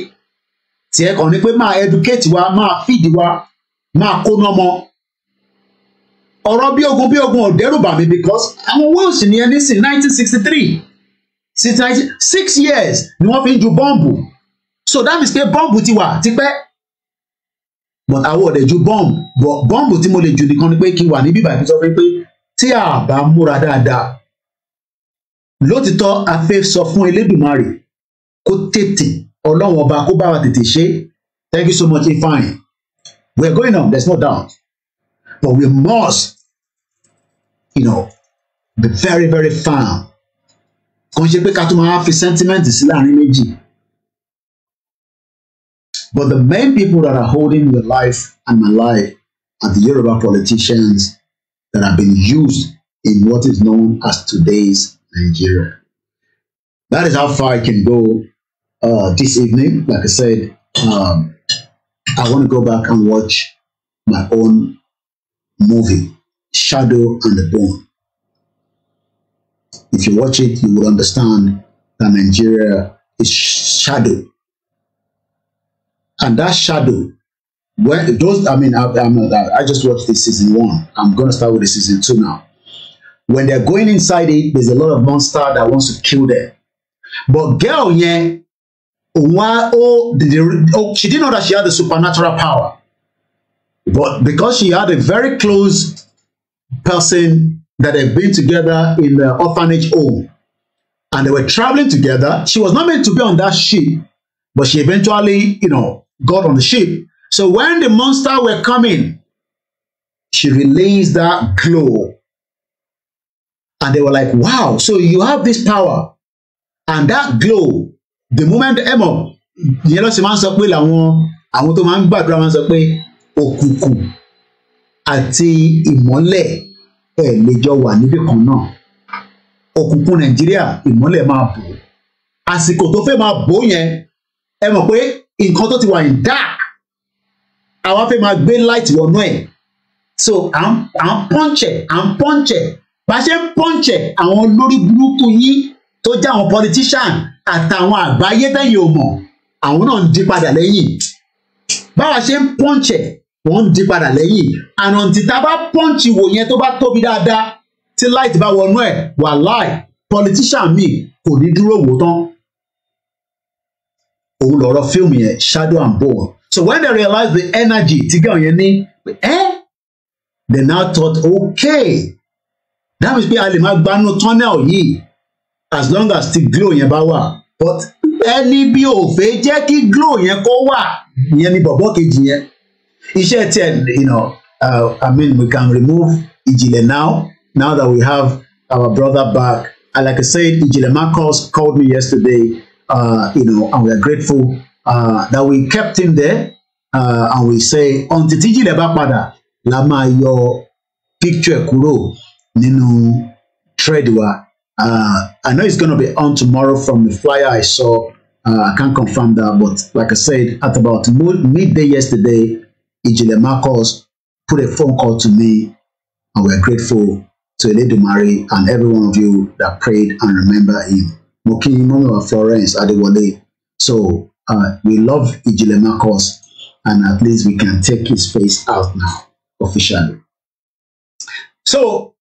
tiẹ̀ kàn ní pé máa educate wa máa feed wa máa kóná mọ ọ̀rọ̀ bí ogun bí ogun ò mi because àwọn Wales ní ẹni sí nineteen sixty three since nineteen six years ni wọ́n fi ń ju bọ́ǹbù so that means pé bọ́ǹbù ti wà tipẹ́ but àwọn ọ̀dẹ̀ ju bọ́ǹbù bọ́ǹbù tí mo lè jù nìkan ni pé kí n wà níbí bàbá sọ pé tí a bá múra dáadáa lótìtọ́ a fẹ́ sọ fún Elédùmarè kó tètè Ọlọ́run ọba kó bá wa tètè ṣe thank you so much ifeanyi we are going on there is no doubt but we must you know be very very firm kàn ṣe pé ká tún máa fi sentiment sí láàrin méjì but the main people that are holding your life and my life are the Yoruba politicians that have been used in what is known as today's Nigeria. That is how far I can go uh, this evening. Like I said, um, I want to go back and watch my own movie, Shadow and the Bone. If you watch it, you will understand that Nigeria is shadow. And that shadow when those, I mean, I, I'm not, I just watched the season one. I'm gonna start with the season two now. When they're going inside it, there's a lot of monster that wants to kill them. But girl, yeah, why? Oh, oh, she didn't know that she had the supernatural power, but because she had a very close person that have been together in the orphanage home, and they were traveling together. She was not meant to be on that ship, but she eventually, you know, got on the ship So when the monster were coming, she released that glow. And they were like, wow, so you have this power. And that glow, the moment Emma, ìyẹn lọ́sẹ̀ máa ń sọ pé làwọn àwọn tó máa ń gbàdúrà máa ń sọ pé òkùnkùn àti ìmọ́lẹ̀ ẹ̀ lè jọ wà níbì kan náà òkùnkùn Nàìjíríà ìmọ́lẹ̀ máa bò àsìkò tó fẹ́ máa bò yẹn ẹ mọ̀ pé nǹkan tó ti wà in dark àwa fẹ́ máa gbé light wọnú ẹ̀ so à ń à ń pọ́ǹchẹ̀ à ń pọ́ǹchẹ̀ bá a ṣe ń pọ́ǹchẹ̀ àwọn olórí burúkú yín tó jẹ́ àwọn politician àtàwọn àgbáyé tẹ̀yìn ò mọ̀ àwọn náà ń di padà lẹ́yìn báwa ṣe ń pọ́ǹchẹ̀ wọ́n ń di padà lẹ́yìn àná tìta bá pọ́ǹchì wò yẹn tó bá tóbi dáadáa tí light bá wọnú ẹ̀ wàláì politician mi kò ní dúró wò tán òun lọ̀rọ̀ fíìmù yẹn shadow and bone So when they realized the energy tí gẹ̀ yẹn ní ẹ́ eh? they now thought okay that must be a lè máa tunnel yìí as long as ti glow yẹn bá but ẹni bí òfé jẹ́ kí glow yẹn kó wà yẹn ni bọ̀bọ̀ kejì yẹn iṣẹ́ tiẹ̀ you know uh, I mean we can remove Ijile now now that we have our brother back and like I said Ijile Marcus called me yesterday uh, you know and we are grateful uh, that we kept him there uh, and we say until tíjì rẹ̀ bá padà picture kúrò nínú thread uh, I know it's gonna be on tomorrow from the flyer I saw uh, I can't confirm that but like I said at about midday yesterday Ijile Marcos put a phone call to me and we're grateful to Mari and every one of you that prayed and remember him mo wa Florence Adewale. so Uh, we love Ijilema cause, and at least we can take his face out now officially. So,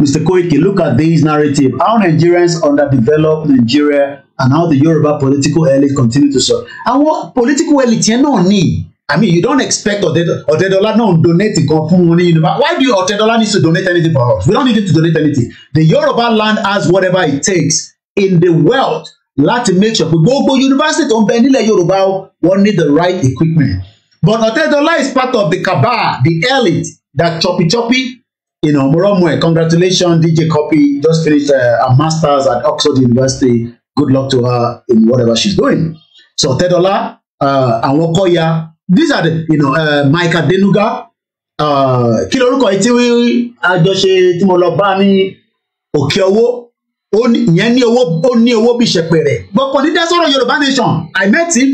Mr. Koike, look at this narrative. How Nigerians underdeveloped Nigeria and how the Yoruba political elite continue to serve. And what political elite yẹn náà ní. I mean, you don't expect Otedola to donate nǹkan fún wọn Why do Otedola need to donate anything for us? We don't need to donate anything. The Yoruba land has whatever it takes in the world láti make sure pé gbogbo yunifásitì tó ń bẹ nílẹ̀ Yorùbá wọ́n ní the right equipment but Ọ̀tẹ́dọ́lá is part of the cabal the elite that choppy choppy you know Moromwe congratulations DJ Copy, just finished uh, a masters at Oxford University good luck to her in whatever she's doing so Ọ̀tẹ́dọ́lá uh, àwọn uh, Kọ́ya these are the you know uh, Mike Adenuga uh, kí lorúkọ yìí tí àjọṣe tí mo lọ bá ní Òkè Owó ìyẹn ní owó ó ní owó bí ṣẹpẹrẹ gbọpọ ní dẹsọrọ yorùbá nation i met him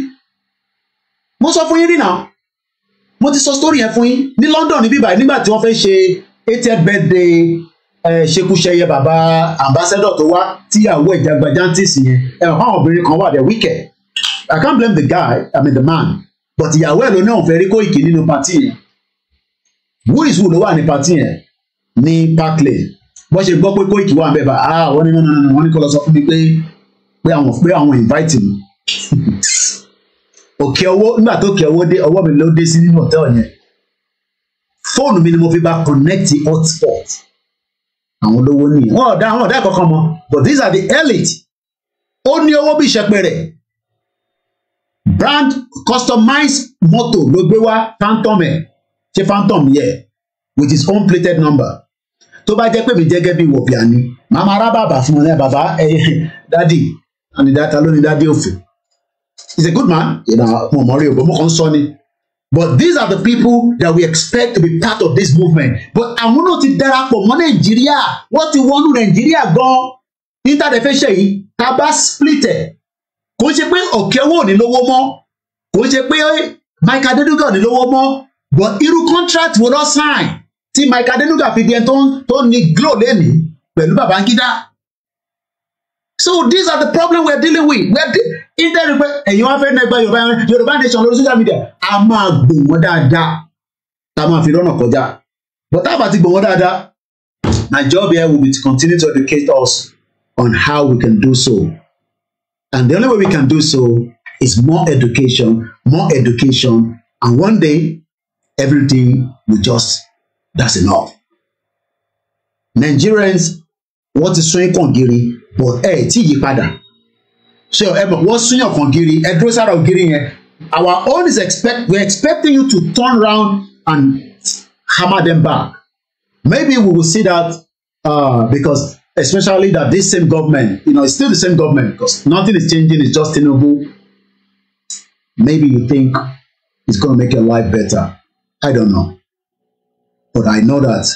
mo sọ fún yín rí náà mo ti sọ story yẹn fún yín ní london níbí báyìí nígbà tí wọ́n fẹ́ ṣe eightieth birthday ṣekúṣẹyẹ bàbá ambassador tó wá tíyàwó ìjàgbájántìsì yẹn ẹ̀rọ fáwọn obìnrin kan wà dẹ̀ wíkẹ̀ i can't blame the guy i mean the man but ìyàwó ẹ̀ ló ní òun fẹ́ rí Kóìkì nínú pàtí yẹn wúìsù ló wà ní pàtí yẹn ní park bọ́n ṣe gbọ́ pé Koiki wà bẹ́ẹ̀ bá ah wọ́n ní nínú wọn ní kó lọ sọ fún mi pé pé àwọn pé àwọn invite mi òkè owó nígbà tó kẹ owó dé ọwọ́ mi ló dé sí nínú hòtẹ́ẹ̀lì yẹn fóònù mi ni mo fi bá connect hotspot àwọn olówó nìyẹn wọn ọ̀dà àwọn ọ̀dà kankan mọ but these are the elite ó ní owó bí ìṣẹpẹrẹ brand customized motor ló gbé wá phantom ẹ ṣe phantom yẹ with his own plated number tó bá jẹ́ pé mi jẹ́gẹ́ bí wọ̀bìà ni màá máa rá bàbà fún wọn náà bàbá ẹ dádì àni dáta lónìí dádì òfin he's a good man ìnà mo mọ̀ rí o mo kàn sọ ni but these are the people that we expect to be part of this movement but àwọn náà ti darapọ̀ mọ́ nàìjíríà wọ́n ti wọnú nàìjíríà gan-an interdefension yìí tá a bá split ẹ̀ kò ń ṣe pé òkè owó ò ní lówó mọ́ kò ń ṣe pé Mike Adedugan ò ní lówó mọ́ but irú contract wo lọ sign tí Mike Adenuga fi di ẹni tó ní glo lẹ́nìí pẹ̀lú Babangida so these are the problems we are dealing with we are de intanet pé ẹ̀yin wá fẹ́ nẹgbẹ́ Yorùbá Yorùbá nation lórí social media a máa gbò wọ́n dáadáa tá a máa fi lọ́nà kọjá but tá a bá ti gbò wọ́n dáadáa my job here will be to continue to educate us on how we can do so and the only way we can do so is more education more education and one day everything will just that's enough. Nigerians wọ́n ti sún kàn gírí but ẹ ẹ̀ tí yí padà ṣe ẹ mọ̀ wọ́n sún yàn kàn gírí ẹ dúró sára ògiri yẹn our own is expect We're expecting you to turn round and hammer them back maybe we will see that uh, because especially that this same government you know it's still the same government because nothing is changing it's just Tinubu maybe you think it's going to make your life better I don't know. But I know that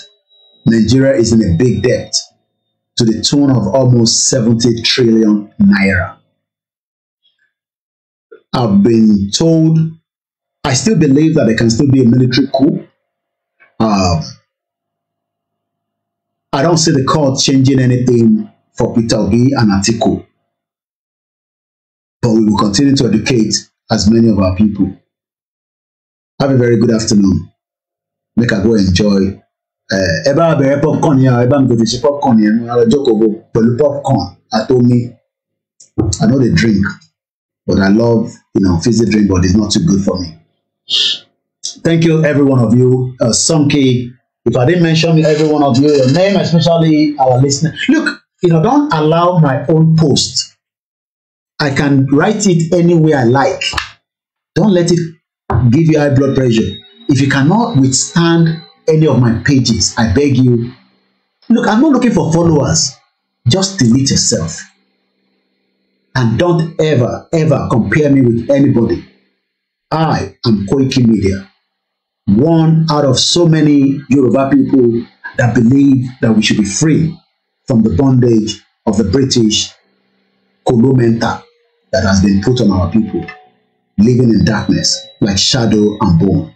Nigeria is in a big debt to the tune of almost 70 trillion naira. I've been told, I still believe that there can still be a military coup. Um, I don't see the court changing anything for Peter Obi and Atiku. But we will continue to educate as many of our people. Have a very good afternoon. make i go enjoy ẹ bá bẹ̀rẹ̀ popcorn yẹn ẹ bá mi tètè ṣe popcorn yẹn mo ara jókòó pẹ̀lú popcorn àtomi i no dey drink but i love you know fizzy drink but it's not too good for me thank you every one of you uh, Sonke if i didn't mention every one of you your name especially our listener look you know don't allow my own post i can write it any way i like don't let it give you high blood pressure If you cannot withstand any of my pages, I beg you, look, I'm not looking for followers. Just delete yourself. And don't ever, ever compare me with anybody. I am Koiki Media, one out of so many Yoruba people that believe that we should be free from the bondage of the British columenta that has been put on our people, living in darkness like shadow and bone.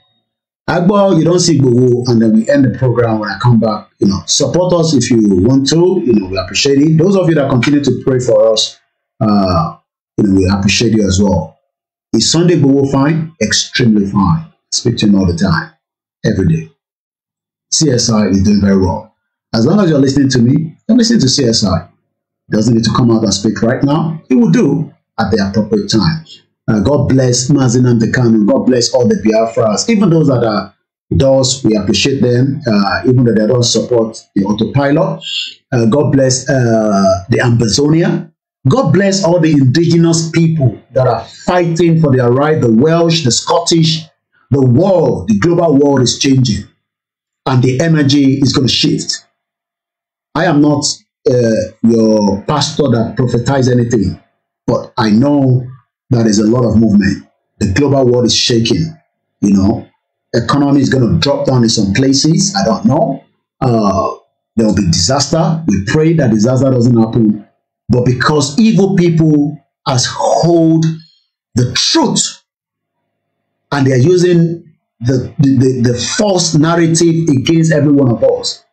Agbo, you don't see Gbowo, and then we end the program when I come back. You know, support us if you want to. You know, we appreciate it. Those of you that continue to pray for us, uh, you know, we appreciate you as well. Is Sunday Gbowo fine? Extremely fine. speak to him all the time, every day. CSI is doing very well. As long as you're listening to me, you're listening to CSI. Doesn't need to come out and speak right now. It will do at the appropriate time. Uh, God bless and the Kanu. God bless all the Biafras, even those that are those we appreciate them, uh, even though they don't support the autopilot. Uh, God bless uh, the Ambazonia. God bless all the indigenous people that are fighting for their right, the Welsh, the Scottish. The world, the global world is changing and the energy is going to shift. I am not uh, your pastor that prophesies anything, but I know that is a lot of movement. The global world is shaking, you know. Economy is going to drop down in some places. I don't know. Uh, there will be disaster. We pray that disaster doesn't happen. But because evil people has hold the truth and they are using the, the, the, false narrative against every one of us.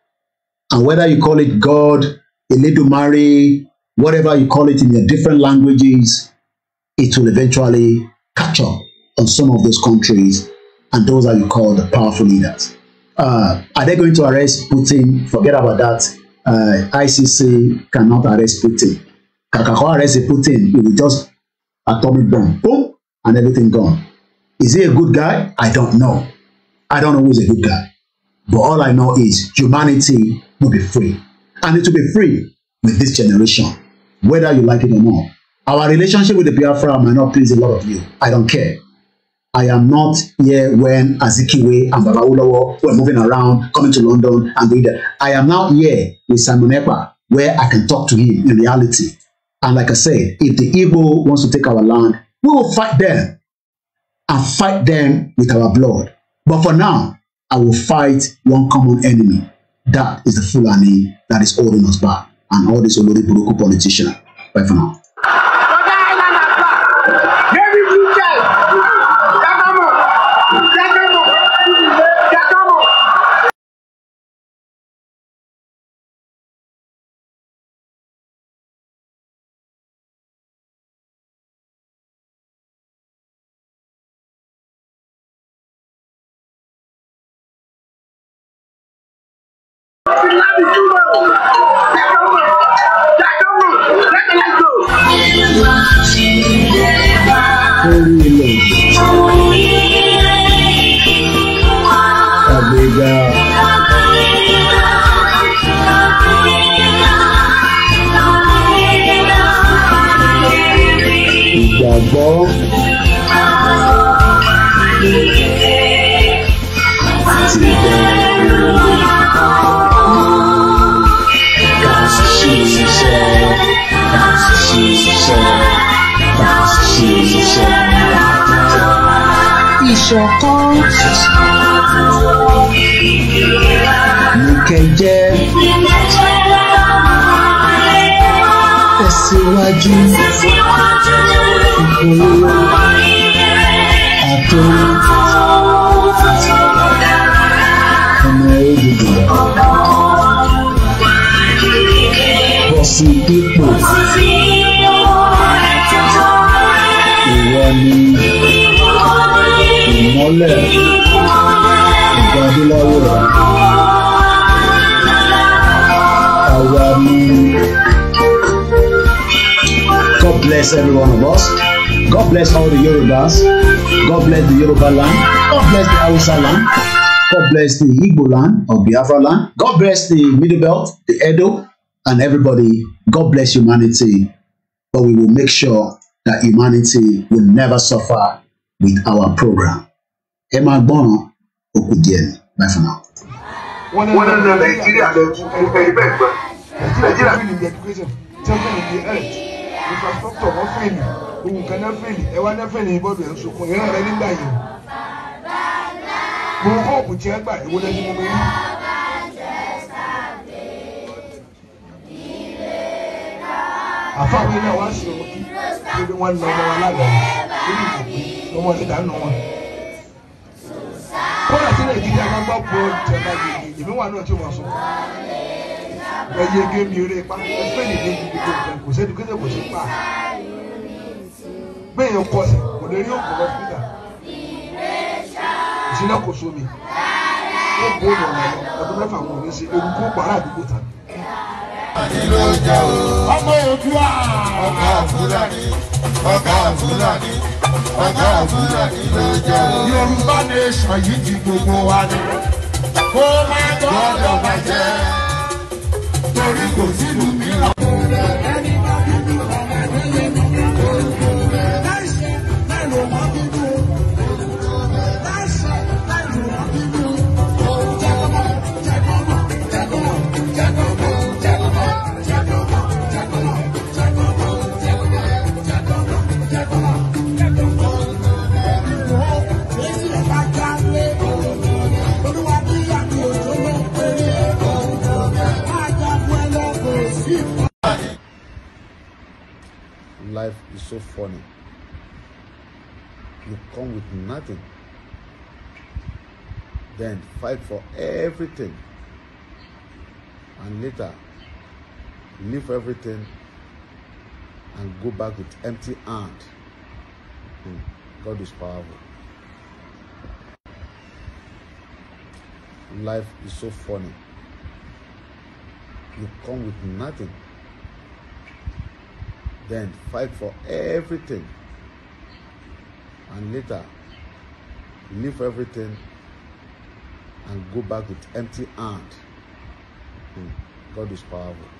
And whether you call it God, Elidumari, whatever you call it in your different languages, it will eventually catch up on some of those countries, and those are call the powerful leaders. Uh, are they going to arrest Putin? Forget about that. Uh, ICC cannot arrest Putin. Kakako arrest Putin, it will just atomic bomb, boom, and everything gone. Is he a good guy? I don't know. I don't know who's a good guy. But all I know is humanity will be free. And it will be free with this generation, whether you like it or not. Our relationship with the Biafra might not please a lot of you. I don't care. I am not here when Azikiwe and Baba Ulawo were moving around, coming to London and doing that. I am now here with Simon Epa, where I can talk to him in reality. And like I said, if the Igbo wants to take our land, we will fight them and fight them with our blood. But for now, I will fight one common enemy. That is the Fulani that is holding us back and all these Olori Buruku politicians. Bye for now. bless the Yoruba land. God bless the Hausa land. God bless the Igbo land or Biafra land. God bless the Middle Belt, the Edo, and everybody. God bless humanity. But we will make sure that humanity will never suffer with our program. Ẹ máa gbọ́ràn òkú díẹ̀ ni. Bye for now. Wọ́n náà Nàìjíríà lẹ́tú ẹgbẹ́ ìgbẹ́ ìgbà. Nàìjíríà bí ni the education, children of the earth infrastructure wọn fèlì ohun kan náà fèlì ẹ wá náà fèlì bọ́ọ̀dù ẹ̀ ń sunkún ìran rẹ nígbà yìí mo hóòpù tí ẹ gbà ìwọ lẹ́nu mo rí. àfáàmì náà wá sí òkè níbi wọn nà ọmọ wọn lágbàá nínú ìfòkè ọmọ ìdá nà wọn. kódà sí nàìjíríà máa ń gbọ́ pọ̀ jẹ̀ka gègé ìmíwà náà tí wọ́n sọ ẹyẹ gémi eré pa ẹgbẹ́ nìyẹn ju gbogbo nǹkan kò sẹ́ni kéde kò sí pa gbẹ̀yìn kọsẹ̀ kò lè rí òkú lọ síta ìṣẹ̀lẹ̀ kò sómi ó bó lọ lọ ọdún mẹ́fà kò ní sí orúkọ gbàrà àdúgbò tàbí. ọmọ òdua ọ̀gá fúlàní ọ̀gá fúlàní ọ̀gá fúlàní ló jẹ́ o. yorùbá nation yìí ti gbogbo wa ni kó má gbọ́dọ̀ bàjẹ́ torí kò sínú mìíràn. so funny. You come with nothing. Then fight for everything. And later, leave everything and go back with empty hand. Hmm. God is powerful. Life is so funny. You come with nothing. Then fight for everything. And later, leave everything and go back with empty hand. Hmm. God is powerful.